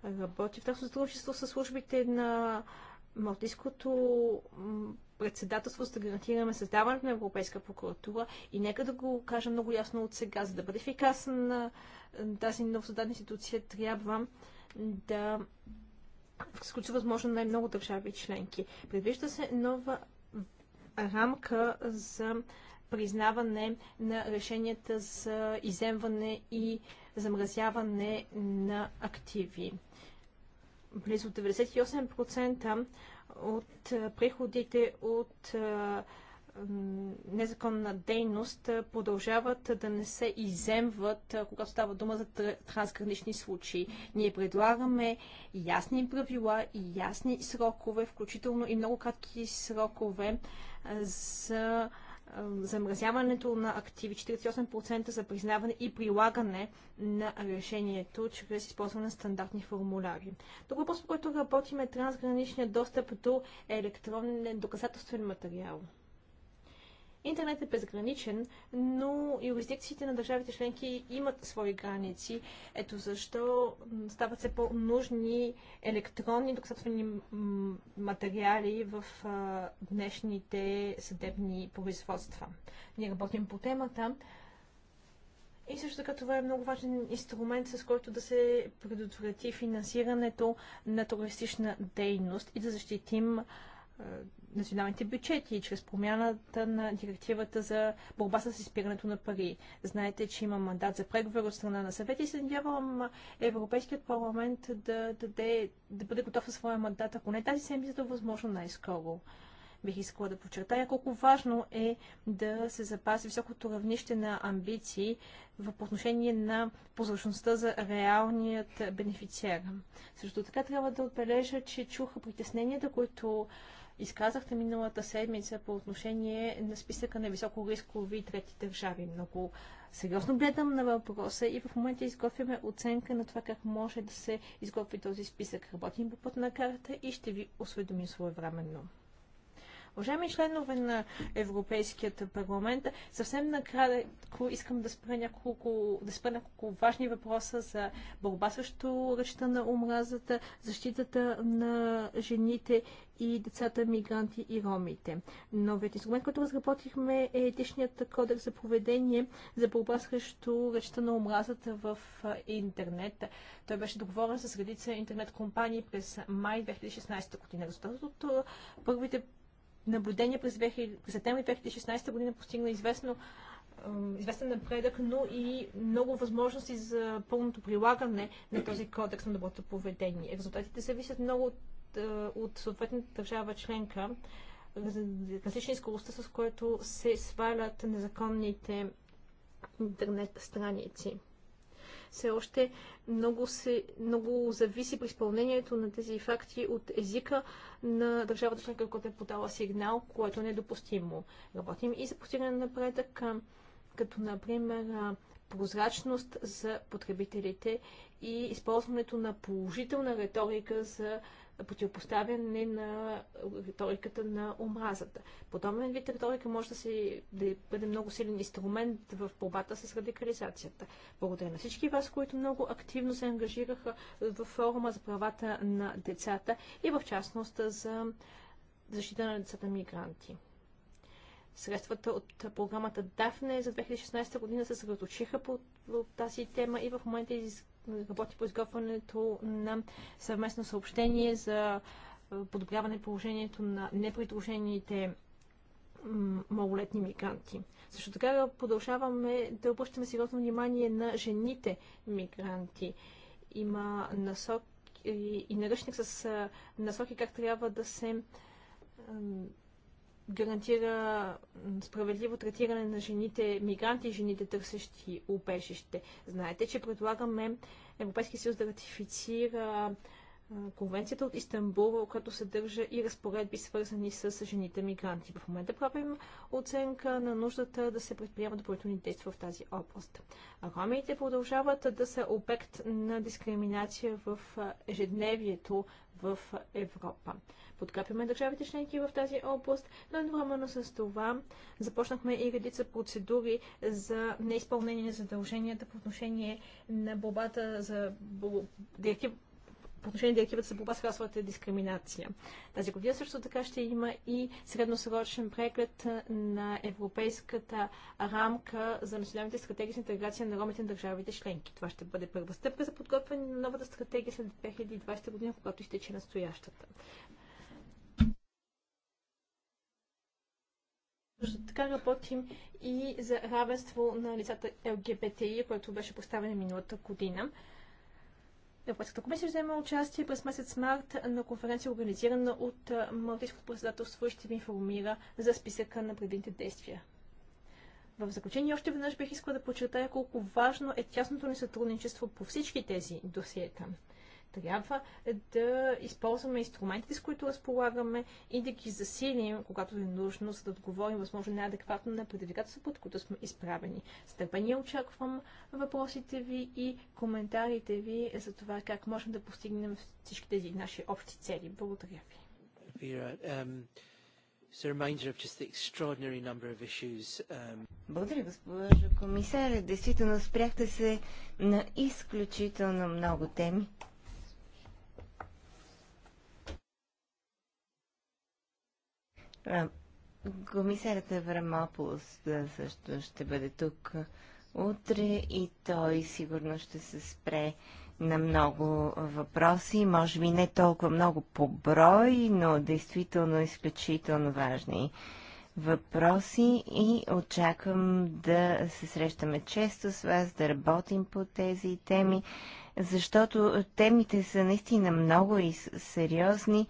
Работи в тяхно сътрудничество с службите на Малтийското председателство, за да гарантираме създаването на Европейска прокуратура и нека да го кажа много ясно от сега, за да бъде ефикасна на тази новосъздадена институция, трябва да включва възможно най-много държави членки. Предвижда се нова рамка за признаване на решенията за иземване и замразяване на активи. Близо 98% от приходите от незаконна дейност продължават да не се иземват, когато става дума за трансгранични случаи. Ние предлагаме ясни правила и ясни срокове, включително и много кратки срокове за замразяването на активи, 48% за признаване и прилагане на решението чрез използване на стандартни формуляри. Друг въпрос, по който работим е трансграничния достъп до електронен доказателствен материал. Интернет е безграничен, но юрисдикциите на държавите членки имат свои граници. Ето защо стават все по-нужни електронни доказателствени материали в а, днешните съдебни производства. Ние работим по темата. И също така това е много важен инструмент, с който да се предотврати финансирането на туристична дейност и да защитим националните бюджети, чрез промяната на директивата за борба с изпирането на пари. Знаете, че има мандат за преговори от страна на съвет и се надявам Европейският парламент да, даде, да бъде готов със своя мандат, ако не тази седмица, да възможно най-скоро. Бих искала да подчертая колко важно е да се запази високото равнище на амбиции в отношение на прозрачността за реалният бенефициер. Също така трябва да отбележа, че чуха притесненията, които изказахте миналата седмица по отношение на списъка на високо рискови трети държави. Много сериозно гледам на въпроса и в момента изготвяме оценка на това как може да се изготви този списък. Работим по път на карта и ще ви осведомим своевременно. Уважаеми членове на Европейският парламент, съвсем накратко искам да спра няколко, да спра няколко важни въпроса за борба срещу ръчта на омразата, защитата на жените и децата мигранти и ромите. Новият инструмент, който разработихме е етичният кодекс за поведение за борба срещу речта на омразата в интернет. Той беше договорен с редица интернет компании през май 2016 година. Резултатът от първите наблюдение през, през септември 2016 година постигна известно известен напредък, но и много възможности за пълното прилагане на този кодекс на доброто поведение. Резултатите зависят много от, от съответната държава членка, различни скоростта, с което се свалят незаконните интернет страници все още много, се, много зависи при изпълнението на тези факти от езика на държавата членка, която е подала сигнал, което не е допустимо. Работим и за постигане на напредък, като например прозрачност за потребителите и използването на положителна риторика за противопоставяне на риториката на омразата. Подобен вид риторика може да, се, да бъде много силен инструмент в борбата с радикализацията. Благодаря на всички вас, които много активно се ангажираха в форума за правата на децата и в частност за защита на децата мигранти. Средствата от програмата DAFNE за 2016 година се съсредоточиха по тази тема и в момента из работи по изготвянето на съвместно съобщение за подобряване положението на непридружените малолетни мигранти. Също така продължаваме да обръщаме сериозно внимание на жените мигранти. Има насок и наръчник с насоки как трябва да се гарантира справедливо третиране на жените мигранти и жените търсещи убежище. Знаете, че предлагаме Европейския съюз да ратифицира конвенцията от Истанбул, която съдържа и разпоредби свързани с жените мигранти. В момента правим оценка на нуждата да се предприемат допълнителни действия в тази област. Ромите продължават да са обект на дискриминация в ежедневието в Европа. Подкрепяме държавите членки в тази област, но едновременно с това започнахме и редица процедури за неизпълнение на задълженията по отношение на борбата за директива по отношение на директивата за борба с расовата дискриминация. Тази година също така ще има и средносрочен преглед на европейската рамка за националните стратегии за интеграция на ромите на държавите членки. Това ще бъде първа стъпка за подготвяне на новата стратегия след 2020 година, когато изтече настоящата. Също така работим и за равенство на лицата ЛГБТИ, което беше поставено миналата година. Европейската комисия взема участие през месец март на конференция, организирана от Малтийското председателство и ще ви информира за списъка на предвидните действия. В заключение още веднъж бих искала да подчертая колко важно е тясното ни сътрудничество по всички тези досиета. Трябва да използваме инструментите, с които разполагаме и да ги засилим, когато е нужно, за да отговорим възможно неадекватно на предизвикателството, под които сме изправени. С търпение очаквам въпросите ви и коментарите ви за това как можем да постигнем всички тези наши общи цели. Благодаря ви. Um, um, Благодаря, госпожо комисар. Действително спряхте се на изключително много теми. Комисарът Аврамополос също ще бъде тук утре и той сигурно ще се спре на много въпроси, може би не толкова много по брой, но действително изключително важни въпроси и очаквам да се срещаме често с вас, да работим по тези теми, защото темите са наистина много и сериозни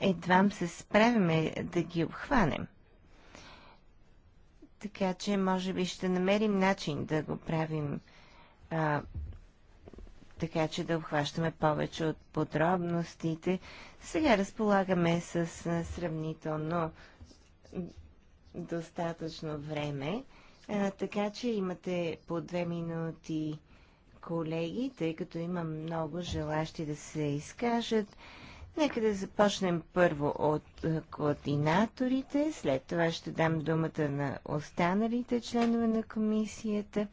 едвам се справяме да ги обхванем. Така че, може би, ще намерим начин да го правим а, така, че да обхващаме повече от подробностите. Сега разполагаме с а, сравнително достатъчно време, а, така че имате по две минути колеги, тъй като има много желащи да се изкажат. Нека да започнем първо от е, координаторите, след това ще дам думата на останалите членове на комисията.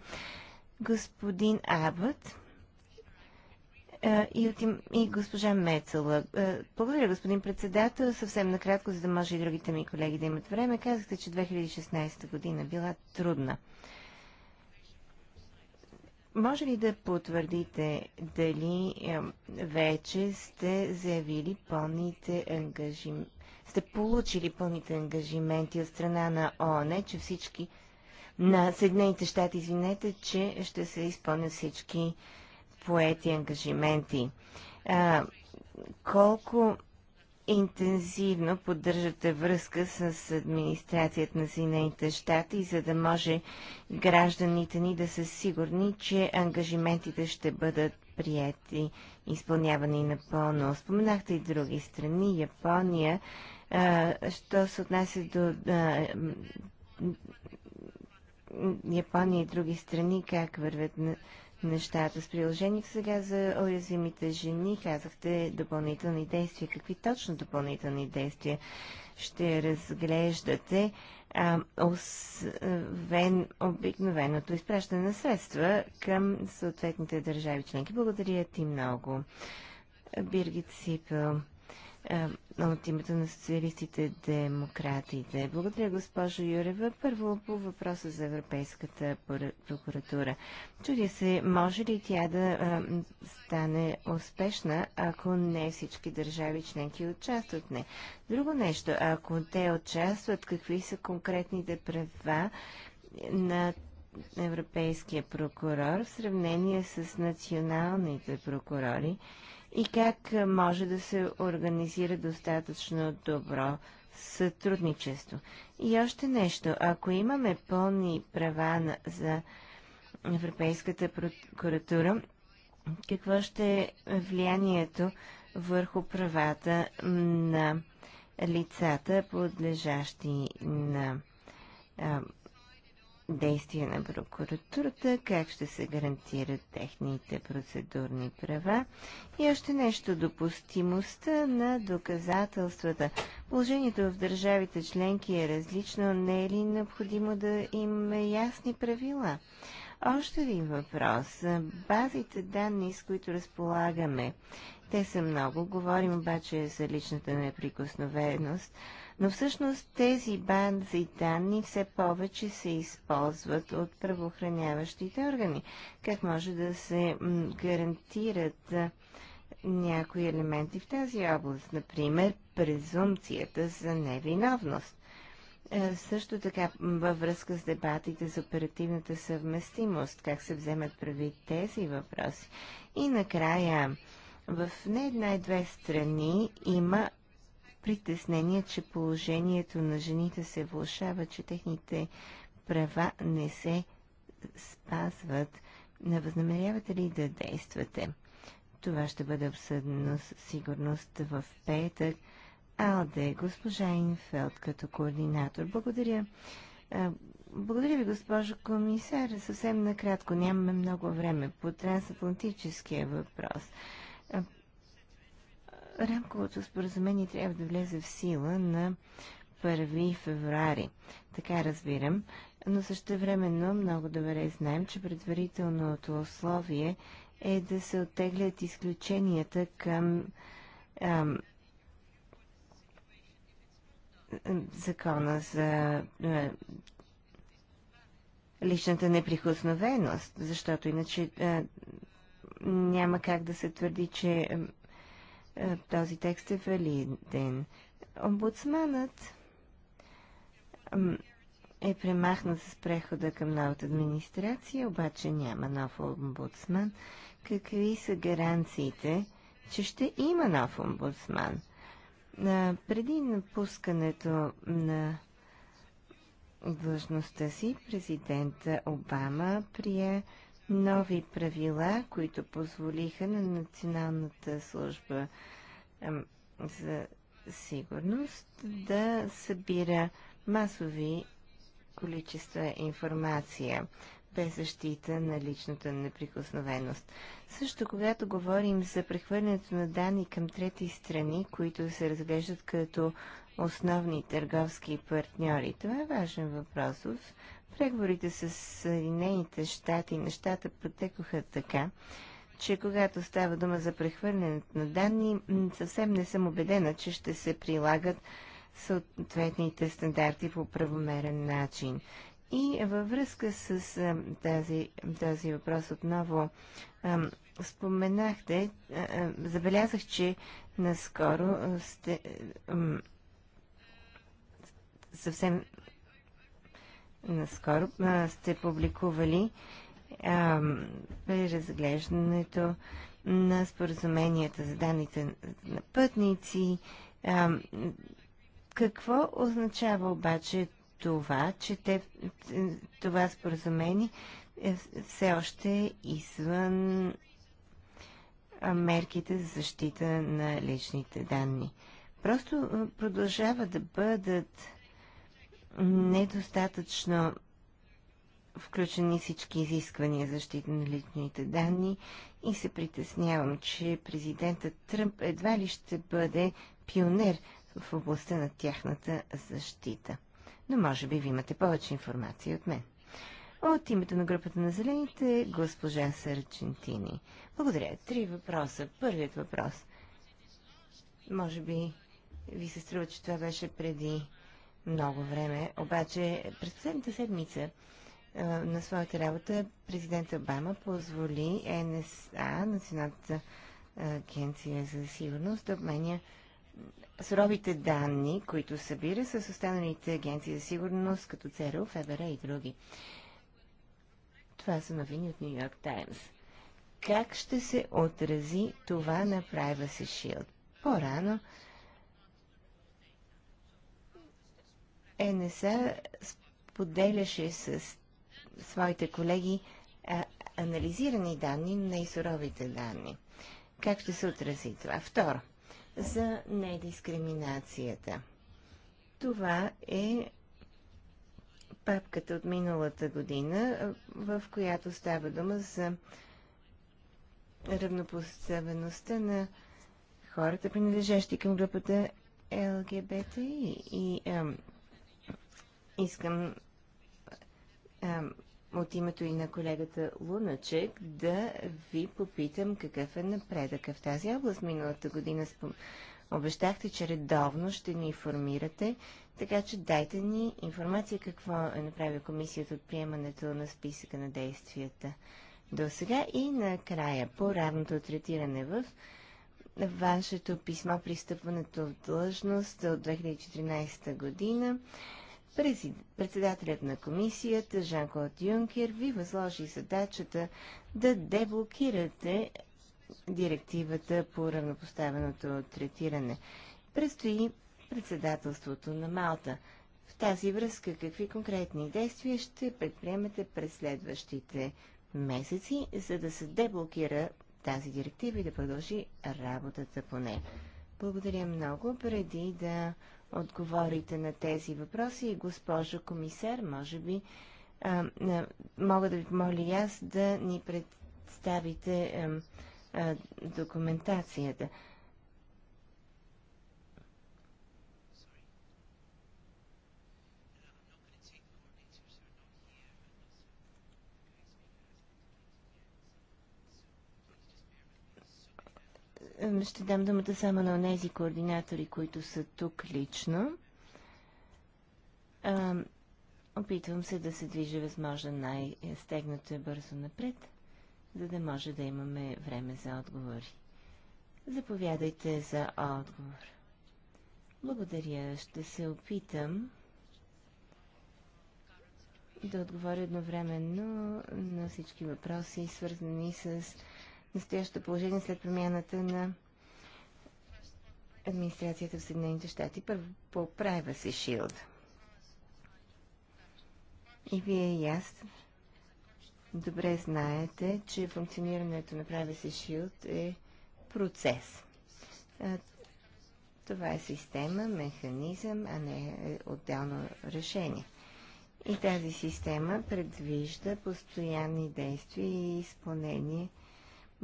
Господин Абът е, и, от, и госпожа Мецела. Е, благодаря, господин председател. Съвсем накратко, за да може и другите ми колеги да имат време. Казахте, че 2016 година била трудна. Може ли да потвърдите дали вече сте заявили пълните ангажименти, сте получили пълните ангажименти от страна на ООН, че всички на Съединените щати, извинете, че ще се изпълнят всички поети ангажименти. А, колко интензивно поддържате връзка с администрацията на Съединените щати, за да може гражданите ни да са сигурни, че ангажиментите ще бъдат прияти, изпълнявани напълно. Споменахте и други страни, Япония. А, що се отнася до а, Япония и други страни, как вървят нещата с приложението. Сега за уязвимите жени казахте допълнителни действия. Какви точно допълнителни действия ще разглеждате, а, освен обикновеното изпращане на средства към съответните държави членки? Благодаря ти много. Биргит Сипел. Е, от името на социалистите демократите. Благодаря, госпожо Юрева. Първо по въпроса за Европейската прокуратура. Чудя се, може ли тя да а, е, стане успешна, ако не всички държави членки участват? Не. Друго нещо, ако те участват, какви са конкретните права на европейския прокурор в сравнение с националните прокурори? и как може да се организира достатъчно добро сътрудничество. И още нещо, ако имаме пълни права на, за Европейската прокуратура, какво ще е влиянието върху правата на лицата, подлежащи на а, действия на прокуратурата, как ще се гарантират техните процедурни права и още нещо допустимостта на доказателствата. Положението в държавите членки е различно, не е ли необходимо да имаме ясни правила? Още един въпрос. Базите данни, с които разполагаме, те са много. Говорим обаче за личната неприкосновеност. Но всъщност тези банзи данни все повече се използват от правоохраняващите органи. Как може да се гарантират някои елементи в тази област, например презумпцията за невиновност? Е, също така във връзка с дебатите за оперативната съвместимост, как се вземат прави тези въпроси. И накрая, в не една и две страни има притеснения, че положението на жените се влушава, че техните права не се спазват. Не възнамерявате ли да действате? Това ще бъде обсъдено със сигурност в петък. Алде, госпожа Инфелд като координатор. Благодаря. Благодаря ви, госпожо комисар. Съвсем накратко, нямаме много време по трансатлантическия въпрос рамковото споразумение трябва да влезе в сила на 1 февруари. Така разбирам, но също времено много добре знаем, че предварителното условие е да се оттеглят изключенията към ам, закона за а, е, личната неприкосновеност, защото иначе а, е, няма как да се твърди, че е, този текст е валиден. Омбудсманът е премахнат с прехода към новата администрация, обаче няма нов омбудсман. Какви са гаранциите, че ще има нов омбудсман? преди напускането на длъжността си, президента Обама прие нови правила, които позволиха на Националната служба за сигурност да събира масови количества информация без защита на личната неприкосновеност. Също когато говорим за прехвърлянето на данни към трети страни, които се разглеждат като основни търговски партньори, това е важен въпрос. Преговорите с Съединените щати и нещата протекоха така, че когато става дума за прехвърлянето на данни, съвсем не съм убедена, че ще се прилагат съответните стандарти по правомерен начин. И във връзка с тази, тази, този въпрос отново споменахте, забелязах, че наскоро сте съвсем наскоро сте публикували а, преразглеждането на споразуменията за данните на пътници. какво означава обаче това, че те, това споразумение е все още е извън мерките за защита на личните данни? Просто продължава да бъдат недостатъчно включени всички изисквания защита на личните данни и се притеснявам, че президентът Тръмп едва ли ще бъде пионер в областта на тяхната защита. Но може би ви имате повече информация от мен. От името на групата на зелените, госпожа Сърчентини. Благодаря. Три въпроса. Първият въпрос. Може би ви се струва, че това беше преди много време. Обаче през последната седмица на своята работа президент Обама позволи НСА, Националната агенция за сигурност, да обменя суровите данни, които събира с останалите агенции за сигурност, като ЦРУ, ФБР и други. Това са новини от Нью Йорк Таймс. Как ще се отрази това на Privacy Shield? По-рано НСА споделяше с своите колеги а, анализирани данни, не и суровите данни. Как ще се отрази това? Второ, за недискриминацията. Това е папката от миналата година, в която става дума за равнопоставеността на хората, принадлежащи към групата ЛГБТ И ам, Искам а, от името и на колегата Луначек да ви попитам какъв е напредъка в тази област. Миналата година спом... обещахте, че редовно ще ни информирате, така че дайте ни информация какво е направила комисията от приемането на списъка на действията до сега и накрая по равното третиране в вашето писмо при стъпването в длъжност от 2014 година. Председателят на комисията Жан-Клод Юнкер ви възложи задачата да деблокирате директивата по равнопоставеното третиране. Предстои председателството на Малта. В тази връзка какви конкретни действия ще предприемете през следващите месеци, за да се деблокира тази директива и да продължи работата по нея? Благодаря много. Преди да отговорите на тези въпроси. И госпожо комисар, може би а, а, мога да ви помоля и аз да ни представите а, документацията. ще дам думата само на тези координатори, които са тук лично. А, опитвам се да се движи възможно най-стегнато и бързо напред, за да може да имаме време за отговори. Заповядайте за отговор. Благодаря. Ще се опитам да отговоря едновременно на всички въпроси, свързани с настоящото положение след промяната на администрацията в Съединените щати. Първо по Privacy Shield. И вие и аз добре знаете, че функционирането на Privacy Shield е процес. Това е система, механизъм, а не е отделно решение. И тази система предвижда постоянни действия и изпълнение –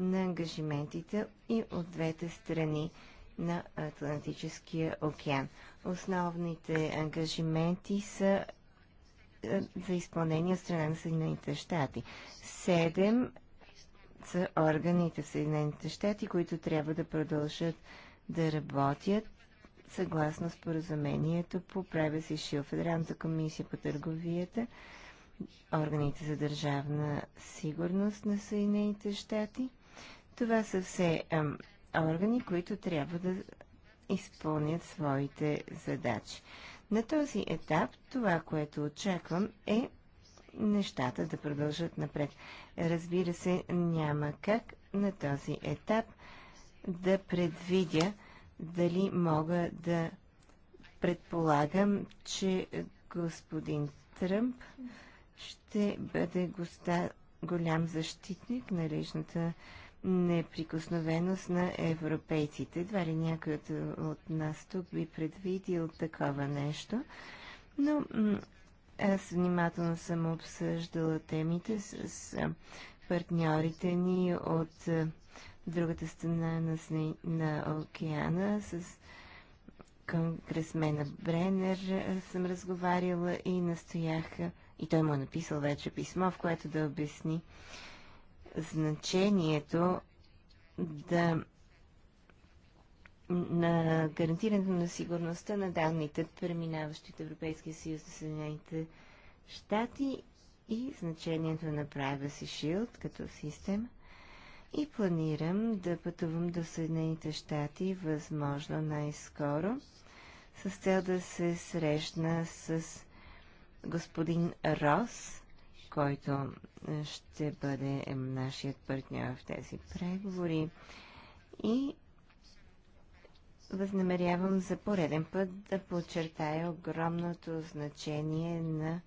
на ангажиментите и от двете страни на Атлантическия океан. Основните ангажименти са е, за изпълнение от страна на Съединените щати. Седем са органите в Съединените щати, които трябва да продължат да работят съгласно споразумението по си ШИЛ, Федералната комисия по търговията, органите за държавна сигурност на Съединените щати, това са все ам, органи, които трябва да изпълнят своите задачи. На този етап това, което очаквам е нещата да продължат напред. Разбира се, няма как на този етап да предвидя дали мога да предполагам, че господин Тръмп ще бъде госта, голям защитник на личната неприкосновеност на европейците. Едва ли някой от, от нас тук би предвидил такова нещо, но аз внимателно съм обсъждала темите с, с партньорите ни от другата страна на, на океана, с конгресмена Бренер съм разговаряла и настояха. и той му е написал вече писмо, в което да обясни значението да на гарантирането на сигурността на данните, преминаващи от Европейския съюз на Съединените щати и значението на Privacy Shield като систем, И планирам да пътувам до Съединените щати възможно най-скоро с цел да се срещна с господин Рос, който е, ще бъде е, нашият партньор в тези преговори. И възнамерявам за пореден път да подчертая огромното значение на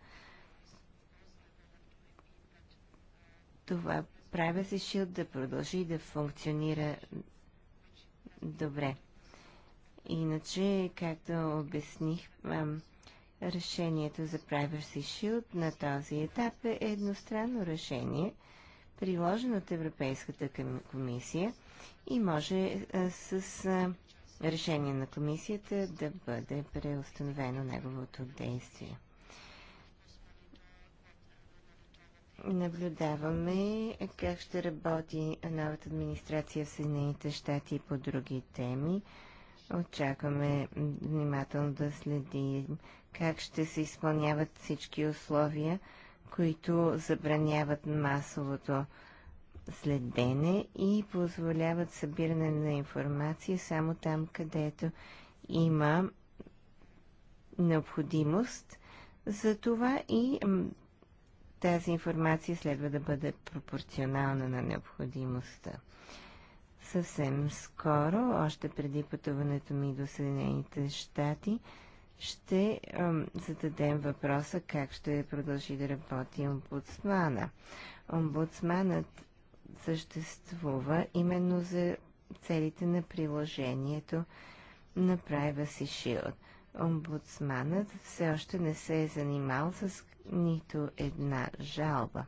това правя се шилд да продължи да функционира добре. Иначе, както обясних, Решението за Privacy Shield на този етап е едностранно решение, приложено от Европейската комисия и може а, с а, решение на комисията да бъде преустановено неговото действие. Наблюдаваме как ще работи новата администрация в Съединените щати по други теми. Очакваме внимателно да следим как ще се изпълняват всички условия, които забраняват масовото следене и позволяват събиране на информация само там, където има необходимост. За това и тази информация следва да бъде пропорционална на необходимостта съвсем скоро, още преди пътуването ми до Съединените щати, ще ам, зададем въпроса как ще продължи да работи омбудсмана. Омбудсманът съществува именно за целите на приложението на Privacy Shield. Омбудсманът все още не се е занимал с нито една жалба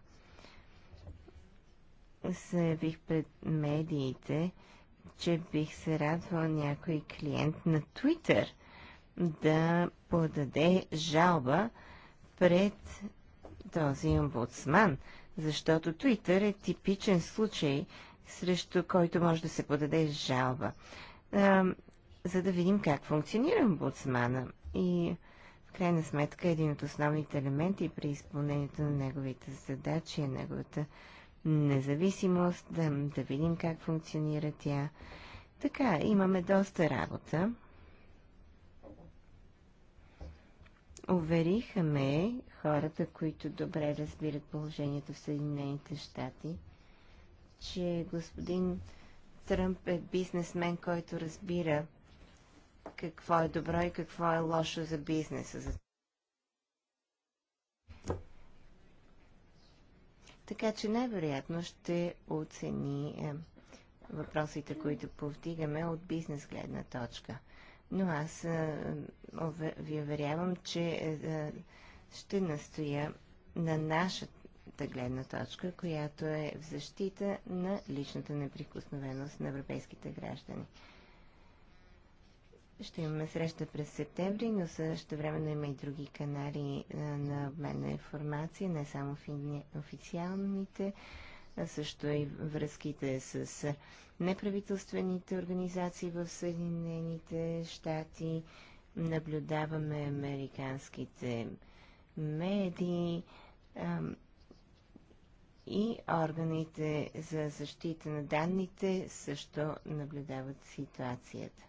заявих пред медиите, че бих се радвал някой клиент на Twitter да подаде жалба пред този омбудсман, защото Twitter е типичен случай, срещу който може да се подаде жалба. А, за да видим как функционира омбудсмана и в крайна сметка един от основните елементи при изпълнението на неговите задачи е неговата независимост, да, да видим как функционира тя. Така, имаме доста работа. Увериха ме хората, които добре разбират положението в Съединените щати, че господин Тръмп е бизнесмен, който разбира какво е добро и какво е лошо за бизнеса. Така че най-вероятно ще оцени е, въпросите, които повдигаме от бизнес гледна точка. Но аз е, ви уверявам, че е, е, ще настоя на нашата гледна точка, която е в защита на личната неприкосновеност на европейските граждани. Ще имаме среща през септември, но също времено има и други канали на обмен на информация, не само в официалните, а също и връзките с неправителствените организации в Съединените щати. Наблюдаваме американските медии и органите за защита на данните също наблюдават ситуацията.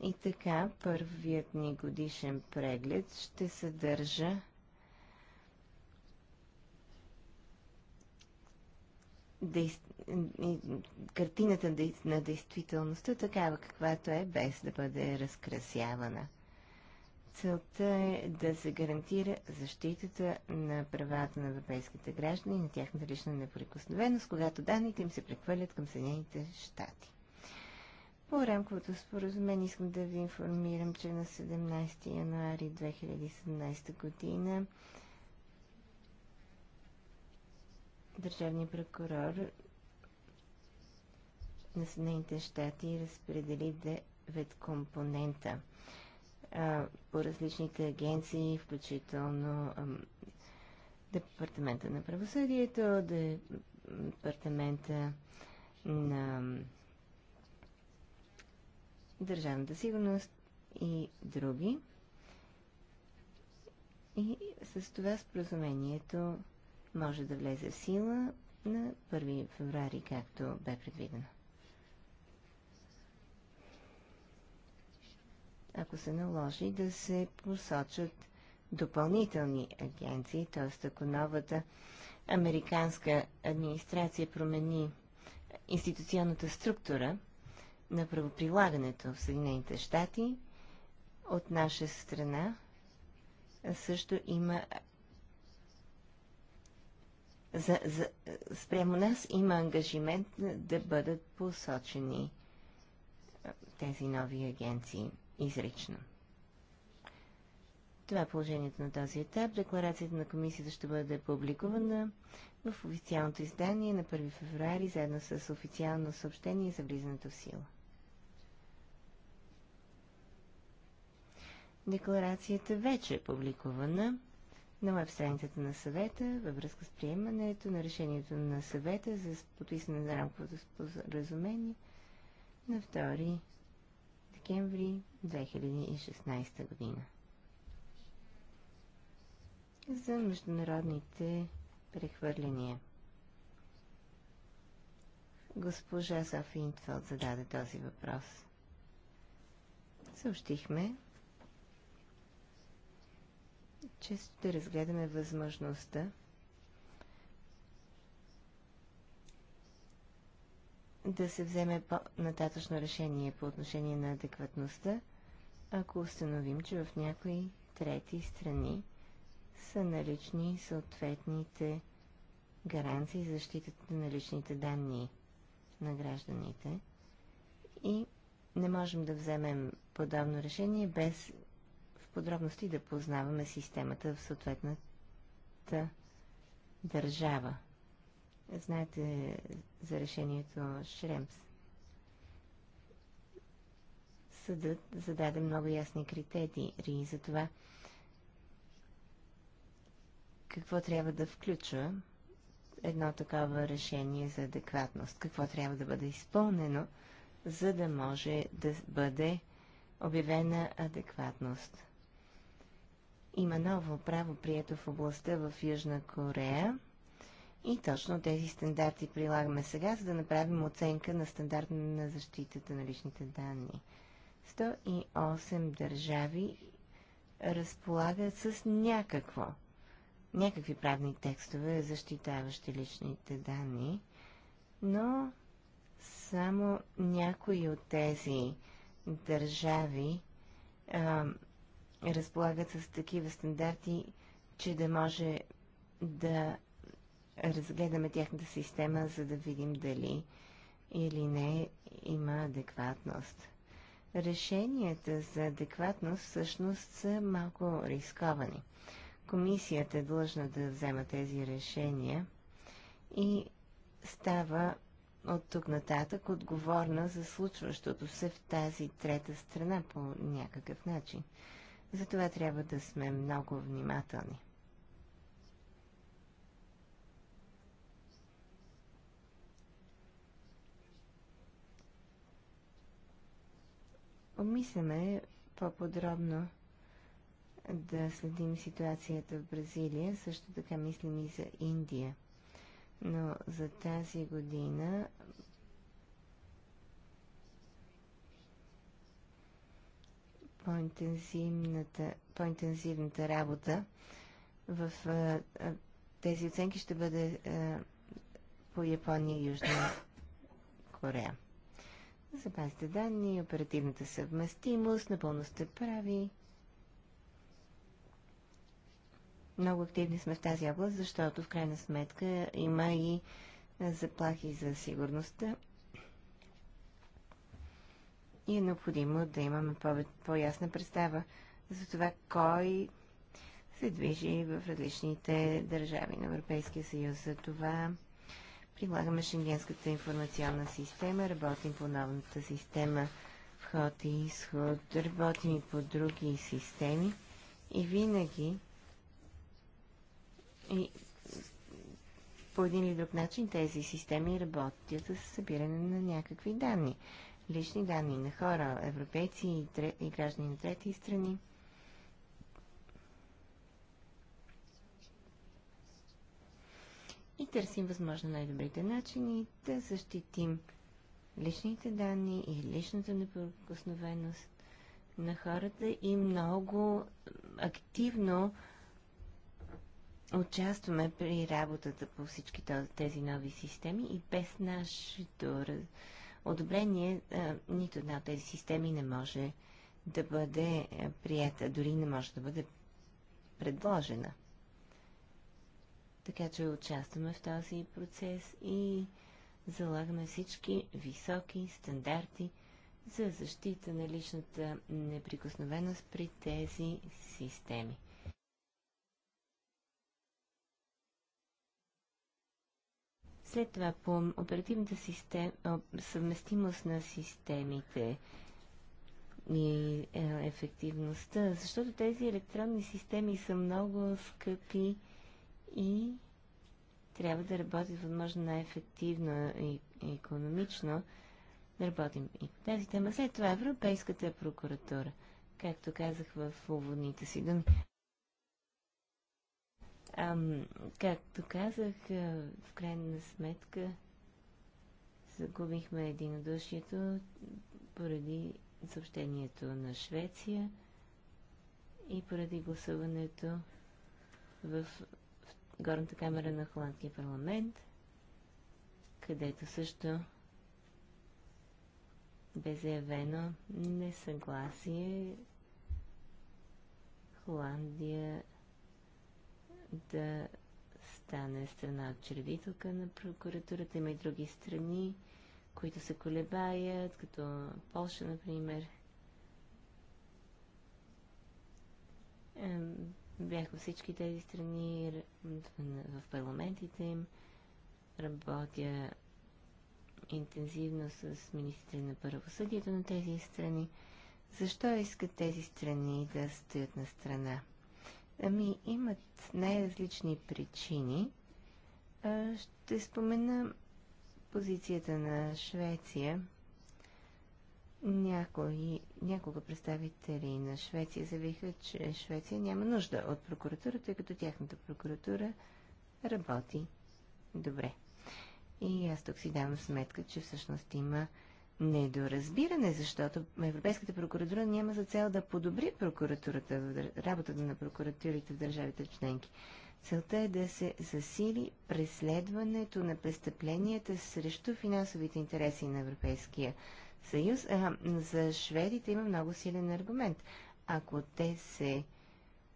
И така, първият ни годишен преглед ще съдържа картината на действителността такава каквато е, без да бъде разкрасявана. Целта е да се гарантира защитата на правата на европейските граждани и на тяхната лична неприкосновеност, когато данните им се прехвърлят към Съединените щати. По рамковото споразумение искам да ви информирам, че на 17 януари 2017 година държавният прокурор на Съединените щати разпредели 9 компонента а, по различните агенции, включително а, Департамента на правосъдието, Департамента на държавната сигурност и други. И с това споразумението може да влезе в сила на 1 феврари, както бе предвидено. Ако се наложи да се посочат допълнителни агенции, т.е. ако новата американска администрация промени институционната структура, на правоприлагането в Съединените щати. От наша страна също има за, за, спрямо нас има ангажимент да бъдат посочени тези нови агенции изрично. Това е положението на този етап. Декларацията на комисията ще бъде публикувана в официалното издание на 1 февруари, заедно с официално съобщение за влизането в сила. Декларацията вече е публикувана на веб страницата на съвета във връзка с приемането на решението на съвета за подписане на рамковото споразумение на 2 декември 2016 година. За международните прехвърляния. Госпожа Софи Интфелд зададе този въпрос. Съобщихме, че ще разгледаме възможността да се вземе по-нататъчно решение по отношение на адекватността, ако установим, че в някои трети страни са налични съответните гаранции за защитата на личните данни на гражданите и не можем да вземем подобно решение без подробности да познаваме системата в съответната държава. Знаете за решението Шремс. Съдът зададе много ясни критерии за това какво трябва да включва едно такова решение за адекватност, какво трябва да бъде изпълнено, за да може да бъде обявена адекватност. Има ново право, прието в областта в Южна Корея. И точно тези стандарти прилагаме сега, за да направим оценка на стандарт на защитата на личните данни. 108 държави разполагат с някакво, някакви правни текстове, защитаващи личните данни, но само някои от тези държави а, разполагат с такива стандарти, че да може да разгледаме тяхната система, за да видим дали или не има адекватност. Решенията за адекватност всъщност са малко рисковани. Комисията е длъжна да взема тези решения и става от тук нататък отговорна за случващото се в тази трета страна по някакъв начин. Затова трябва да сме много внимателни. Обмисляме по-подробно да следим ситуацията в Бразилия, също така мислим и за Индия. Но за тази година по-интензивната, по-интензивната работа в а, тези оценки ще бъде а, по Япония и Южна Корея. Запазите данни, оперативната съвместимост, напълно сте прави. Много активни сме в тази област, защото в крайна сметка има и заплахи за сигурността и е необходимо да имаме по-ясна представа за това кой се движи в различните държави на Европейския съюз. За това прилагаме Шенгенската информационна система, работим по новната система вход и изход, работим и по други системи и винаги и по един или друг начин тези системи работят за събиране на някакви данни лични данни на хора, европейци и, тре, и граждани на трети страни. И търсим възможно най-добрите начини да защитим личните данни и личната неприкосновеност на хората и много активно участваме при работата по всички тези нови системи и без нашето одобрение, нито една от тези системи не може да бъде е, прията, дори не може да бъде предложена. Така че участваме в този процес и залагаме всички високи стандарти за защита на личната неприкосновеност при тези системи. След това по оперативната система, съвместимост на системите и е, ефективността, защото тези електронни системи са много скъпи и трябва да работят възможно най-ефективно и економично. Да работим и по тази тема. След това Европейската прокуратура, както казах в уводните си думи. Ам, както казах, в крайна сметка загубихме единодушието поради съобщението на Швеция и поради гласуването в горната камера на Холандския парламент, където също бе заявено несъгласие Холандия да стане страна от червителка на прокуратурата. Има и други страни, които се колебаят, като Польша, например. Бях във всички тези страни, в парламентите им. Работя интензивно с министрите на правосъдието на тези страни. Защо искат тези страни да стоят на страна? Ами, имат най-различни причини. Ще спомена позицията на Швеция. Някои, някога представители на Швеция заявиха, че Швеция няма нужда от прокуратура, тъй като тяхната прокуратура работи добре. И аз тук си давам сметка, че всъщност има недоразбиране, защото Европейската прокуратура няма за цел да подобри прокуратурата, работата на прокуратурите в държавите членки. Целта е да се засили преследването на престъпленията срещу финансовите интереси на Европейския съюз. А, за шведите има много силен аргумент. Ако те се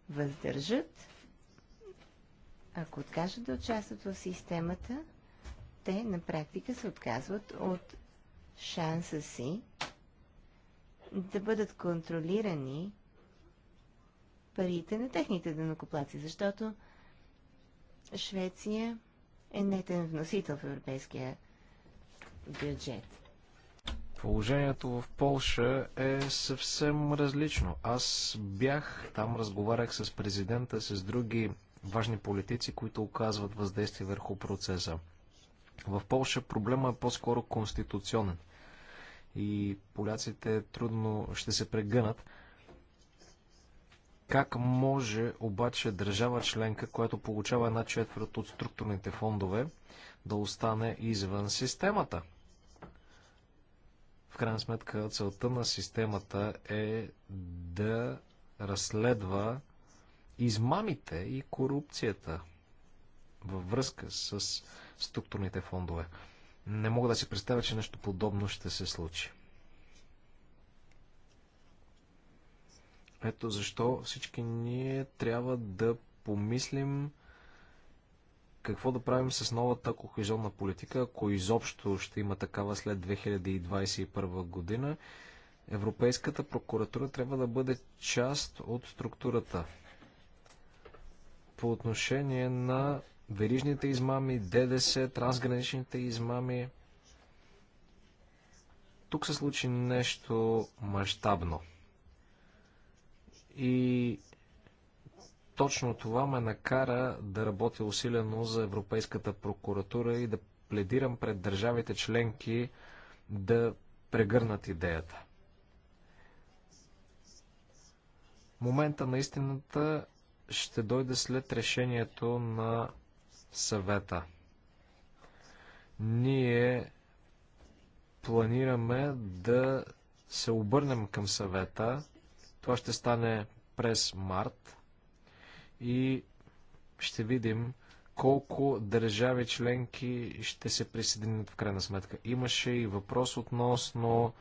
въздържат, ако откажат да участват в системата, те на практика се отказват от шанса си да бъдат контролирани парите на техните денокоплаци, защото Швеция е нетен вносител в европейския бюджет. Положението в Полша е съвсем различно. Аз бях там, разговарях с президента, с други важни политици, които оказват въздействие върху процеса. В Польша проблема е по-скоро конституционен. И поляците трудно ще се прегънат. Как може обаче държава членка, която получава една четвърт от структурните фондове, да остане извън системата? В крайна сметка целта на системата е да разследва измамите и корупцията във връзка с структурните фондове. Не мога да си представя, че нещо подобно ще се случи. Ето защо всички ние трябва да помислим какво да правим с новата кохезионна политика, ако изобщо ще има такава след 2021 година. Европейската прокуратура трябва да бъде част от структурата. По отношение на верижните измами, ДДС, трансграничните измами. Тук се случи нещо мащабно. И точно това ме накара да работя усилено за Европейската прокуратура и да пледирам пред държавите членки да прегърнат идеята. Момента на истината ще дойде след решението на съвета. Ние планираме да се обърнем към съвета. Това ще стане през март и ще видим колко държави членки ще се присъединят в крайна сметка. Имаше и въпрос относно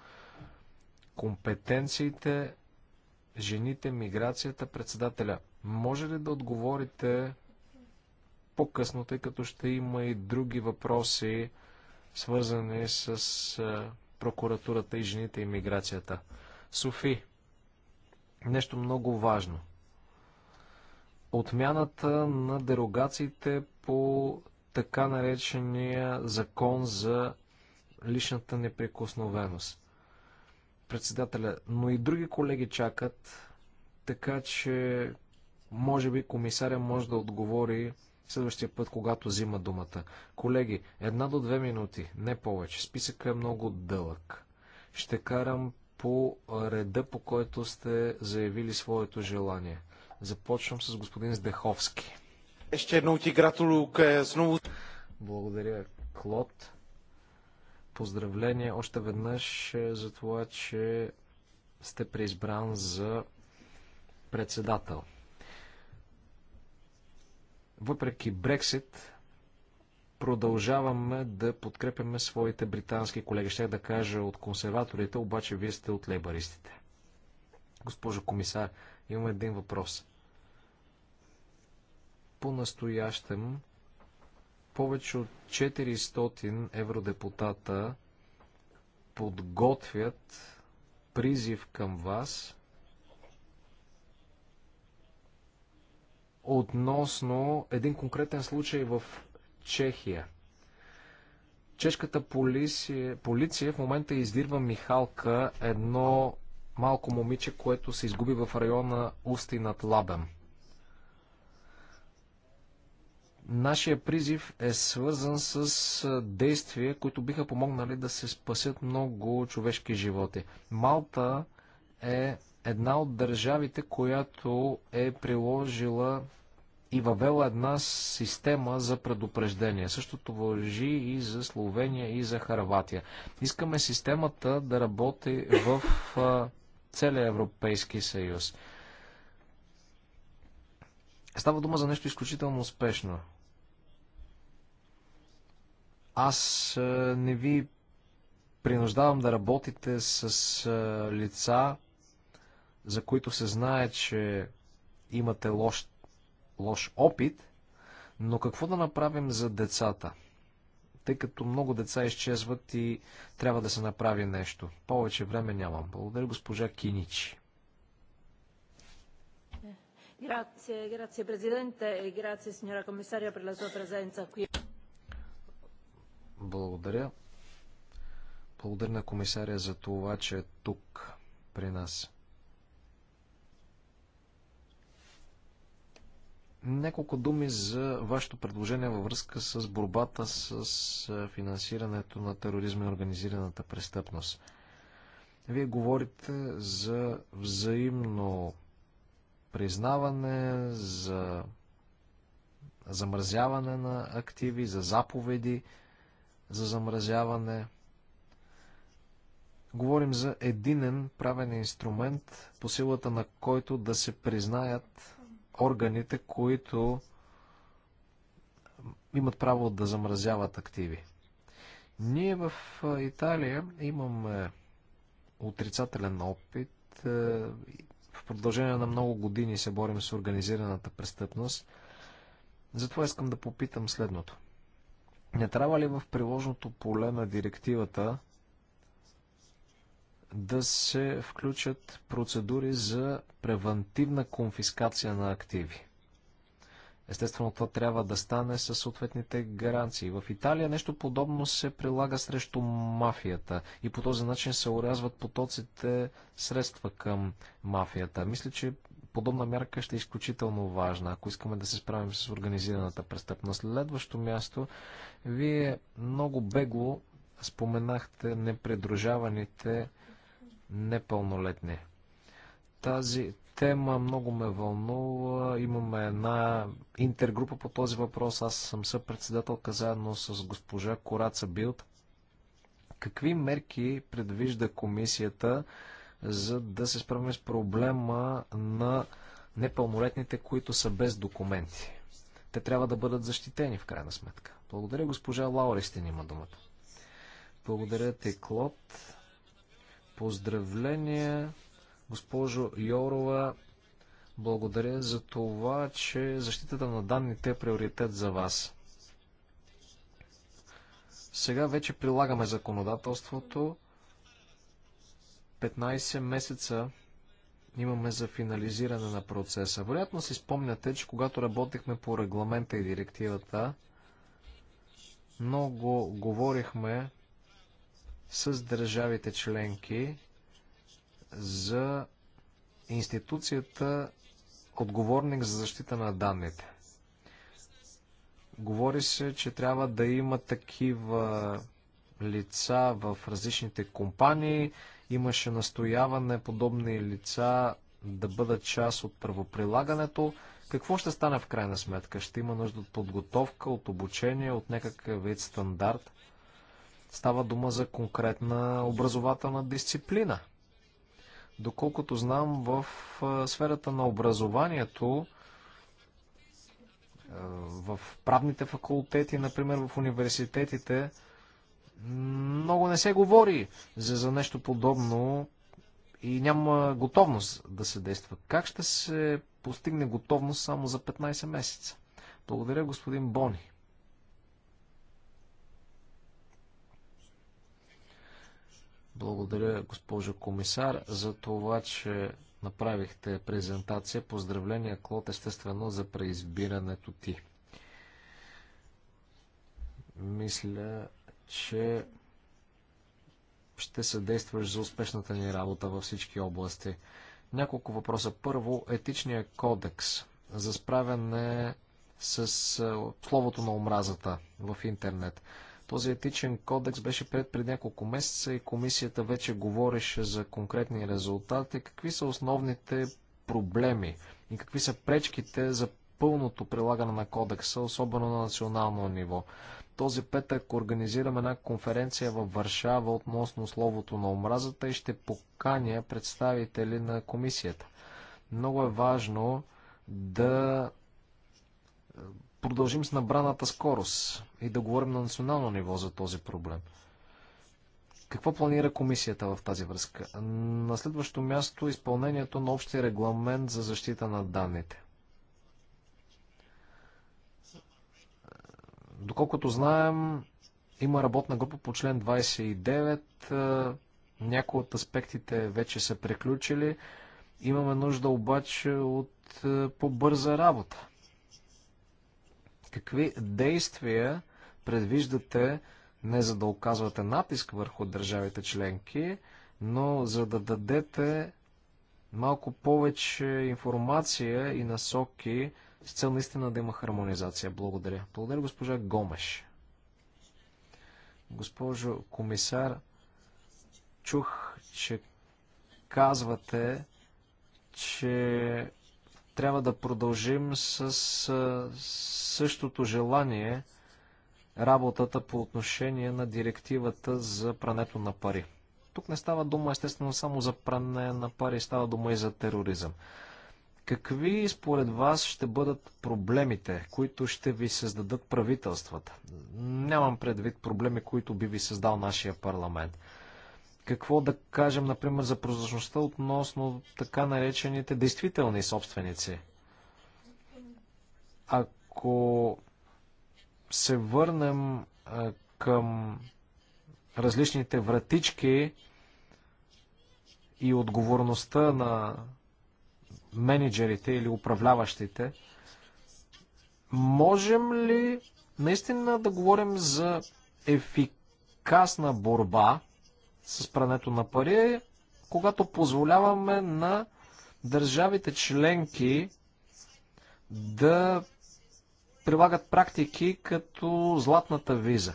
компетенциите, жените, миграцията, председателя. Може ли да отговорите по-късно, тъй като ще има и други въпроси, свързани с прокуратурата и жените и миграцията. Софи, нещо много важно. Отмяната на дерогациите по така наречения закон за личната неприкосновеност. Председателя, но и други колеги чакат, така че може би комисаря може да отговори следващия път, когато взима думата. Колеги, една до две минути, не повече. Списъка е много дълъг. Ще карам по реда, по който сте заявили своето желание. Започвам с господин Здеховски. Ještě едно ti gratuluju k znovu. Благодаря, Клод. Поздравление още веднъж е, за това, че сте преизбран за председател въпреки Брексит, продължаваме да подкрепяме своите британски колеги. Ще да кажа от консерваторите, обаче вие сте от лейбаристите. Госпожо комисар, имам един въпрос. По-настоящем повече от 400 евродепутата подготвят призив към вас относно един конкретен случай в Чехия. Чешката полиция, полиция в момента издирва Михалка, едно малко момиче, което се изгуби в района Усти над Лабем. Нашия призив е свързан с действия, които биха помогнали да се спасят много човешки животи. Малта е една от държавите, която е приложила и въвела една система за предупреждение. Същото въжи и за Словения, и за Харватия. Искаме системата да работи в целия Европейски съюз. Става дума за нещо изключително успешно. Аз не ви принуждавам да работите с лица, за които се знае, че имате лош, лош опит, но какво да направим за децата? Тъй като много деца изчезват и трябва да се направи нещо. Повече време нямам. Благодаря госпожа Киничи. Grazie Presidente e grazie signora Commissaria per la sua presenza qui. Благодаря. Благодаря на комисаря за това, че е тук при нас. Няколко думи за вашето предложение във връзка с борбата с финансирането на тероризма и организираната престъпност. Вие говорите за взаимно признаване, за замразяване на активи, за заповеди за замразяване. Говорим за единен правен инструмент, по силата на който да се признаят органите, които имат право да замразяват активи. Ние в Италия имаме отрицателен опит. В продължение на много години се борим с организираната престъпност. Затова искам да попитам следното. Не трябва ли в приложното поле на директивата да се включат процедури за превентивна конфискация на активи. Естествено, това трябва да стане със съответните гаранции. В Италия нещо подобно се прилага срещу мафията и по този начин се урязват потоците средства към мафията. Мисля, че подобна мярка ще е изключително важна, ако искаме да се справим с организираната престъпност. Следващо място, вие много бегло споменахте непредружаваните непълнолетни. Тази тема много ме вълнува. Имаме една интергрупа по този въпрос. Аз съм съпредседателка заедно с госпожа Кораца Билт. Какви мерки предвижда комисията за да се справим с проблема на непълнолетните, които са без документи? Те трябва да бъдат защитени в крайна сметка. Благодаря госпожа Лаурестин има думата. Благодаря ти, Клод. Поздравления, госпожо Йорова. Благодаря за това, че защитата на данните е приоритет за вас. Сега вече прилагаме законодателството. 15 месеца имаме за финализиране на процеса. Вероятно си спомняте, че когато работихме по регламента и директивата, много говорихме с държавите членки за институцията отговорник за защита на данните. Говори се, че трябва да има такива лица в различните компании. Имаше настояване подобни лица да бъдат част от правоприлагането. Какво ще стане в крайна сметка? Ще има нужда от подготовка, от обучение, от някакъв вид стандарт – Става дума за конкретна образователна дисциплина. Доколкото знам, в сферата на образованието, в правните факултети, например в университетите, много не се говори за, за нещо подобно и няма готовност да се действа. Как ще се постигне готовност само за 15 месеца? Благодаря, господин Бони. Благодаря, госпожо комисар, за това, че направихте презентация. Поздравления, Клод, естествено, за преизбирането ти. Мисля, че ще се действаш за успешната ни работа във всички области. Няколко въпроса. Първо, етичният кодекс за справяне с словото на омразата в интернет. Този етичен кодекс беше пред пред няколко месеца и комисията вече говореше за конкретни резултати. Какви са основните проблеми и какви са пречките за пълното прилагане на кодекса, особено на национално ниво? Този петък организираме една конференция във Варшава относно словото на омразата и ще поканя представители на комисията. Много е важно да продължим с набраната скорост и да говорим на национално ниво за този проблем. Какво планира комисията в тази връзка? На следващо място изпълнението на общия регламент за защита на данните. Доколкото знаем, има работна група по член 29. Някои от аспектите вече са приключили. Имаме нужда обаче от е, по-бърза работа. Какви действия предвиждате не за да оказвате натиск върху държавите членки, но за да дадете малко повече информация и насоки с цел наистина да има хармонизация. Благодаря. Благодаря госпожа Гомеш. Госпожо комисар, чух, че казвате, че трябва да продължим с същото желание работата по отношение на директивата за прането на пари. Тук не става дума естествено само за пране на пари, става дума и за тероризъм. Какви според вас ще бъдат проблемите, които ще ви създадат правителствата? Нямам предвид проблеми, които би ви създал нашия парламент. Какво да кажем, например, за прозрачността относно така наречените действителни собственици? Ако се върнем към различните вратички и отговорността на менеджерите или управляващите, можем ли наистина да говорим за ефикасна борба с прането на пари е когато позволяваме на държавите членки да прилагат практики като златната виза.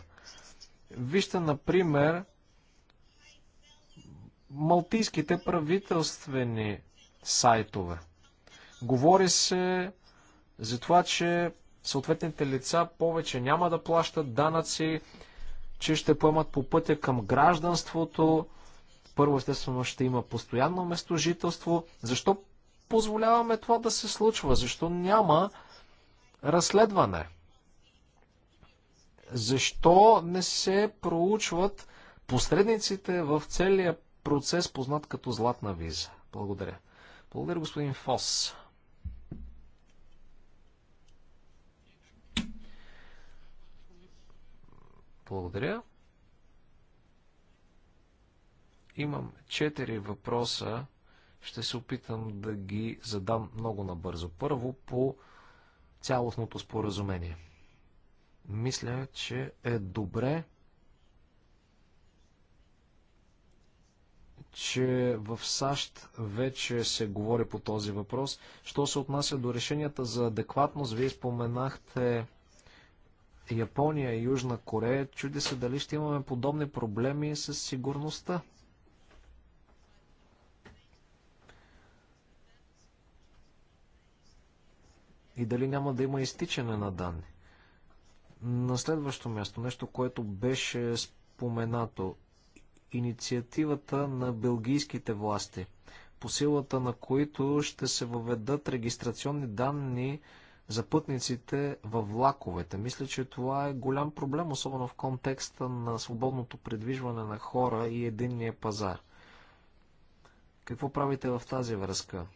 Вижте, например, малтийските правителствени сайтове. Говори се за това, че съответните лица повече няма да плащат данъци, че ще поемат по пътя към гражданството. Първо, естествено, ще има постоянно местожителство. Защо позволяваме това да се случва? Защо няма разследване? Защо не се проучват посредниците в целия процес, познат като златна виза? Благодаря. Благодаря, господин Фос. Благодаря. Имам четири въпроса. Ще се опитам да ги задам много набързо. Първо по цялостното споразумение. Мисля, че е добре че в САЩ вече се говори по този въпрос. Що се отнася до решенията за адекватност, вие споменахте Япония и Южна Корея, чуди се дали ще имаме подобни проблеми с сигурността. И дали няма да има изтичане на данни. На следващо място, нещо, което беше споменато, инициативата на белгийските власти, по силата на които ще се въведат регистрационни данни, за пътниците във влаковете. Мисля, че това е голям проблем, особено в контекста на свободното предвижване на хора и единния пазар. Какво правите в тази връзка?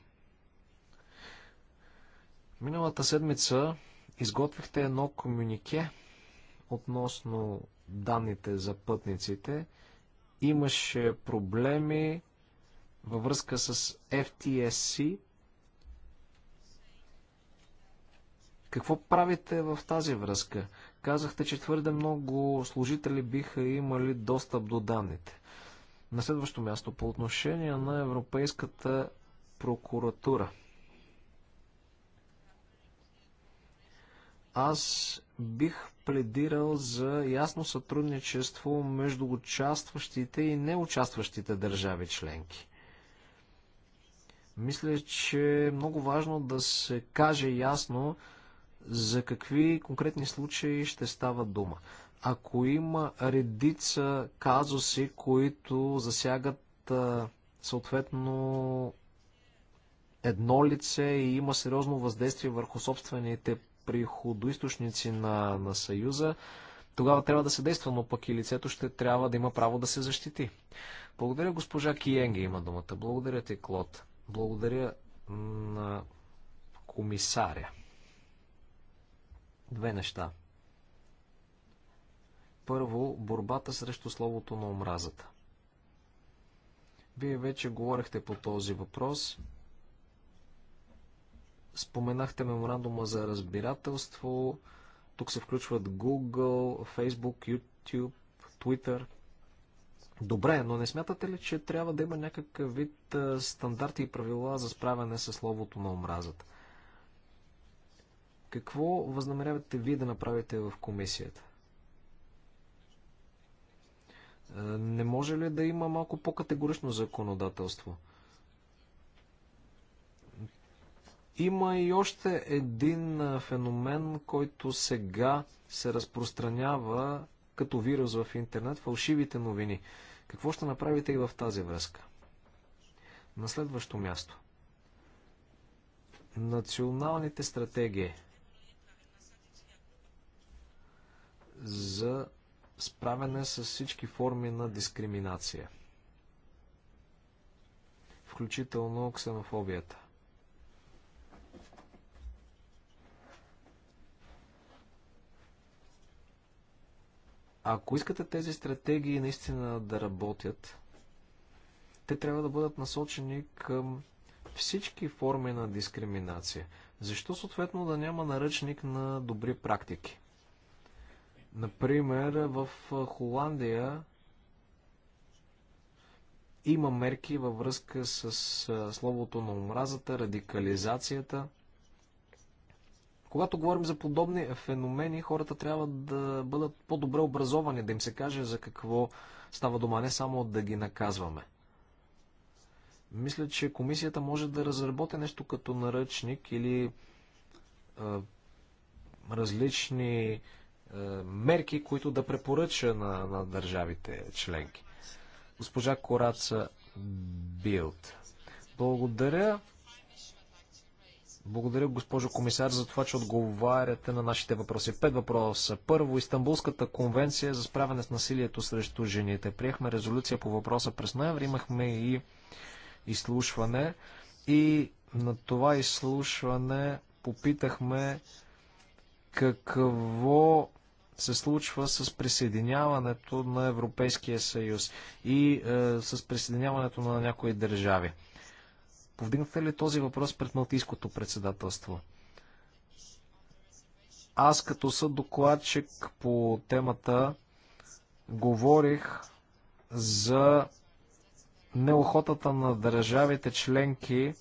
Миналата седмица изготвихте едно комюнике относно данните за пътниците. Имаше проблеми във връзка с FTSC, Какво правите в тази връзка? Казахте, че твърде много служители биха имали достъп до данните. На следващо място, по отношение на Европейската прокуратура. Аз бих пледирал за ясно сътрудничество между участващите и неучастващите държави членки. Мисля, че е много важно да се каже ясно, за какви конкретни случаи ще става дума? Ако има редица казуси, които засягат съответно едно лице и има сериозно въздействие върху собствените приходоисточници на, на Съюза, тогава трябва да се действа, но пък и лицето ще трябва да има право да се защити. Благодаря, госпожа Киенге има думата. Благодаря ти, Клод. Благодаря на комисаря. Две неща. Първо, борбата срещу словото на омразата. Вие вече говорихте по този въпрос. Споменахте меморандума за разбирателство. Тук се включват Google, Facebook, YouTube, Twitter. Добре, но не смятате ли, че трябва да има някакъв вид стандарти и правила за справяне с словото на омразата? Какво възнамерявате вие да направите в комисията? Е, не може ли да има малко по-категорично законодателство? Има и още един е, феномен, който сега се разпространява като вирус в интернет фалшивите новини. Какво ще направите и в тази връзка? На следващо място. Националните стратегии – за справяне с всички форми на дискриминация, включително ксенофобията. Ако искате тези стратегии наистина да работят, те трябва да бъдат насочени към всички форми на дискриминация. Защо съответно да няма наръчник на добри практики? Например, в Холандия има мерки във връзка с словото на омразата, радикализацията. Когато говорим за подобни феномени, хората трябва да бъдат по-добре образовани, да им се каже за какво става дома, не само да ги наказваме. Мисля, че комисията може да разработи нещо като наръчник или а, различни е, мерки, които да препоръча на, на държавите членки. Госпожа Кораца Билд. Благодаря. Благодаря, госпожо комисар, за това, че отговаряте на нашите въпроси. Пет въпроса. Първо, Истанбулската конвенция за справяне с насилието срещу жените. Приехме резолюция по въпроса през ноември, имахме и изслушване. И на това изслушване попитахме какво се случва с присъединяването на Европейския съюз и е, с присъединяването на някои държави. Повдигнате ли този въпрос пред Малтийското председателство? Аз като съд докладчик по темата говорих за неохотата на държавите членки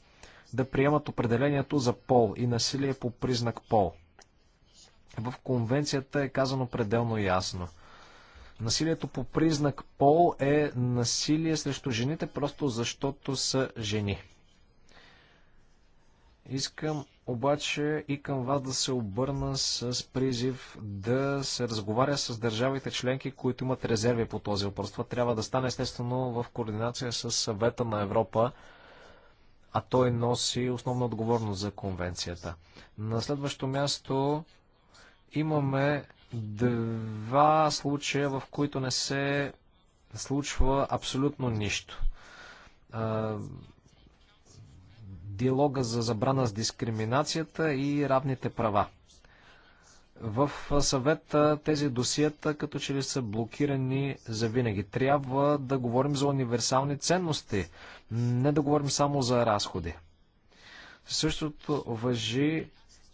да приемат определението за пол и насилие по признак пол в конвенцията е казано пределно ясно. Насилието по признак пол е насилие срещу жените, просто защото са жени. Искам обаче и към вас да се обърна с призив да се разговаря с държавите членки, които имат резерви по този въпрос. Това трябва да стане естествено в координация с съвета на Европа, а той носи основна отговорност за конвенцията. На следващо място Имаме два случая, в които не се случва абсолютно нищо. Диалога за забрана с дискриминацията и равните права. В съвета тези досиета като че ли са блокирани за винаги. Трябва да говорим за универсални ценности, не да говорим само за разходи. Същото въжи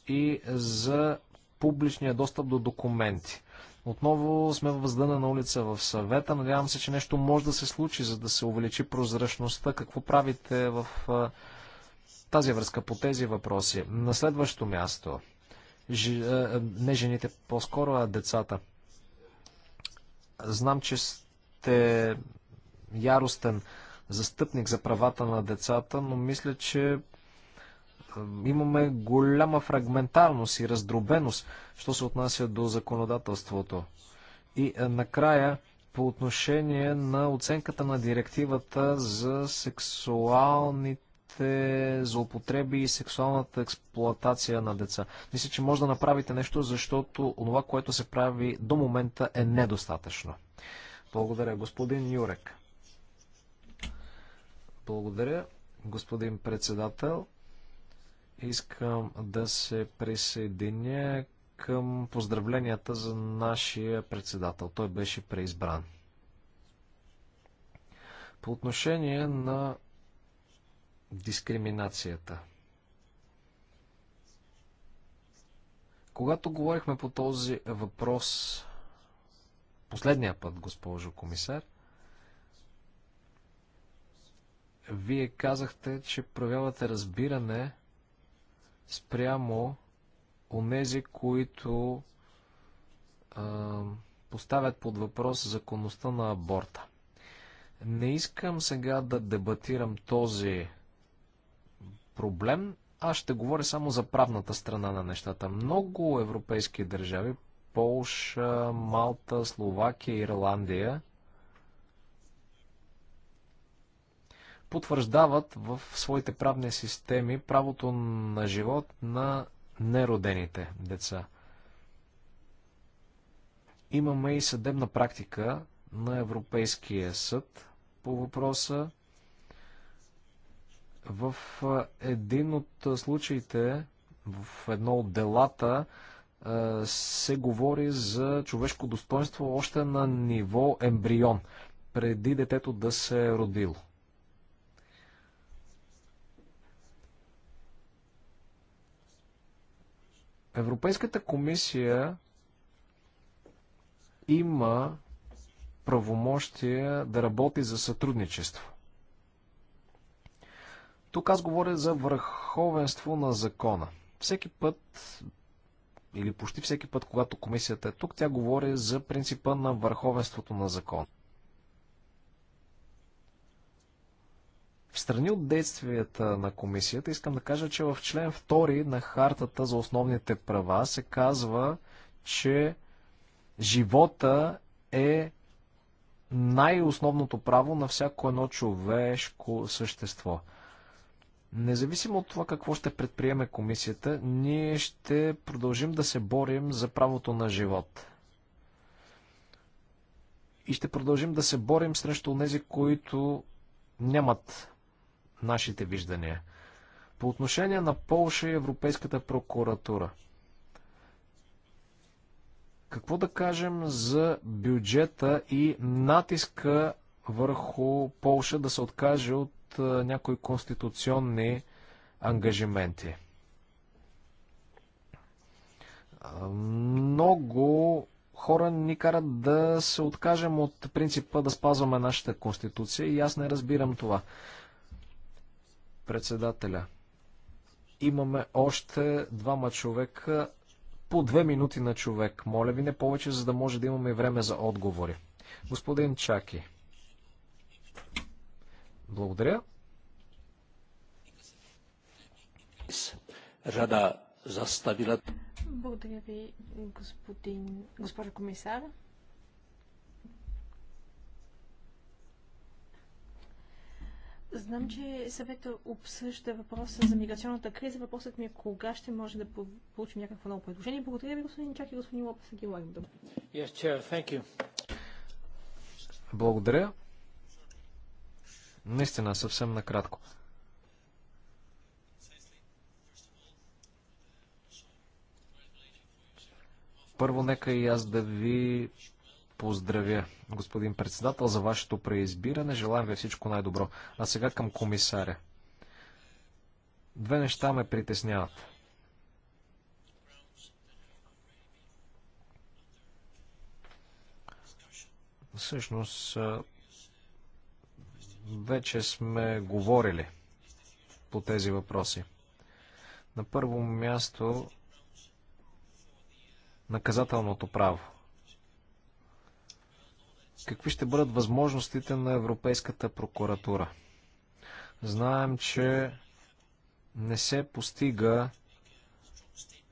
и за публичния достъп до документи. Отново сме в въздъна улица в съвета. Надявам се, че нещо може да се случи, за да се увеличи прозрачността. Какво правите в тази връзка по тези въпроси? На следващо място. Ж... Не жените, по-скоро, а децата. Знам, че сте яростен застъпник за правата на децата, но мисля, че имаме голяма фрагментарност и раздробеност, що се отнася до законодателството. И е, накрая, по отношение на оценката на директивата за сексуалните злоупотреби и сексуалната експлоатация на деца. Мисля, че може да направите нещо, защото това, което се прави до момента е недостатъчно. Благодаря, господин Юрек. Благодаря, господин председател. Искам да се присъединя към поздравленията за нашия председател. Той беше преизбран. По отношение на дискриминацията. Когато говорихме по този въпрос последния път, госпожо комисар, вие казахте, че проявявате разбиране спрямо онези, които а, поставят под въпрос законността на аборта. Не искам сега да дебатирам този проблем. Аз ще говоря само за правната страна на нещата. Много европейски държави, Полша, Малта, Словакия, Ирландия – потвърждават в своите правни системи правото на живот на неродените деца. Имаме и съдебна практика на Европейския съд по въпроса. В един от случаите, в едно от делата, се говори за човешко достоинство още на ниво ембрион, преди детето да се е родило. Европейската комисия има правомощия да работи за сътрудничество. Тук аз говоря за върховенство на закона. Всеки път, или почти всеки път, когато комисията е тук, тя говори за принципа на върховенството на закона. В страни от действията на комисията искам да кажа, че в член 2 на хартата за основните права се казва, че живота е най-основното право на всяко едно човешко същество. Независимо от това какво ще предприеме комисията, ние ще продължим да се борим за правото на живот. И ще продължим да се борим срещу тези, които нямат нашите виждания. По отношение на Полша и Европейската прокуратура. Какво да кажем за бюджета и натиска върху Полша да се откаже от някои конституционни ангажименти? Много хора ни карат да се откажем от принципа да спазваме нашата конституция и аз не разбирам това. Председателя. Имаме още двама човека, по две минути на човек. Моля ви не повече, за да може да имаме време за отговори. Господин Чаки. Благодаря. Рада заставила. Благодаря ви, господин, госпожа комисар. Знам, че съвета обсъжда въпроса за миграционната криза. Въпросът ми е кога ще може да получим някакво ново предложение. Благодаря ви, господин Чак и господин Лопес Ги Агиларим. Yes, chair, thank you. Благодаря. Наистина, съвсем накратко. Първо, нека и аз да ви поздравя, господин председател, за вашето преизбиране. Желаем ви всичко най-добро. А сега към комисаря. Две неща ме притесняват. Всъщност, вече сме говорили по тези въпроси. На първо място, наказателното право какви ще бъдат възможностите на Европейската прокуратура. Знаем, че не се постига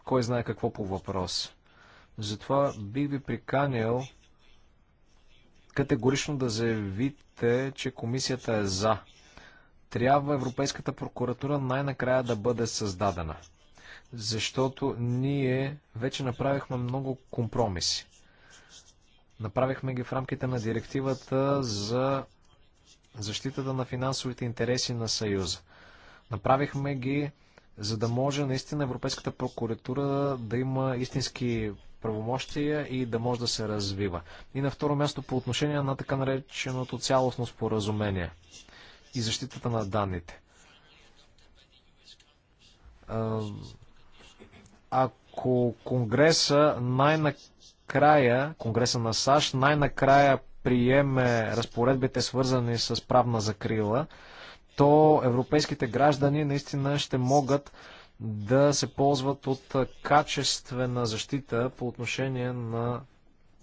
кой знае какво по въпрос. Затова бих ви приканил категорично да заявите, че комисията е за. Трябва Европейската прокуратура най-накрая да бъде създадена. Защото ние вече направихме много компромиси. Направихме ги в рамките на директивата за защитата на финансовите интереси на Съюза. Направихме ги, за да може наистина Европейската прокуратура да има истински правомощия и да може да се развива. И на второ място по отношение на така нареченото цялостно споразумение и защитата на данните. Ако Конгреса най-накрая края Конгреса на САЩ най-накрая приеме разпоредбите свързани с правна закрила, то европейските граждани наистина ще могат да се ползват от качествена защита по отношение на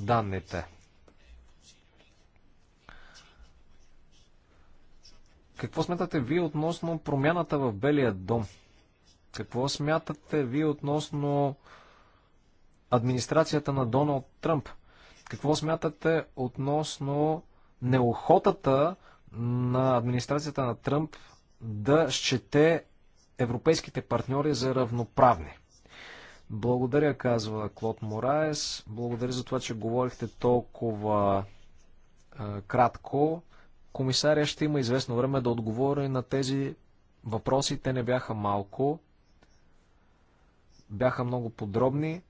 данните. Какво смятате ви относно промяната в Белия дом? Какво смятате ви относно администрацията на Доналд Тръмп. Какво смятате относно неохотата на администрацията на Тръмп да счете европейските партньори за равноправни? Благодаря, казва Клод Мораес. Благодаря за това, че говорихте толкова е, кратко. Комисария ще има известно време да отговори на тези въпроси. Те не бяха малко. Бяха много подробни.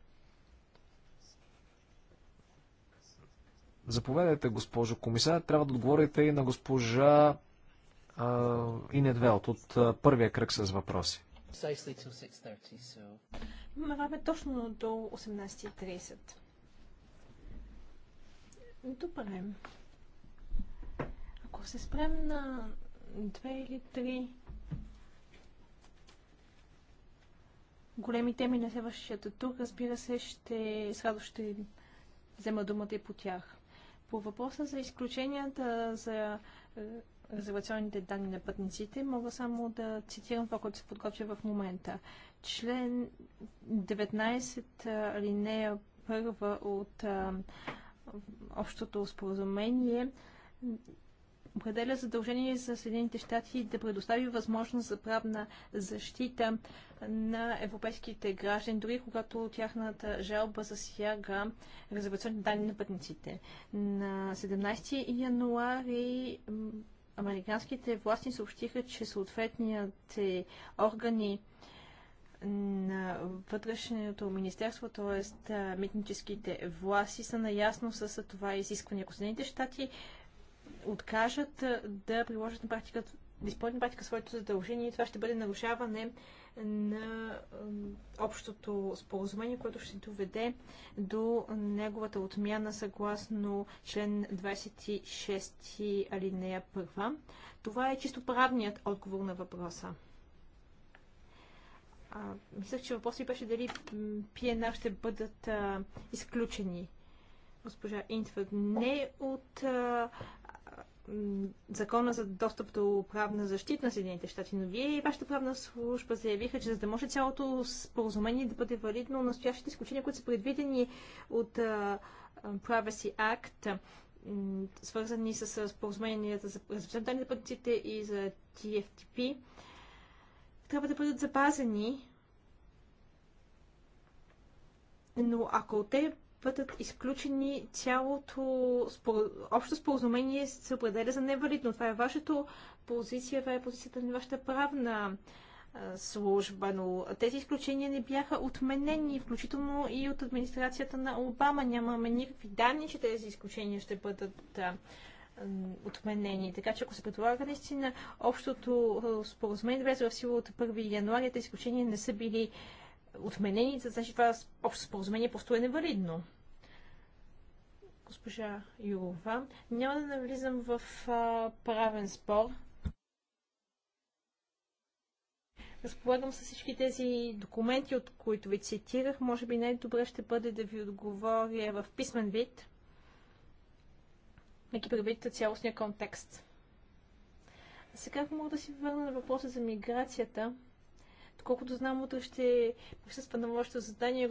Заповядайте, госпожо комисар. Трябва да отговорите и на госпожа Инедвелт от първия кръг с въпроси. Имаме време точно до 18.30. Добре. Ако се спрем на две или три големи теми на следващата тур, разбира се, ще, с радост ще взема думата и по тях. По въпроса за изключенията за е, резервационните данни на пътниците, мога само да цитирам това, което се подготвя в момента. Член 19 е, алинея първа от е, общото споразумение определя задължение за Съединените щати да предостави възможност за правна защита на европейските граждани, дори когато тяхната жалба засяга резервационни данни на пътниците. На 17 януари американските власти съобщиха, че съответните органи на вътрешното министерство, т.е. митническите власти са наясно с това изискване. Ако Съединените щати откажат да приложат на практика, да изпълнят на практика своето задължение, това ще бъде нарушаване на общото споразумение, което ще доведе до неговата отмяна съгласно член 26 алинея 1. Това е чисто правният отговор на въпроса. А, мислях, че въпросът беше дали PNR ще бъдат а, изключени госпожа Интвърд, не от а, закона за достъп до правна защита на Съединените щати, но вие и вашата правна служба заявиха, че за да може цялото споразумение да бъде валидно, настоящите изключения, които са предвидени от Privacy Act, свързани с споразуменията за разпространение на пътниците и за TFTP, трябва да бъдат запазени. Но ако те бъдат изключени цялото спор... общо споразумение се определя за невалидно. Това е вашето позиция, това е позицията на вашата правна служба, но тези изключения не бяха отменени, включително и от администрацията на Обама. Нямаме никакви данни, че тези изключения ще бъдат отменени. Така че ако се предлага наистина общото споразумение влезе в сила от 1 януаря, тези изключения не са били отменени, значи това общо споразумение е просто е невалидно. Госпожа Юрова, няма да навлизам в а, правен спор. Разполагам с всички тези документи, от които ви цитирах. Може би най-добре ще бъде да ви отговоря в писмен вид. Неки предвидите цялостния контекст. А сега мога да си върна на въпроса за миграцията. Колкото знам, утре ще присъства на вашето задание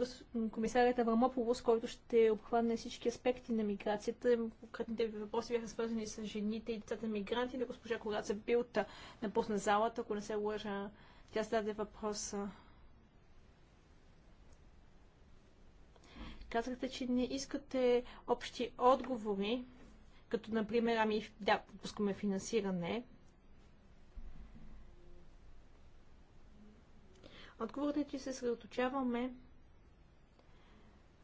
комисарят Аврамополос, който ще обхване всички аспекти на миграцията. Конкретните ви въпроси бяха свързани с жените и децата мигранти. На госпожа Кораца Билта напусна залата, ако не се лъжа. Тя зададе въпроса. Казахте, че не искате общи отговори, като например, ами да, пускаме финансиране, Отговорът е, че се съсредоточаваме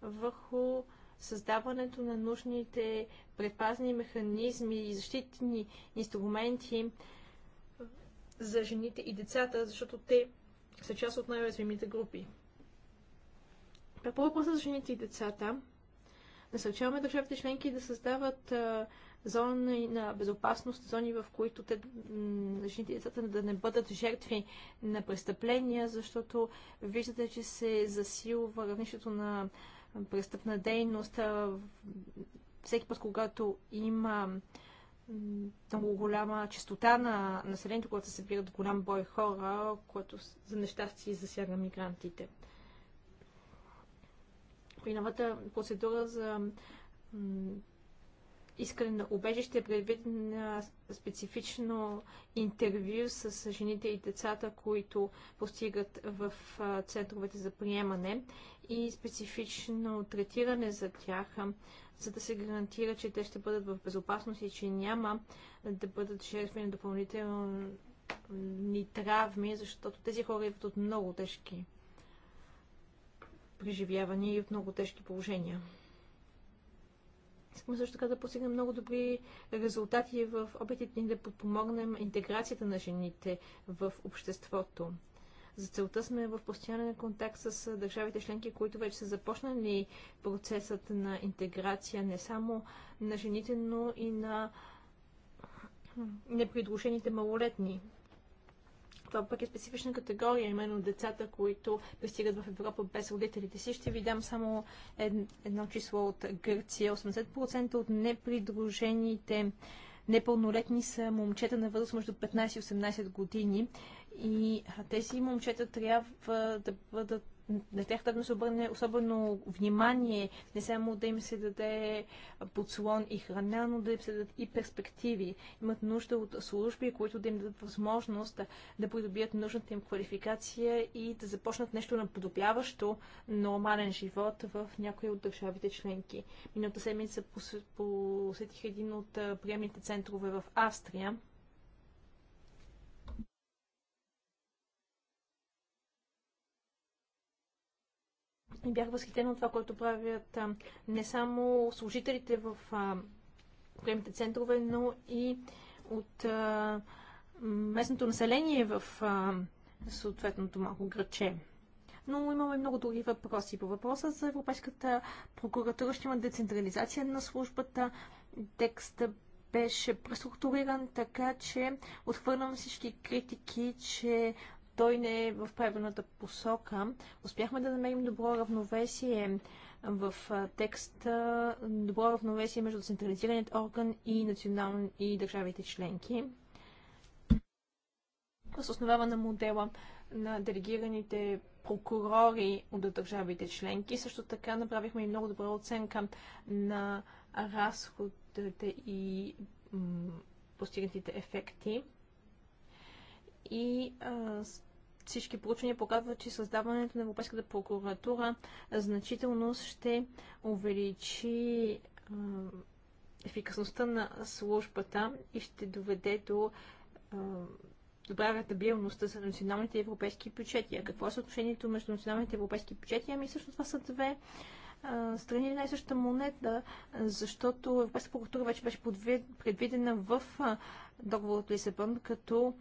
върху създаването на нужните предпазни механизми и защитни инструменти за жените и децата, защото те са част от най-уязвимите групи. По въпроса за жените и децата, насърчаваме държавите членки да създават а, зони на безопасност, зони в които те, жените и децата да не бъдат жертви на престъпления, защото виждате, че се засилва равнището на престъпна дейност всеки път, когато има много голяма частота на населението, когато се събират голям бой хора, което за нещастие засяга мигрантите. При новата процедура за искане на убежище, предвид на специфично интервю с жените и децата, които постигат в центровете за приемане и специфично третиране за тях, за да се гарантира, че те ще бъдат в безопасност и че няма да бъдат жертви на допълнителни травми, защото тези хора идват от много тежки преживявания и от много тежки положения. Искаме също така да постигнем много добри резултати в опитите ни да подпомогнем интеграцията на жените в обществото. За целта сме в постоянен контакт с държавите членки, които вече са започнали процесът на интеграция не само на жените, но и на непридружените малолетни това пък е специфична категория, именно децата, които пристигат в Европа без родителите си. Ще ви дам само едно число от Гърция. 80% от непридружените непълнолетни са момчета на възраст между 15 и 18 години. И тези момчета трябва да бъдат на тях да се обърне особено внимание, не само да им се даде подслон и храна, но да им се дадат и перспективи. Имат нужда от служби, които да им дадат възможност да, да придобият нужната им квалификация и да започнат нещо наподобяващо нормален живот в някои от държавите членки. Миналата седмица посетих един от приемните центрове в Австрия. И бях възхитена от това, което правят не само служителите в големите центрове, но и от а, местното население в а, съответното малко градче. Но имаме много други въпроси. По въпроса за Европейската прокуратура ще има децентрализация на службата. Текстът беше преструктуриран така, че отхвърлям всички критики, че той не е в правилната посока. Успяхме да намерим добро равновесие в текста, добро равновесие между централизираният орган и, национални и държавите членки. С основава на модела на делегираните прокурори от държавите членки. Също така направихме и много добра оценка на разходите и постигнатите ефекти и а, всички проучвания показват, че създаването на Европейската прокуратура значително ще увеличи а, ефикасността на службата и ще доведе до а, добра ретабилността за националните европейски бюджети. А какво е съотношението между националните европейски бюджети? Ами всъщност това са две страни на същата монета, защото Европейската прокуратура вече беше предвидена в договорът Лисабон като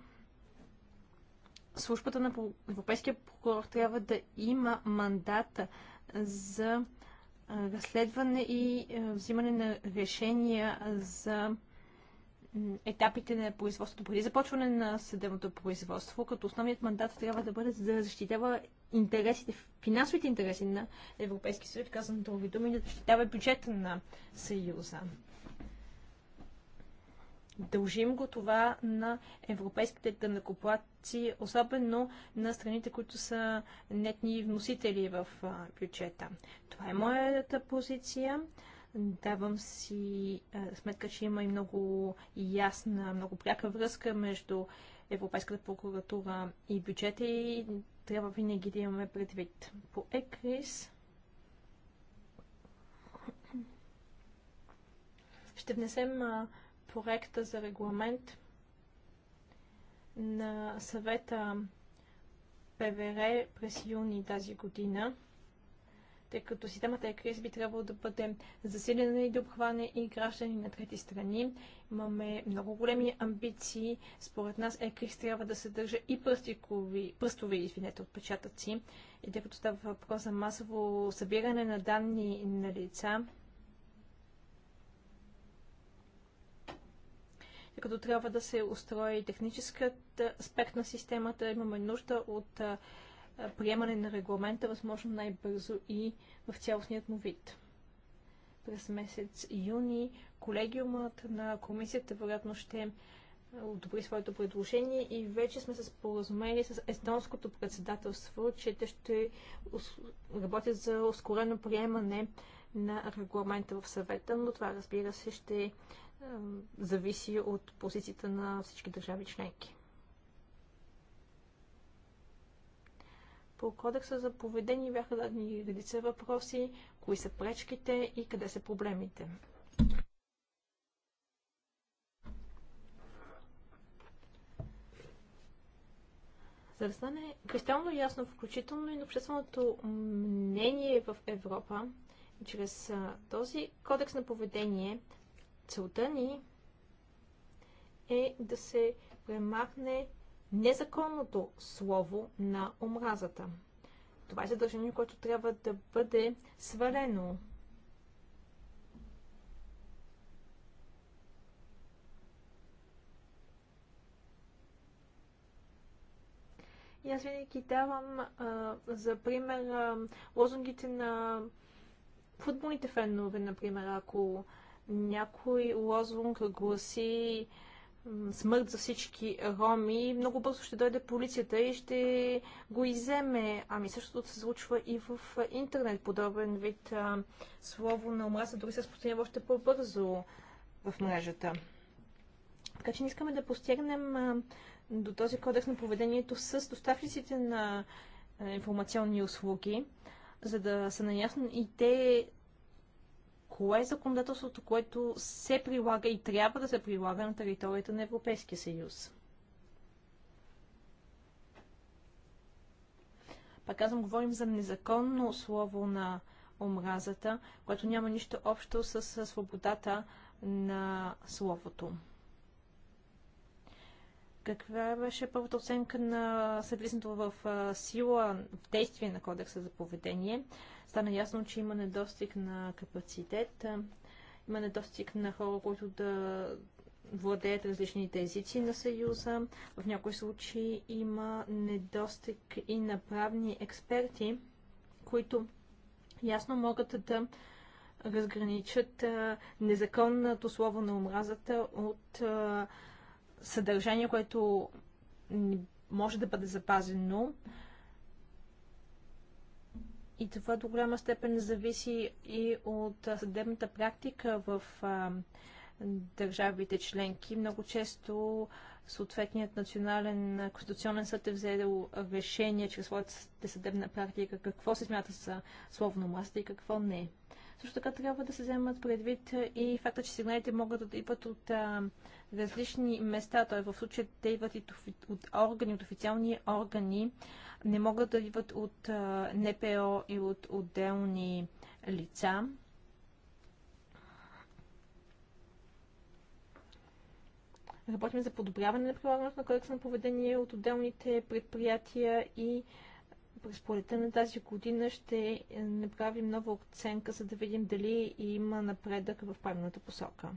службата на Европейския прокурор трябва да има мандата за разследване и взимане на решения за етапите на производството преди започване на съдебното производство, като основният мандат трябва да бъде да защитава интересите, финансовите интереси на Европейския съюз, казвам други думи, да защитава бюджета на Съюза. Дължим го това на европейските дънакоплатци, особено на страните, които са нетни вносители в бюджета. Това е моята позиция. Давам си сметка, че има и много ясна, много пряка връзка между Европейската прокуратура и бюджета и трябва винаги да имаме предвид. По ЕКРИС ще внесем проекта за регламент на съвета ПВР през юни тази година, тъй като системата ЕКРИС би трябвало да бъде засилена и да обхване и граждани на трети страни. Имаме много големи амбиции. Според нас ЕКРИС трябва да съдържа и пръстикови, пръстови извинете, отпечатъци. И тъй като става въпрос за масово събиране на данни на лица, като трябва да се устрои техническият аспект на системата, имаме нужда от приемане на регламента възможно най-бързо и в цялостният му вид. През месец юни колегиумът на комисията вероятно ще одобри своето предложение и вече сме се споразумели с естонското председателство, че те ще работят за ускорено приемане на регламента в съвета, но това разбира се ще е зависи от позицията на всички държави членки. По кодекса за поведение бяха дадени редица въпроси, кои са пречките и къде са проблемите. За да стане кристално ясно, включително и на общественото мнение в Европа, чрез този кодекс на поведение Целта ни е да се премахне незаконното слово на омразата. Това е задължение, което трябва да бъде свалено. И аз винаги давам а, за пример а, лозунгите на футболните фенове, например. Ако а, някой лозунг гласи смърт за всички роми, много бързо ще дойде полицията и ще го иземе. Ами същото се случва и в интернет. Подобен вид а, слово на омраза дори се разпространява още по-бързо в мрежата. Така че не искаме да постигнем а, до този кодекс на поведението с доставчиците на а, информационни услуги, за да са наясно и те кое е законодателството, което се прилага и трябва да се прилага на територията на Европейския съюз. Пак казвам, говорим за незаконно слово на омразата, което няма нищо общо с свободата на словото. Каква беше първата оценка на съвлизането в сила, в действие на кодекса за поведение? Стана ясно, че има недостиг на капацитет, има недостиг на хора, които да владеят различните езици на Съюза. В някои случаи има недостиг и на правни експерти, които ясно могат да разграничат незаконното слово на омразата от съдържание, което може да бъде запазено. И това до голяма степен зависи и от съдебната практика в държавите членки. Много често съответният национален конституционен съд е взел решение чрез своята съдебна практика какво се смята за словно маста и какво не. Е. Също така трябва да се вземат предвид и факта, че сигналите могат да идват от а, различни места, т.е. в случая те идват и от органи, от официални органи, не могат да идват от а, НПО и от отделни лица. Работим за подобряване на прилагането на кодекса на поведение от отделните предприятия и през пролета на тази година ще направим нова оценка, за да видим дали има напредък в правилната посока.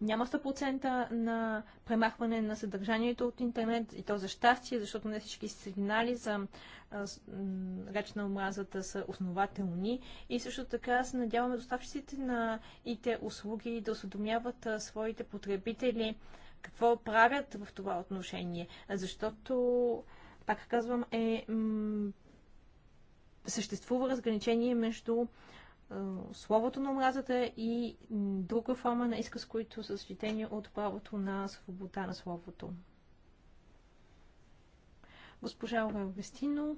Няма 100% на премахване на съдържанието от интернет и то за щастие, защото не всички сигнали за реч на омразата са основателни. И също така се надяваме доставчиците на ИТ услуги да осведомяват своите потребители какво правят в това отношение. Защото, пак казвам, е, съществува разграничение между е, словото на омразата и друга форма на изказ, които са защитени от правото на свобода на словото. Госпожа Орел Вестино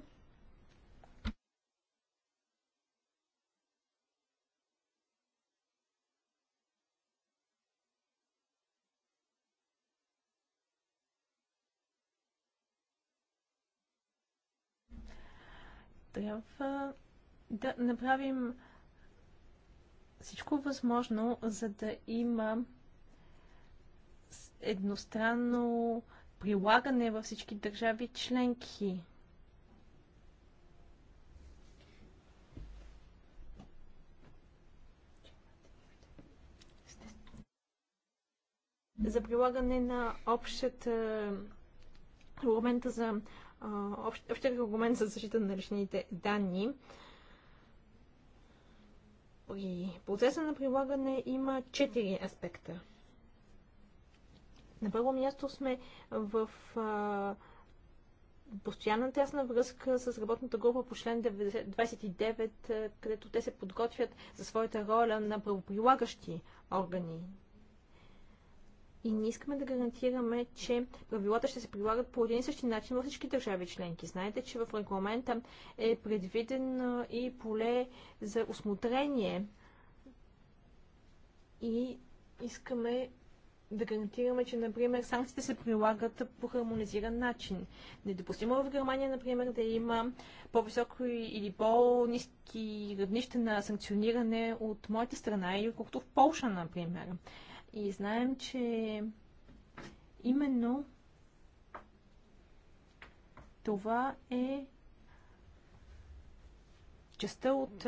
трябва да направим всичко възможно, за да има едностранно прилагане във всички държави членки. За прилагане на общата регламента за общ, общия регламент за защита на личните данни. При процеса на прилагане има четири аспекта. На първо място сме в а, постоянна тясна връзка с работната група по член 29, където те се подготвят за своята роля на правоприлагащи органи и ние искаме да гарантираме, че правилата ще се прилагат по един и същи начин във всички държави членки. Знаете, че в регламента е предвиден и поле за осмотрение и искаме да гарантираме, че, например, санкциите се прилагат по хармонизиран начин. Недопустимо е в Германия, например, да има по-високо или по-низки равнища на санкциониране от моята страна или колкото в Полша, например. И знаем, че именно това е частта от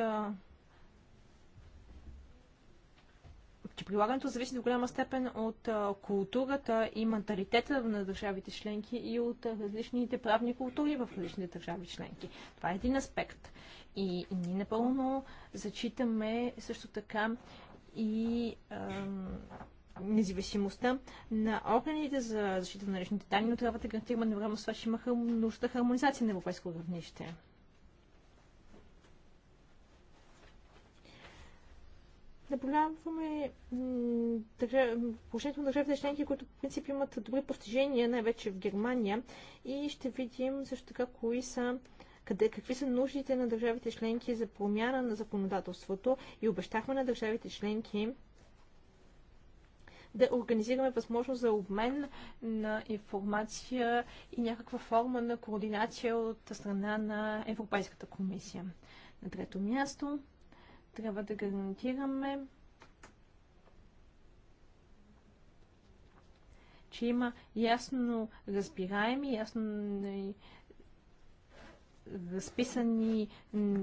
че прилагането зависи до голяма степен от културата и менталитета на държавите членки и от различните правни култури в различните държави членки. Това е един аспект. И ние напълно зачитаме също така и ам, независимостта на органите за защита на личните данни, но трябва да гарантираме едновременно с това, че има нужда хармонизация на европейско равнище. наблюдаваме положението на държавите членки, които в принцип имат добри постижения, най-вече в Германия. И ще видим също така кои са, къде, какви са нуждите на държавите членки за промяна на законодателството. И обещахме на държавите членки да организираме възможност за обмен на информация и някаква форма на координация от страна на Европейската комисия. На трето място трябва да гарантираме, че има ясно разбираеми, ясно разписани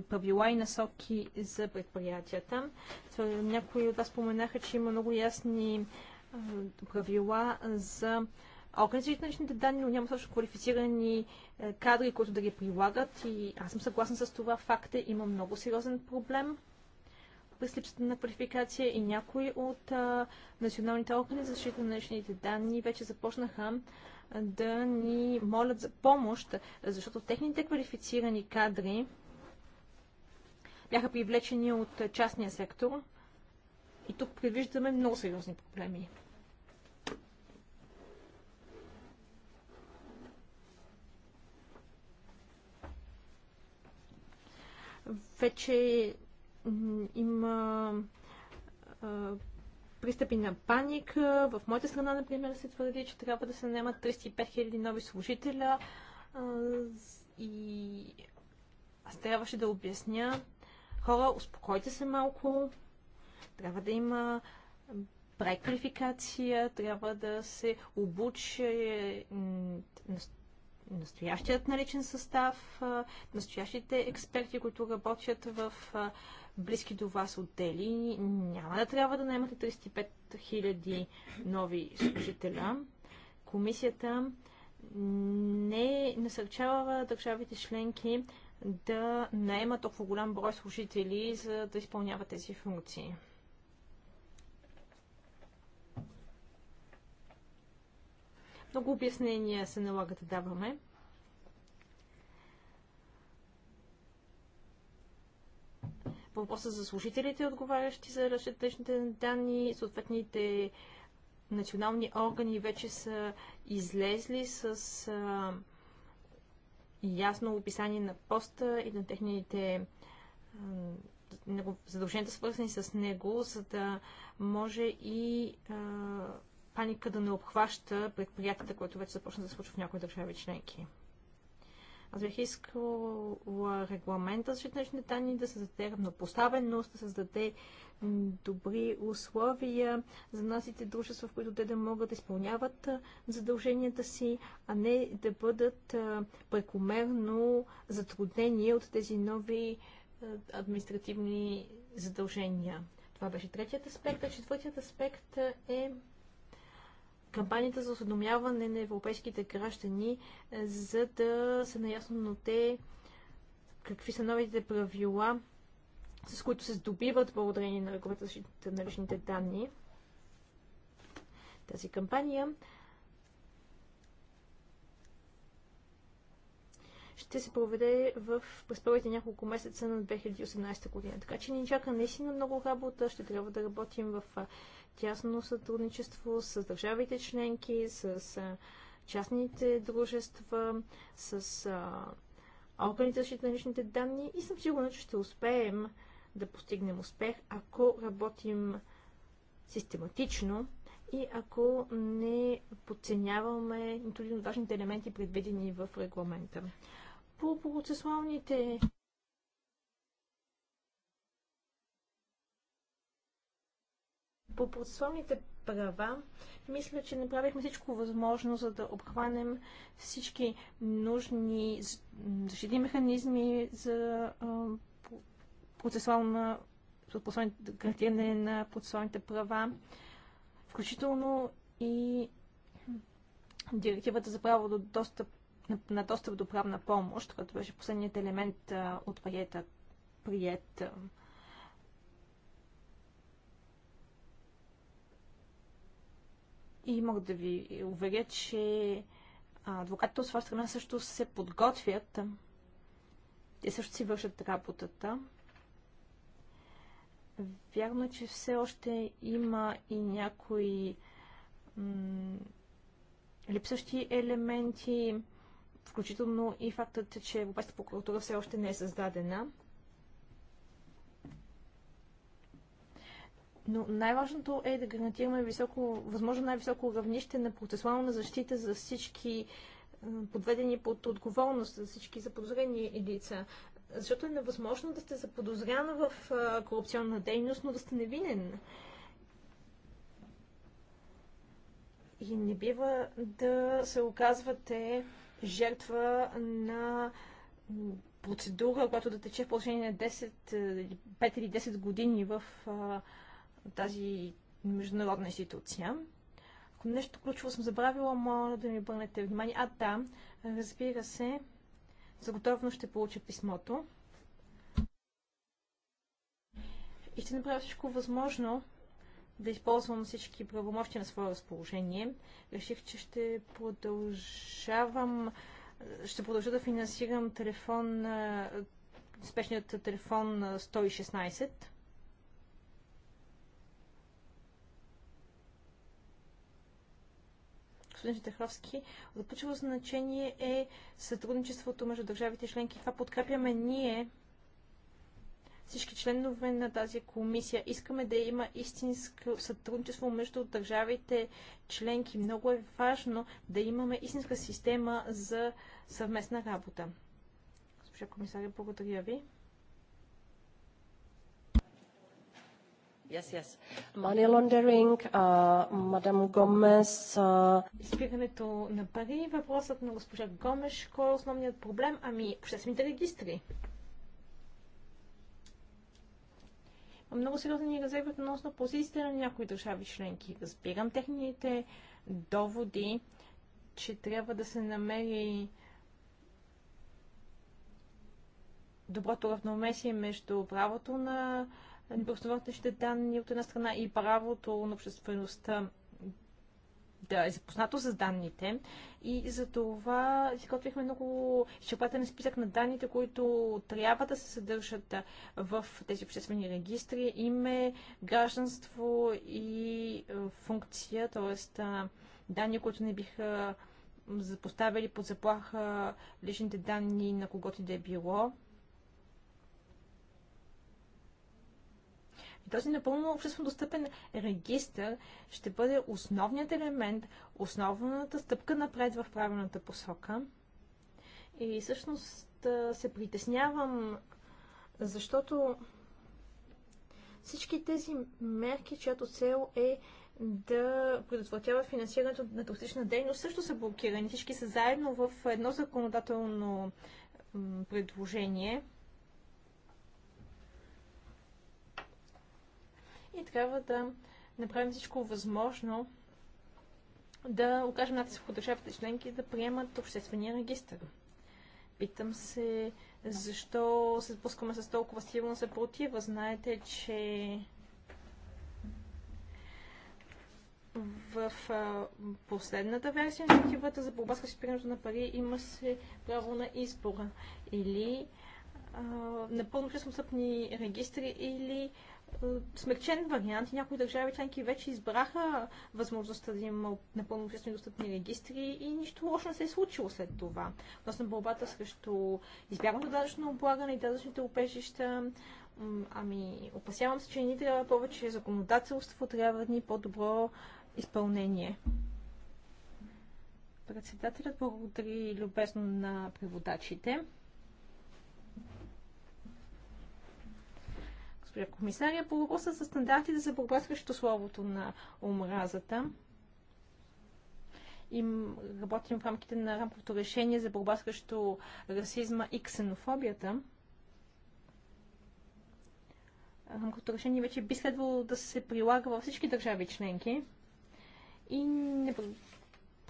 правила и насоки за предприятията. Някои от вас споменаха, че има много ясни правила за органите за личните данни, но няма също квалифицирани е, кадри, които да ги прилагат. И аз съм съгласна с това. Факт е, има много сериозен проблем при липсата на квалификация и някои от а, националните органи за защита на личните данни вече започнаха да ни молят за помощ, защото техните квалифицирани кадри бяха привлечени от частния сектор. И тук предвиждаме много сериозни проблеми. вече има пристъпи на паника. В моята страна, например, се твърди, че трябва да се наемат 35 000 нови служителя и аз трябваше да обясня. Хора, успокойте се малко. Трябва да има преквалификация, трябва да се обучи настоящият наличен състав, настоящите експерти, които работят в близки до вас отдели. Няма да трябва да наемате 35 000 нови служителя. Комисията не насърчава държавите членки да наемат толкова голям брой служители, за да изпълняват тези функции. Много обяснения се налага да даваме. Въпросът въпроса за служителите, отговарящи за различните данни, съответните национални органи вече са излезли с а, ясно описание на поста и на техните а, задълженията, свързани с него, за да може и а, паника да не обхваща предприятията, което вече започна да се случва в някои държави членки. Аз бих искала регламента за лични данни да създаде равнопоставеност, да създаде добри условия за насите дружества, в които те да могат да изпълняват задълженията си, а не да бъдат прекомерно затруднени от тези нови административни задължения. Това беше третият аспект. А четвъртият аспект е кампанията за осведомяване на европейските граждани, е, за да са наясно на те какви са новите правила, с които се здобиват благодарение на защита на личните данни. Тази кампания ще се проведе в през първите няколко месеца на 2018 година. Така че ни чака наистина много работа, ще трябва да работим в тясно сътрудничество с държавите членки, с частните дружества, с органите за защита на личните данни и съм сигурна, че ще успеем да постигнем успех, ако работим систематично и ако не подценяваме нито един от важните елементи, предвидени в регламента. По процесуалните По процесуалните права, мисля, че направихме всичко възможно, за да обхванем всички нужни защитни механизми за процесуална гарантиране на процесуалните права, включително и директивата за право до достъп, на достъп до правна помощ, който беше последният елемент от прият, прият И мога да ви уверя, че адвокатите от своя страна също се подготвят. Те също си вършат работата. Вярно е, че все още има и някои липсващи елементи, включително и фактът, че Европейската прокуратура все още не е създадена. но най-важното е да гарантираме високо, възможно най-високо равнище на процесуална защита за всички е, подведени под отговорност за всички заподозрени лица. Защото е невъзможно да сте заподозряна в е, корупционна дейност, но да сте невинен. И не бива да се оказвате жертва на процедура, която да тече в положение на 10, 5 е, или 10 години в тази международна институция. Ако нещо ключово съм забравила, моля да ми обърнете внимание. А, да, разбира се, за готовност ще получа писмото. И ще направя всичко възможно да използвам всички правомощи на свое разположение. Реших, че ще продължавам, ще продължа да финансирам телефон, спешният телефон 116 господин Житаховски, от ключово значение е сътрудничеството между държавите членки. Това подкрепяме ние, всички членове на тази комисия. Искаме да има истинско сътрудничество между държавите членки. Много е важно да имаме истинска система за съвместна работа. Госпожа комисаря, благодаря ви. Money laundering, мадам uh, Гомес. Uh, Изпирането на пари, въпросът на госпожа Гомеш, кой е основният проблем? Ами, обществените регистри. Много сериозни резерви относно позициите на някои държави членки. Разбирам техните доводи, че трябва да се намери доброто равномесие между правото на непростователните данни от една страна и правото на обществеността да е запознато с данните и за това изготвихме много изчерпателен списък на данните, които трябва да се съдържат в тези обществени регистри. Име, гражданство и е, функция, т.е. данни, които не биха запоставили под заплаха личните данни на когото и да е било. Този напълно обществено достъпен регистр ще бъде основният елемент, основната стъпка напред в правилната посока. И всъщност се притеснявам, защото всички тези мерки, чиято цел е да предотвратяват финансирането на токсична дейност, също са блокирани. Всички са заедно в едно законодателно предложение. и трябва да направим всичко възможно да окажем натиск от държавите членки да приемат обществения регистр. Питам се, защо се спускаме с толкова силна съпротива. Знаете, че в а, последната версия на активата за борба с изпирането на пари има се право на избора. Или а, напълно честно регистри, или е, смекчен вариант и някои държави членки вече избраха възможността да има напълно обществено достъпни регистри и нищо лошо не се е случило след това. Относно борбата срещу избягването данъчно облагане и данъчните обежища, ами опасявам се, че ни трябва повече законодателство, трябва ни по-добро изпълнение. Председателят благодари любезно на преводачите. госпожа комисаря, по въпроса за стандартите за борба срещу словото на омразата. И работим в рамките на рамковото решение за борба срещу расизма и ксенофобията. Рамкото решение вече би следвало да се прилага във всички държави членки. И не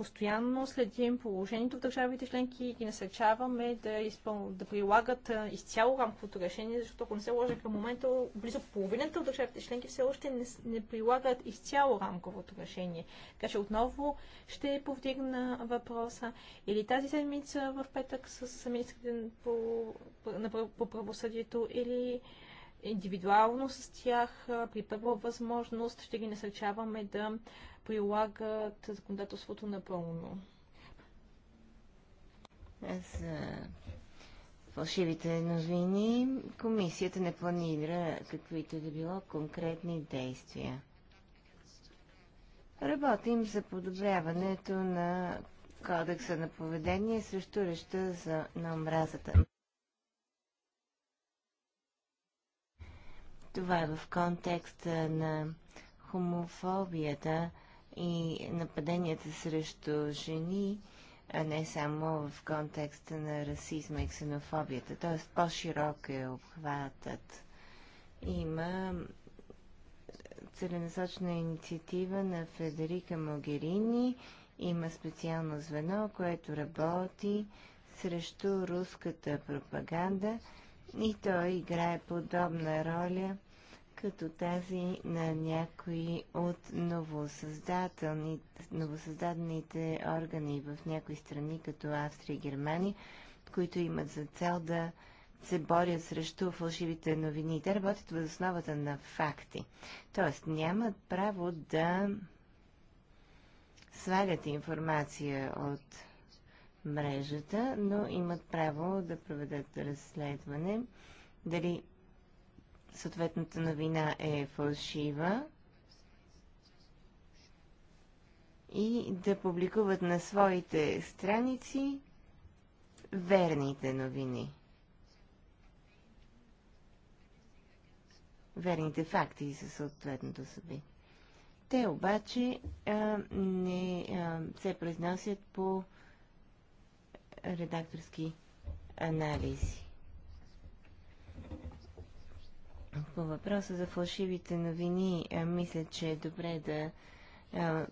Постоянно следим положението в държавите членки и ги насърчаваме да, изпъл... да прилагат изцяло рамковото решение, защото ако не се лъжа към момента, близо половината от държавите членки все още не, не прилагат изцяло рамковото решение. Така че отново ще повдигна въпроса или тази седмица в петък с министрите по, по, по правосъдието или индивидуално с тях при първа възможност ще ги насърчаваме да прилагат законодателството напълно. За фалшивите новини комисията не планира каквито да било конкретни действия. Работим за подобряването на кодекса на поведение срещу реща за, на омразата. Това е в контекста на хомофобията, и нападенията срещу жени, а не само в контекста на расизма и ксенофобията. Т.е. по-широк е обхватът. Има целенасочена инициатива на Федерика Могерини. Има специално звено, което работи срещу руската пропаганда и той играе подобна роля – като тази на някои от новосъздадените органи в някои страни, като Австрия и Германия, които имат за цел да се борят срещу фалшивите новини. Те работят в основата на факти. Тоест нямат право да свалят информация от мрежата, но имат право да проведат разследване дали съответната новина е фалшива и да публикуват на своите страници верните новини. Верните факти за съответното събитие. Те обаче а, не а, се произнасят по редакторски анализи. По въпроса за фалшивите новини, а, мисля, че е добре да а,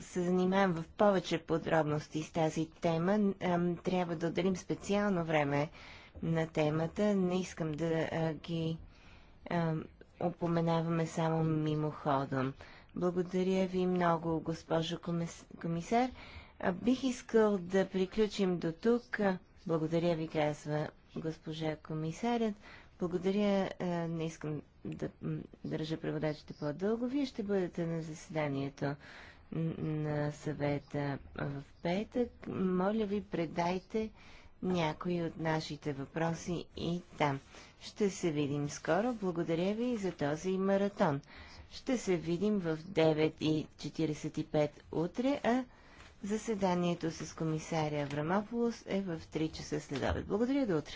се занимаем в повече подробности с тази тема. А, трябва да отделим специално време на темата. Не искам да а, ги а, упоменаваме само мимоходом. Благодаря ви много, госпожо комисар. А, бих искал да приключим до тук. Благодаря ви, казва госпожа комисарят. Благодаря. Не искам да държа преводачите по-дълго. Вие ще бъдете на заседанието на съвета в петък. Моля ви, предайте някои от нашите въпроси и там. Ще се видим скоро. Благодаря ви за този маратон. Ще се видим в 9.45 утре, а Заседанието с комисаря Аврамополос е в 3 часа след Благодаря до утре.